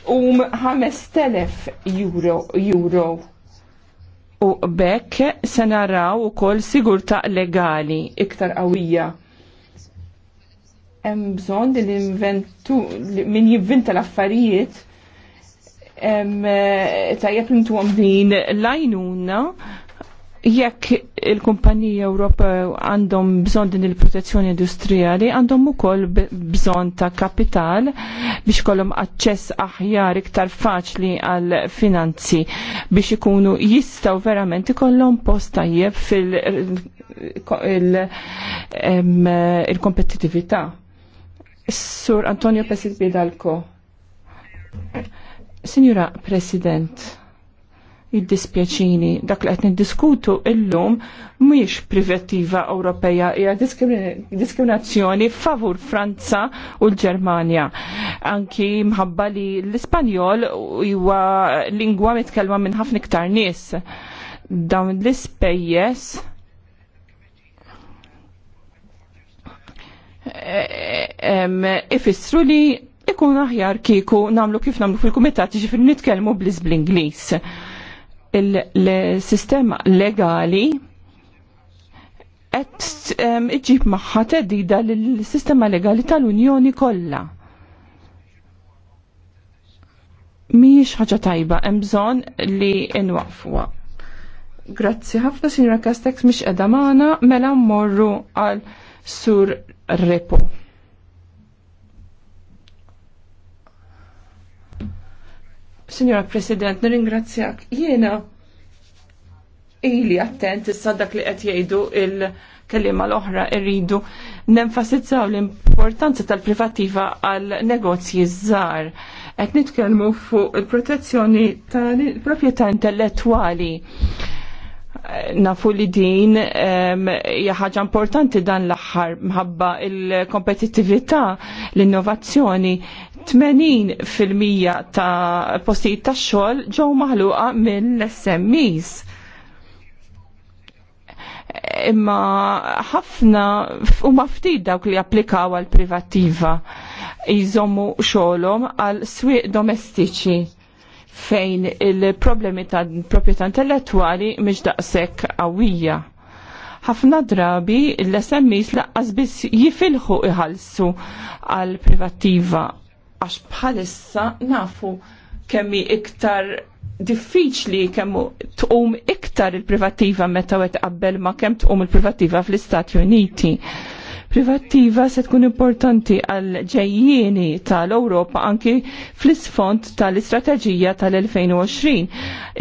Speaker 4: um 5000 euro, euro. U bekk se naraw ukoll sigurtà legali iktar qawwija hemm bżonn li l-inventu min jivvinta l-affarijiet tajjeb intuhom din l-għajnuna jekk il-kumpaniji Ewropew għandhom bżonn din il-protezzjoni industrijali, għandhom ukoll bżonn ta' kapital biex kollhom aċċess aħjar iktar faċli għal finanzi biex ikunu jistgħu verament ikollhom post tajjeb fil-kompetitività. Sur Antonio Pesit Bidalko. Signora President, jiddispjaċini dak li qed niddiskutu illum mhijiex privettiva Ewropea hija diskriminazzjoni favur Franza u l-Ġermanja. Anki mħabba li l-Ispanjol huwa lingwa mitkellma minn ħafna iktar nies. Dawn l-ispejjeż e- ifissru li ikun aħjar kieku namlu kif namlu fil-kumitat ġifir nitkellmu bliż bl ingliż il-sistema legali qed iġib magħha tedida lill-sistema legali tal-Unjoni kollha. Mhijiex ħaġa tajba, hemm bżonn li nwaqfuha. Grazzi ħafna Sinjora Castex mhix qiegħda magħna mela mmorru għal Sur Repo. Signora President, nirringrazzjak jiena ili attent issa dak li qed jgħidu il-kelliema l-oħra rridu nenfasizzaw l-importanza tal-privattiva għal negozji żgħar. Qed nitkellmu fuq il-protezzjoni tal-proprjetà intellettwali. Nafu li din hija ħaġa importanti dan l-aħħar mħabba il-kompetittività, l-innovazzjoni 80% ta' postijiet ta' xogħol ġew maħluqa mill-SMEs. Imma ħafna huma ftit dawk li applikaw għal privattiva jżommu xogħolhom għal swieq domestiċi fejn il-problemi ta' proprjetà intellettwali mhix daqshekk qawwija ħafna drabi l-SMIs laqqas biss jifilħu iħalsu għal privattiva għax bħalissa nafu kemmi iktar diffiċli kemm tqum iktar il-privattiva meta wet qabbel ma kemm tqum il-privattiva fl-Istati Uniti. Privattiva se tkun importanti għal ġejjieni tal-Ewropa anki fl-isfond tal-istrateġija tal-2020.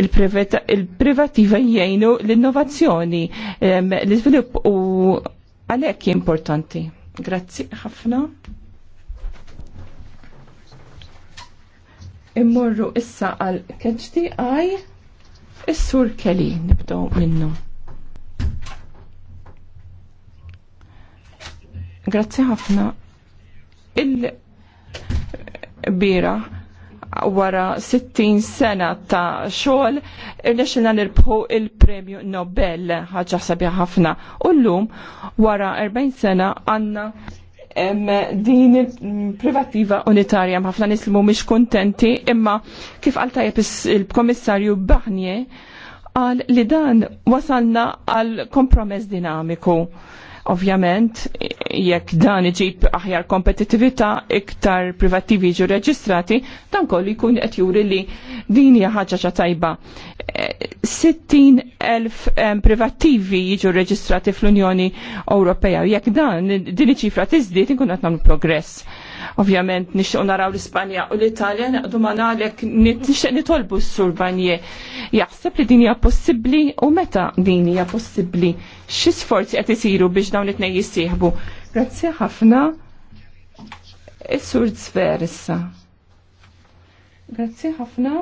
Speaker 4: Il-privattiva jgħinu l-innovazzjoni, l-iżvilupp u għalhekk importanti. Grazzi ħafna. immorru issa għal keġdi għaj is-sur Kelly nibdow minnu. Grazzi ħafna. Il-bira wara 60 sena ta' xogħol irnexxilna nirbħu il-Premju Nobel ħaġa sabiħa ħafna. U llum wara 40 sena għandna din il-privattiva unitarja ħafna nis li mhumiex kuntenti imma kif qal tajjeb il-Komissarju Barnier qal li dan wasalna għal kompromess dinamiku Ovvjament, jekk dan iġib aħjar kompetitività, iktar privattivi jiġu reġistrati, dan kollu kun qed juri li din hija ħaġa ċa tajba. 60,000 e, privattivi jiġu reġistrati fl-Unjoni Ewropea. Jekk dan din iċifra tiżdied inkun qed nagħmlu progress Ovvjament nixtieq naraw l-Ispanja u l-Italja naqdu ma nagħlek nixtieq nitolbu s-sur Barnier. Jaħseb li din hija possibbli u meta din hija possibbli xi sforzi qed isiru biex dawn it-tnejn jissieħbu. Grazzi ħafna. Is-sur Zver issa. Grazzi ħafna.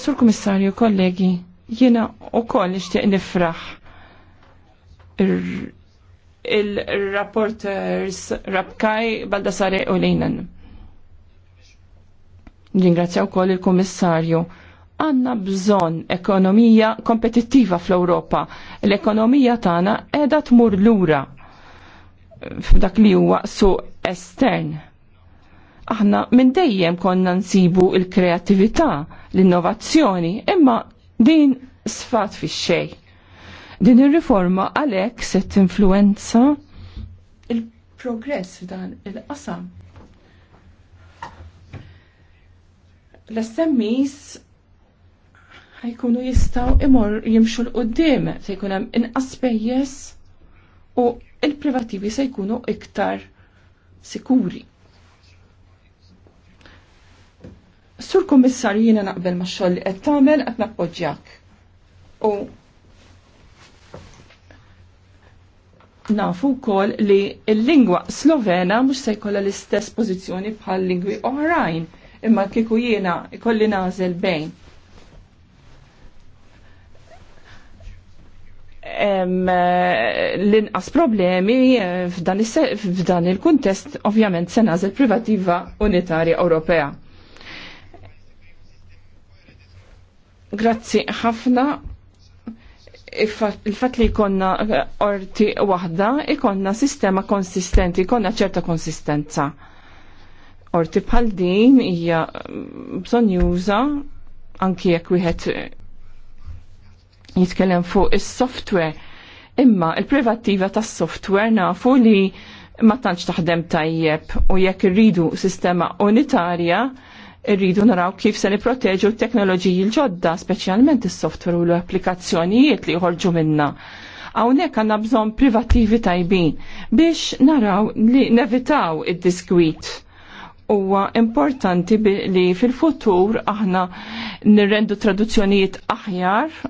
Speaker 4: Sur Kummissarju, kollegi, jiena u koll nixtieq nifraħ il-rapporters Rabkaj Baldassare u Lejnen. Ringrazzjaw kol il-Komissarju. Għanna bżon ekonomija kompetittiva fl-Europa. L-ekonomija tagħna qiegħda tmur lura f'dak li huwa su estern. Aħna minn dejjem konna nsibu il-kreattività, l-innovazzjoni, imma din sfat fix-xejn Din ir-riforma għalhekk se influenza il-progress f'dan il-qasam. L-SMEs ħajkunu jistaw imor jimxu l-qoddim, se jkun hemm inqas pejjeż u il-privativi se jkunu iktar sikuri. Sur Kummissar jiena naqbel ma' xogħol li qed tagħmel qed nappoġġjak. U nafu kol li l-lingwa slovena mux se jkolla l-istess pozizjoni bħal lingwi oħrajn imma kieku jiena ikolli nazel bejn. L-inqas problemi eh, f'dan il-kuntest ovvjament se nażel privativa unitarja Ewropea. Grazzi ħafna il-fat li jkonna orti wahda, ikonna sistema konsistenti, ikonna ċerta konsistenza. Orti bħal din hija mm, bżonn juża anki jekk wieħed jitkellem fuq is-software. Imma il-privattiva tas-software nafu li ma tantx taħdem tajjeb u jekk irridu sistema unitarja irridu naraw kif se niproteġu t-teknoloġiji l-ġodda, speċjalment is-software u l-applikazzjonijiet li jħorġu minna. Hawnhekk għandna bżonn privattivi tajbin biex naraw li nevitaw id-diskwit. Huwa importanti li fil-futur aħna nirrendu traduzzjonijiet aħjar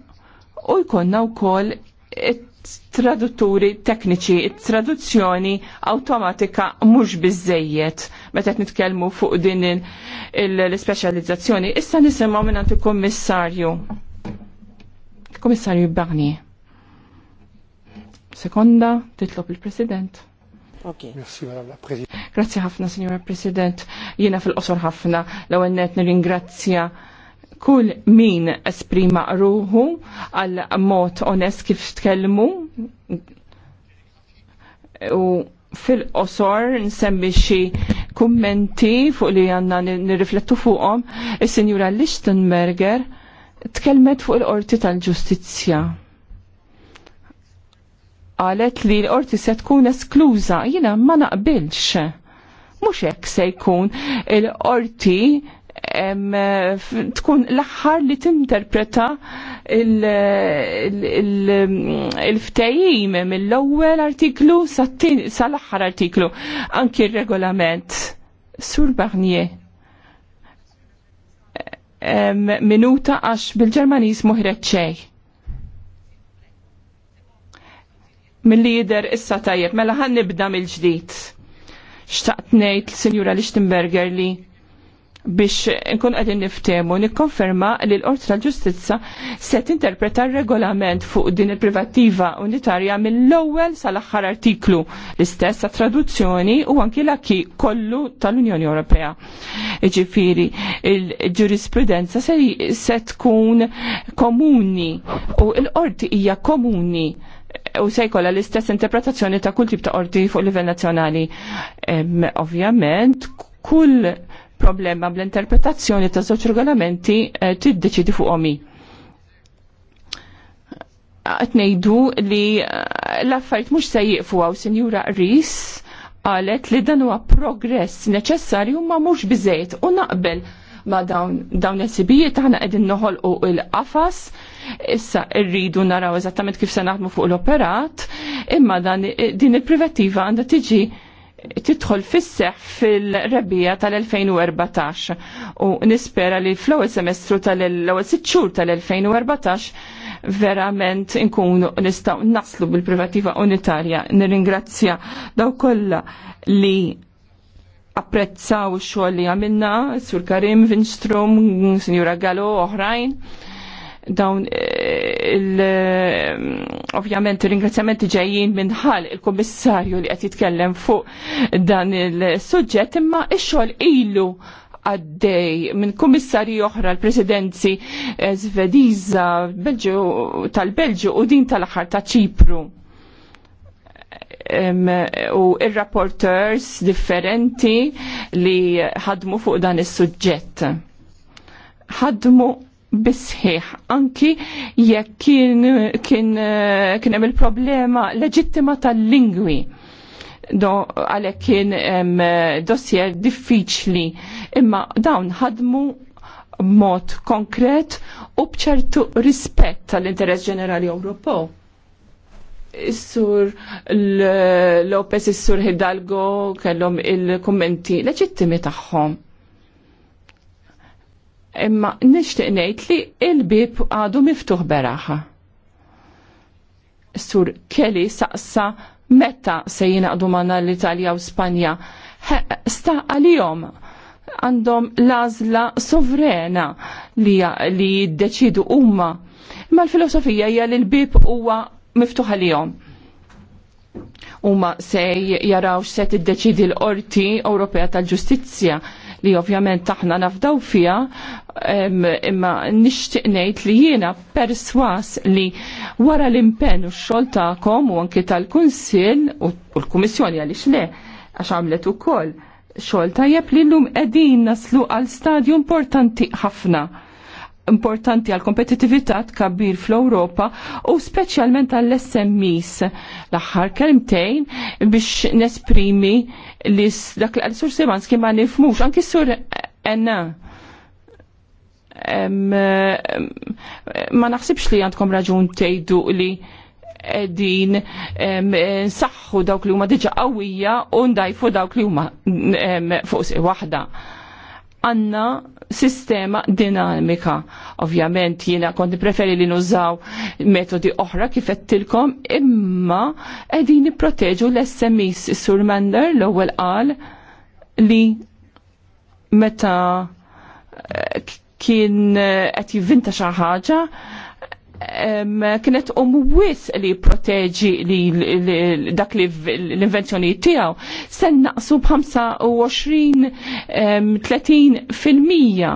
Speaker 4: u jkollna wkoll it tradutturi tekniċi, traduzzjoni automatika mhux biżejjed meta qed nitkellmu fuq din l-ispeċjalizzazzjoni. Issa nisimgħu minn il-Kummissarju. Kummissarju Barni. Sekonda, titlob il-President. Grazzi Grazie ħafna, Signora President. Jiena fil-qosor ħafna, l-ewwel nett nirringrazzja kull min esprima ruħu għal mod onest kif tkellmu u fil-qosor nsemmi xi kummenti fuq li għanna nirriflettu fuqhom is-Sinjura Lichtenberger tkellmet fuq il-qorti tal-ġustizzja qalet li l-qorti se tkun eskluża, jiena ma naqbilx. Mhux hekk se jkun il-qorti tkun l-aħħar li tinterpreta il-ftejim mill-ewwel artiklu sal-aħħar artiklu anki r-regolament. Sur Barnier, minuta għax bil ġermaniż muħret xej. Mill-lider issa tajjeb, mela ħan nibda mill-ġdid. Xtaqt ngħid l-Sinjura Lichtenberger li biex nkun għedin niftemu nikkonferma li l-Qorti tal-Ġustizza se tinterpreta regolament fuq din il-privattiva unitarja mill-ewwel sal-aħħar artiklu l-istess traduzzjoni u anki l-akki kollu tal-Unjoni Ewropea. Ġifiri, il-ġurisprudenza se tkun komuni u l-qorti hija komuni u se jkollha l-istess interpretazzjoni ta' kull tip ta' qorti fuq livell nazzjonali. Ovvjament, kull problema bl-interpretazzjoni ta' żewġ regolamenti eh, tiddeċidi fuqhom Qed ngħidu li eh, l-affarijiet mhux se jiqfu għaw Sinjura Ris qalet li dan huwa progress neċessarju ma mhux biżejt u naqbel ma dawn dawn il-sibijiet aħna qegħdin noħolqu il-qafas, issa rridu naraw eżattament kif se naħdmu fuq l-operat, imma dan eh, din il privativa għandha tiġi titħol fisseħ fil-rebija tal-2014 u nispera li fl-ewwel semestru tal-ewwel sitxur tal-2014 verament inkunu nistgħu naslu bil-privativa unitarja. Nirringrazzja daw kollha li apprezzaw xogħol li għamilna, Sur Karim, Vinstrum, Sinjura Gallo, oħrajn dawn eh, eh, ovvjament ringrazzjamenti ġejjin minn ħal il-Kummissarju li qed jitkellem fuq dan il-suġġett imma x-xogħol ilu għaddej minn kummissarji oħra l-presidenzi eh, Svediza tal-Belġu u din tal-aħħar ta' Ċipru. u ir-rapporters differenti li ħadmu fuq dan is-suġġett. Ħadmu bisħiħ. Anki jekk kien kien eh, kien hemm il-problema leġittima tal-lingwi. Do għalhekk kien eh, dossier diffiċli, imma dawn ħadmu b'mod konkret u bċertu rispett tal-interess ġenerali Ewropew. Is-sur Lopez, is-sur Hidalgo kellhom il-kummenti leġittimi tagħhom Imma nixtieq ngħid li l bib għadu miftuħ beraħ. Sur Kelly saqsa meta se jinaqdu manna l-Italja u Spanja. Sta għalihom għandhom lażla sovrena li, li jiddeċidu huma. Ma l-filosofija hija li l-bib huwa miftuħ għalihom. Huma se jaraw se tiddeċidi l-qorti Ewropea tal-Ġustizzja li ovvjament taħna nafdaw fija imma nixtieq ngħid li jiena perswas li wara l-impenn u x-xogħol tagħkom u anke tal-Kunsill u l-Kummissjoni għaliex le għax għamlet ukoll xogħol tajjeb li llum qegħdin naslu għal stadju importanti ħafna importanti għal kompetitività tkabbir fl-Ewropa u speċjalment għall smis L-aħħar kelmtejn biex nesprimi li dak l sur Simanski ma nifmux, anki sur enna. Ma naħsibx li għandkom raġun tgħidu li din nsaħħu dawk li huma diġa qawwija u ndajfu dawk li huma fuq waħda għanna sistema dinamika. Ovvjament jiena konti preferi li nużaw metodi oħra kif tilkom imma qegħdin nipproteġu l sms sur Mander l-ewwel qal li meta eh, kien eh, qed jivvinta xi ħaġa kienet um wis li proteġi li dak li l-invenzjoni tiegħu sen naqsu 25 30 fil-mija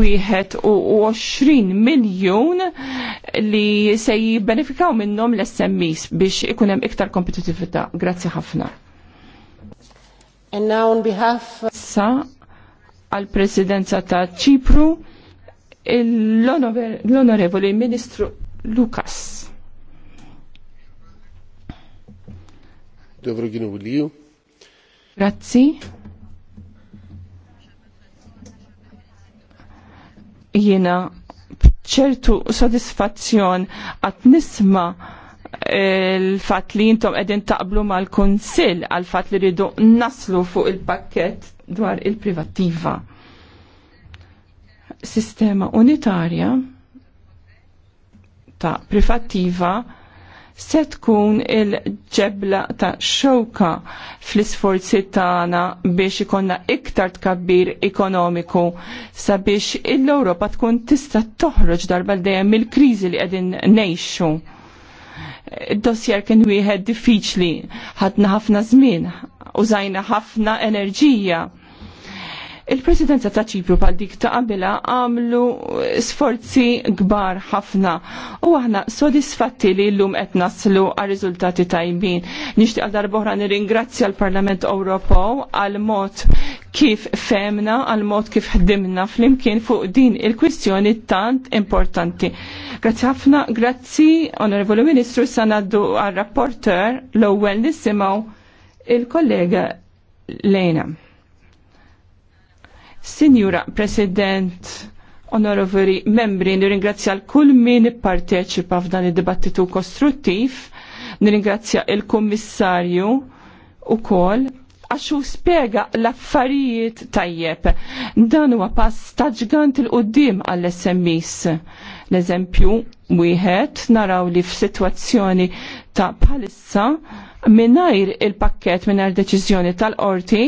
Speaker 4: wieħed u 20 miljun li se jibbenefikaw minnhom l-SMEs biex ikun hemm iktar kompetitività. Grazzi ħafna. And now on behalf Sa għal presidenza ta' Ċipru l-Onorevoli Ministru Lukas.
Speaker 2: Dobro għinu għuliju.
Speaker 4: Grazzi. Jena ċertu sodisfazzjon għat nisma il-fat eh, li jintom edin taqblu mal konsil għal-fat li ridu naslu fuq il-pakket dwar il-privativa sistema unitarja ta' privattiva se tkun il-ġebla ta' xewka fl-isforzi tagħna biex ikonna iktar tkabbir ekonomiku sabiex l-Ewropa tkun tista' toħroġ darba dejjem mill-kriżi li qegħdin ngħixu. Id-dossier kien wieħed diffiċli, ħadna ħafna żmien, użajna ħafna enerġija Il-presidenza ta' ċipru pal dik ta' qabilha għamlu sforzi kbar ħafna u aħna sodisfatti li l-lum qed naslu għal riżultati tajbin. Nixtieq għal darbohra nirringrazzja l-Parlament Ewropew għal mod kif femna, għal mod kif ħdimna flimkien fuq din il-kwistjoni tant importanti. Grazzi ħafna, grazzi Onorevoli Ministru sanaddu għal rapporter l-ewwel nisimgħu il-kollega Lejna. Signora President, onorovri membri, nirringrazzja l-kull min ipparteċipa f'dan id-dibattitu kostruttiv, nirringrazzja il-Kummissarju u kol għaxu spiega l-affarijiet tajjeb. Dan huwa pass taġgant il-qoddim għall-SMIs. L-eżempju, wieħed naraw li f'sitwazzjoni ta' palissa mingħajr il-pakket mingħajr deċiżjoni tal-qorti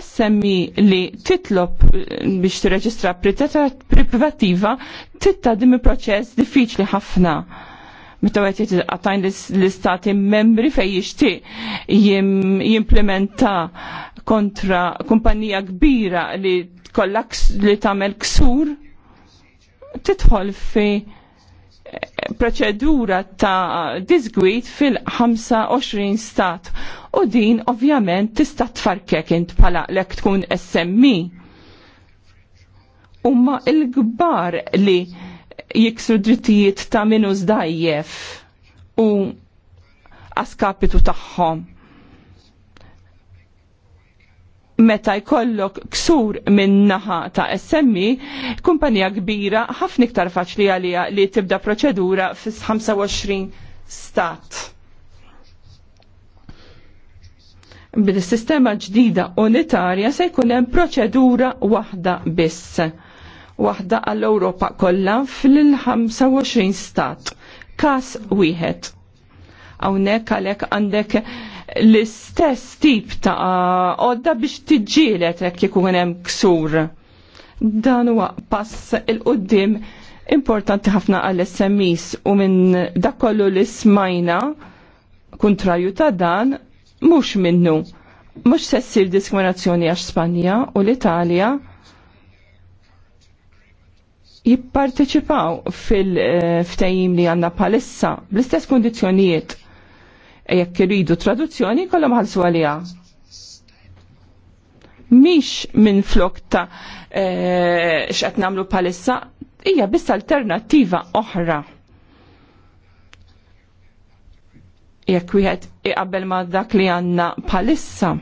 Speaker 4: SMI e li titlob eh, biex tirreġistra privativa titta il proċess diffiċli ħafna. Meta għet għatajn l-istati membri fej jixti jimplementa kontra kumpanija kbira li kollaks li tamel ksur titħol fi proċedura ta' disgwit fil-25 stat u din ovvjament tista' tfarkek int pala lek tkun SMI. Umma il-gbar li jiksu drittijiet ta' minu zdajjef u askapitu tagħhom meta jkollok ksur minn naħa ta' SMI, kumpanija kbira ħafna iktar faċli għalija li tibda proċedura fis 25 stat. Bil-sistema ġdida unitarja se jkun hemm proċedura waħda biss. Waħda għall-Ewropa kollha fil-25 stat. Kas wieħed. Hawnhekk għalhekk għandek l-istess tip ta' għodda biex tiġġielet jekk ikun hemm ksur. Dan huwa pass il-qoddim importanti ħafna għall smis u minn dak kollu li smajna kontrarju ta' dan mhux minnu. Mhux se ssir diskriminazzjoni għax Spanja u l-Italja jipparteċipaw fil-ftajim eh, li għanna palissa bl-istess kondizjonijiet jekk iridu traduzzjoni kollha ħalsu għaliha. Mhix minn flok ta' eh, x'qed nagħmlu bħalissa, hija biss alternattiva oħra. Jekk wieħed iqabel ma' dak li għandna bħalissa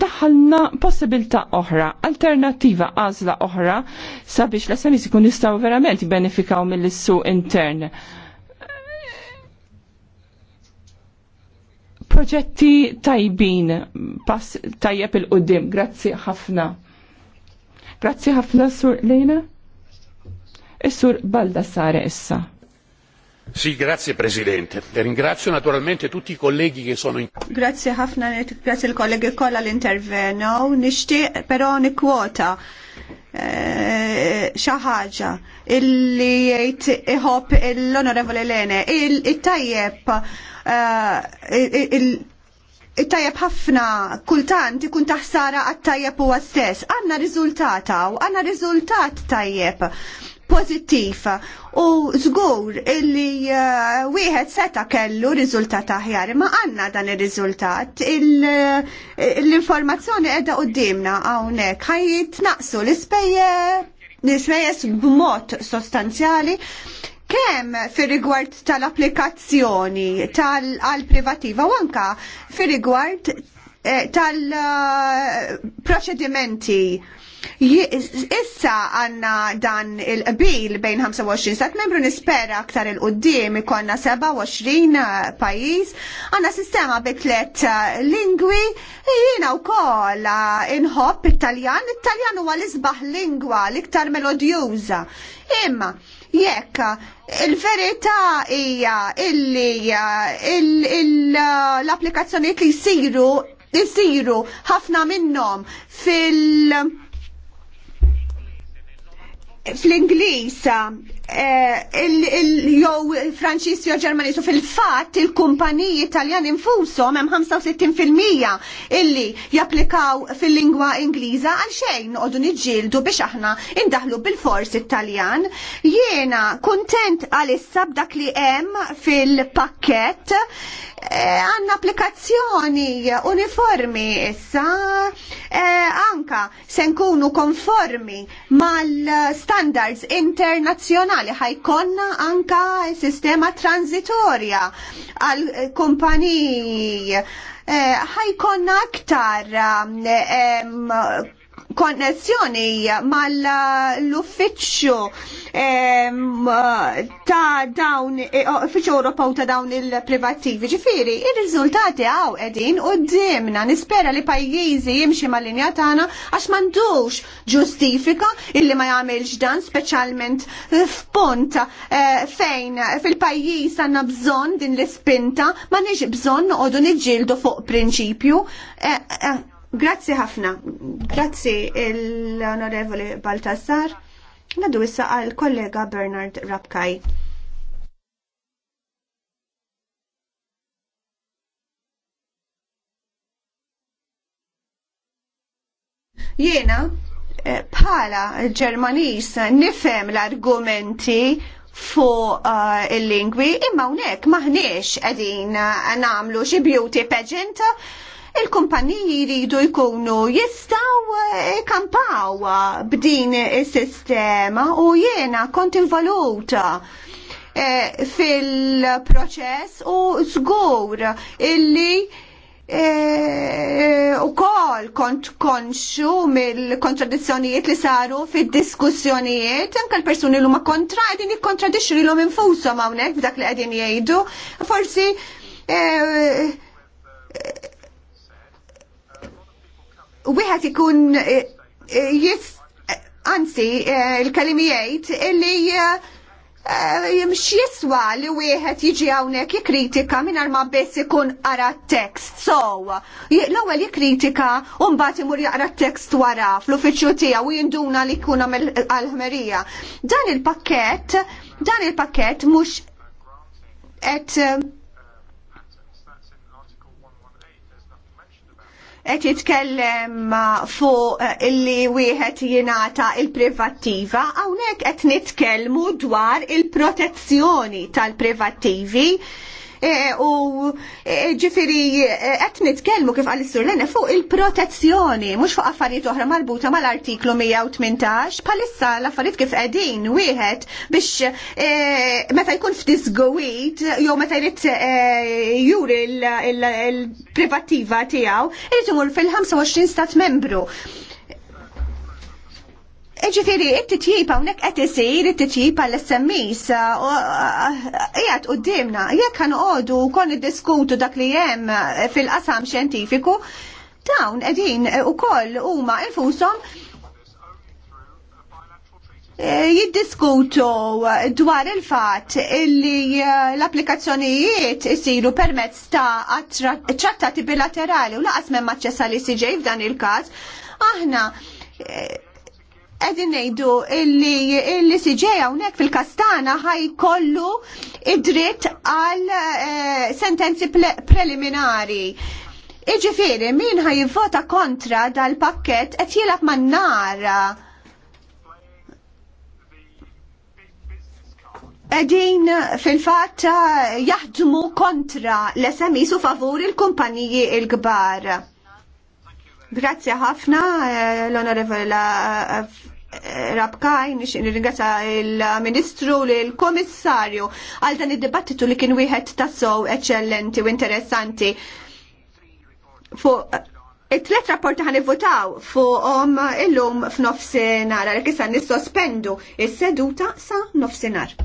Speaker 4: daħalna possibilità oħra, alternativa għażla oħra sabiex l-SMIs ikun jistgħu verament jibbenefikaw mill-issu intern. proġetti tajbin, pass tajjeb il-qoddim, grazzi ħafna. Grazzi ħafna, Sur Lejna. Is-Sur e Balda Sare essa.
Speaker 1: Sì, grazie Presidente. Ringrazio naturalmente tutti i colleghi che sono in... Grazie ħafna, e grazie al collega kolla l Nishti però ne quota. Eh, xi ħaġa illi jgħid iħobb l-Onorevoli Lene, it-tajjeb eh, it-tajjeb ħafna kultant ikun taħsara għat-tajjeb huwa stess. Għandna riżultata u għandna riżultat tajjeb pozittifa u żgur illi uh, wieħed seta kellu riżultat aħjar ma għandna dan ir-riżultat eh, l-informazzjoni qiegħda qudiemna hawnhekk ħajjit naqsu l-ispejje l-ispejjeż b'mod sostanzjali kem fir rigward tal-applikazzjoni tal-privativa u anka fir rigward eh, tal-proċedimenti. Issa għanna dan il-qbil bejn 25 stat membru nispera aktar il-qoddim ikonna 27 eh, pajis għanna sistema bitlet eh, lingwi jina u koll eh, inħobb it-Taljan it-Taljan huwa l-isbaħ lingwa l-iktar melodjuża imma jekk il-verità hija illi l-applikazzjonijiet li jsiru jsiru ħafna minnhom fil- fl inglisa eh, jew Franċis jew Ġermanis u fil-fatt il-kumpaniji Italjan infushom hemm 65% illi japplikaw fil-lingwa Ingliża għal xejn qogħdu niġġieldu biex aħna indaħlu bil-fors Italjan. Jiena kuntent għalissa b'dak li hemm fil-pakkett Eh, għanna applikazzjoni uniformi issa eh, anka se nkunu konformi mal-standards internazzjonali ħajkonna anka sistema transitorja għal kumpaniji eh, ħajkonna aktar konnessjoni mal-uffiċċju ehm, ta' dawn eh, uffiċċju Ewropew ta' dawn il-privattivi. Ġifiri, ir-riżultati għaw qegħdin qudiemna nispera li pajjiżi jimxi mal-linja tagħna għax m'għandux ġustifika illi ma jagħmilx dan speċjalment f'punt eh, fejn fil-pajjiż għandna bżonn din l-ispinta ma nix bżonn noqogħdu niġġieldu fuq prinċipju eh, Grazzi ħafna, grazzi l-Onorevoli Baltazzar. Nadu issa għal kollega Bernard Rabkaj. Jena, eh, bħala ġermanis nifem l-argumenti fuq uh, il-lingwi imma unek maħniex edin uh, eh, namlu xie beauty pageant il-kumpaniji jridu jkunu jistaw eh, kampaw b'din is-sistema u jiena kont involuta eh, fil-proċess u żgur illi eh, u kol kont konxu mill-kontradizzjonijiet li saru fil-diskussjonijiet, anka l-personi l-huma kontra għedin jikkontradixxu li l-hum infusom hawnhekk f'dak li qegħdin jgħidu. Forsi wieħed ikun eh, eh, jis eh, anzi il kalimijajt jgħid illi jimx jiswa li wieħed jiġi hawnhekk jikkritika mingħajr ma biss ikun għara t-tekst. So, l-ewwel jikritika u mbagħad imur jaqra t-tekst wara fl-uffiċċju tiegħu u jinduna li jkun għall-ħmerija. Dan il pakket dan il-pakkett mhux qed qed jitkellem fuq eh, illi wieħed jingħata il-privattiva, hawnhekk qed nitkellmu dwar il-protezzjoni tal-privattivi E, u e, ġifiri e, qed nitkellmu kif għal Lene fuq il-protezzjoni, mhux fuq affarijiet oħra marbuta mal-artiklu 118, palissa l-affarijiet kif qegħdin wieħed biex meta jkun f'disgowit jew meta jrid juri l-privattiva tiegħu, jrid imur fil-25 stat membru. Ġifiri, it-titjib unek għet isir, it-titjib l smis jgħat u uh, uh, d-dimna, jgħak għan għodu kon diskutu dak li jem uh, fil-qasam xjentifiku, dawn edin u koll u ma infusom jiddiskutu dwar il-fat illi l-applikazzjonijiet isiru permezz ta' trattati bilaterali u laqas memma ċessa li siġej f'dan il-kas, aħna għedin nejdu illi illi siġeja unek fil-kastana ħaj kollu id-dritt għal eh, sentenzi preliminari. Iġifiri, min ħaj vota kontra dal-pakket għet jilak man nara. Edin fil-fat jaħdmu kontra l-SMI su favur il-kumpaniji il-gbar. Grazzi ħafna eh, l-onorevole eh, Rabkaj, nix nirringrazza il-Ministru li l-Komissarju għal dan id-dibattitu li kien wieħed tassow eccellenti u interessanti. Eh, it-tlet rapporti ħan votaw fuqhom illum f'nofsinhar għalhekk issa nissospendu is-seduta sa nofsinhar.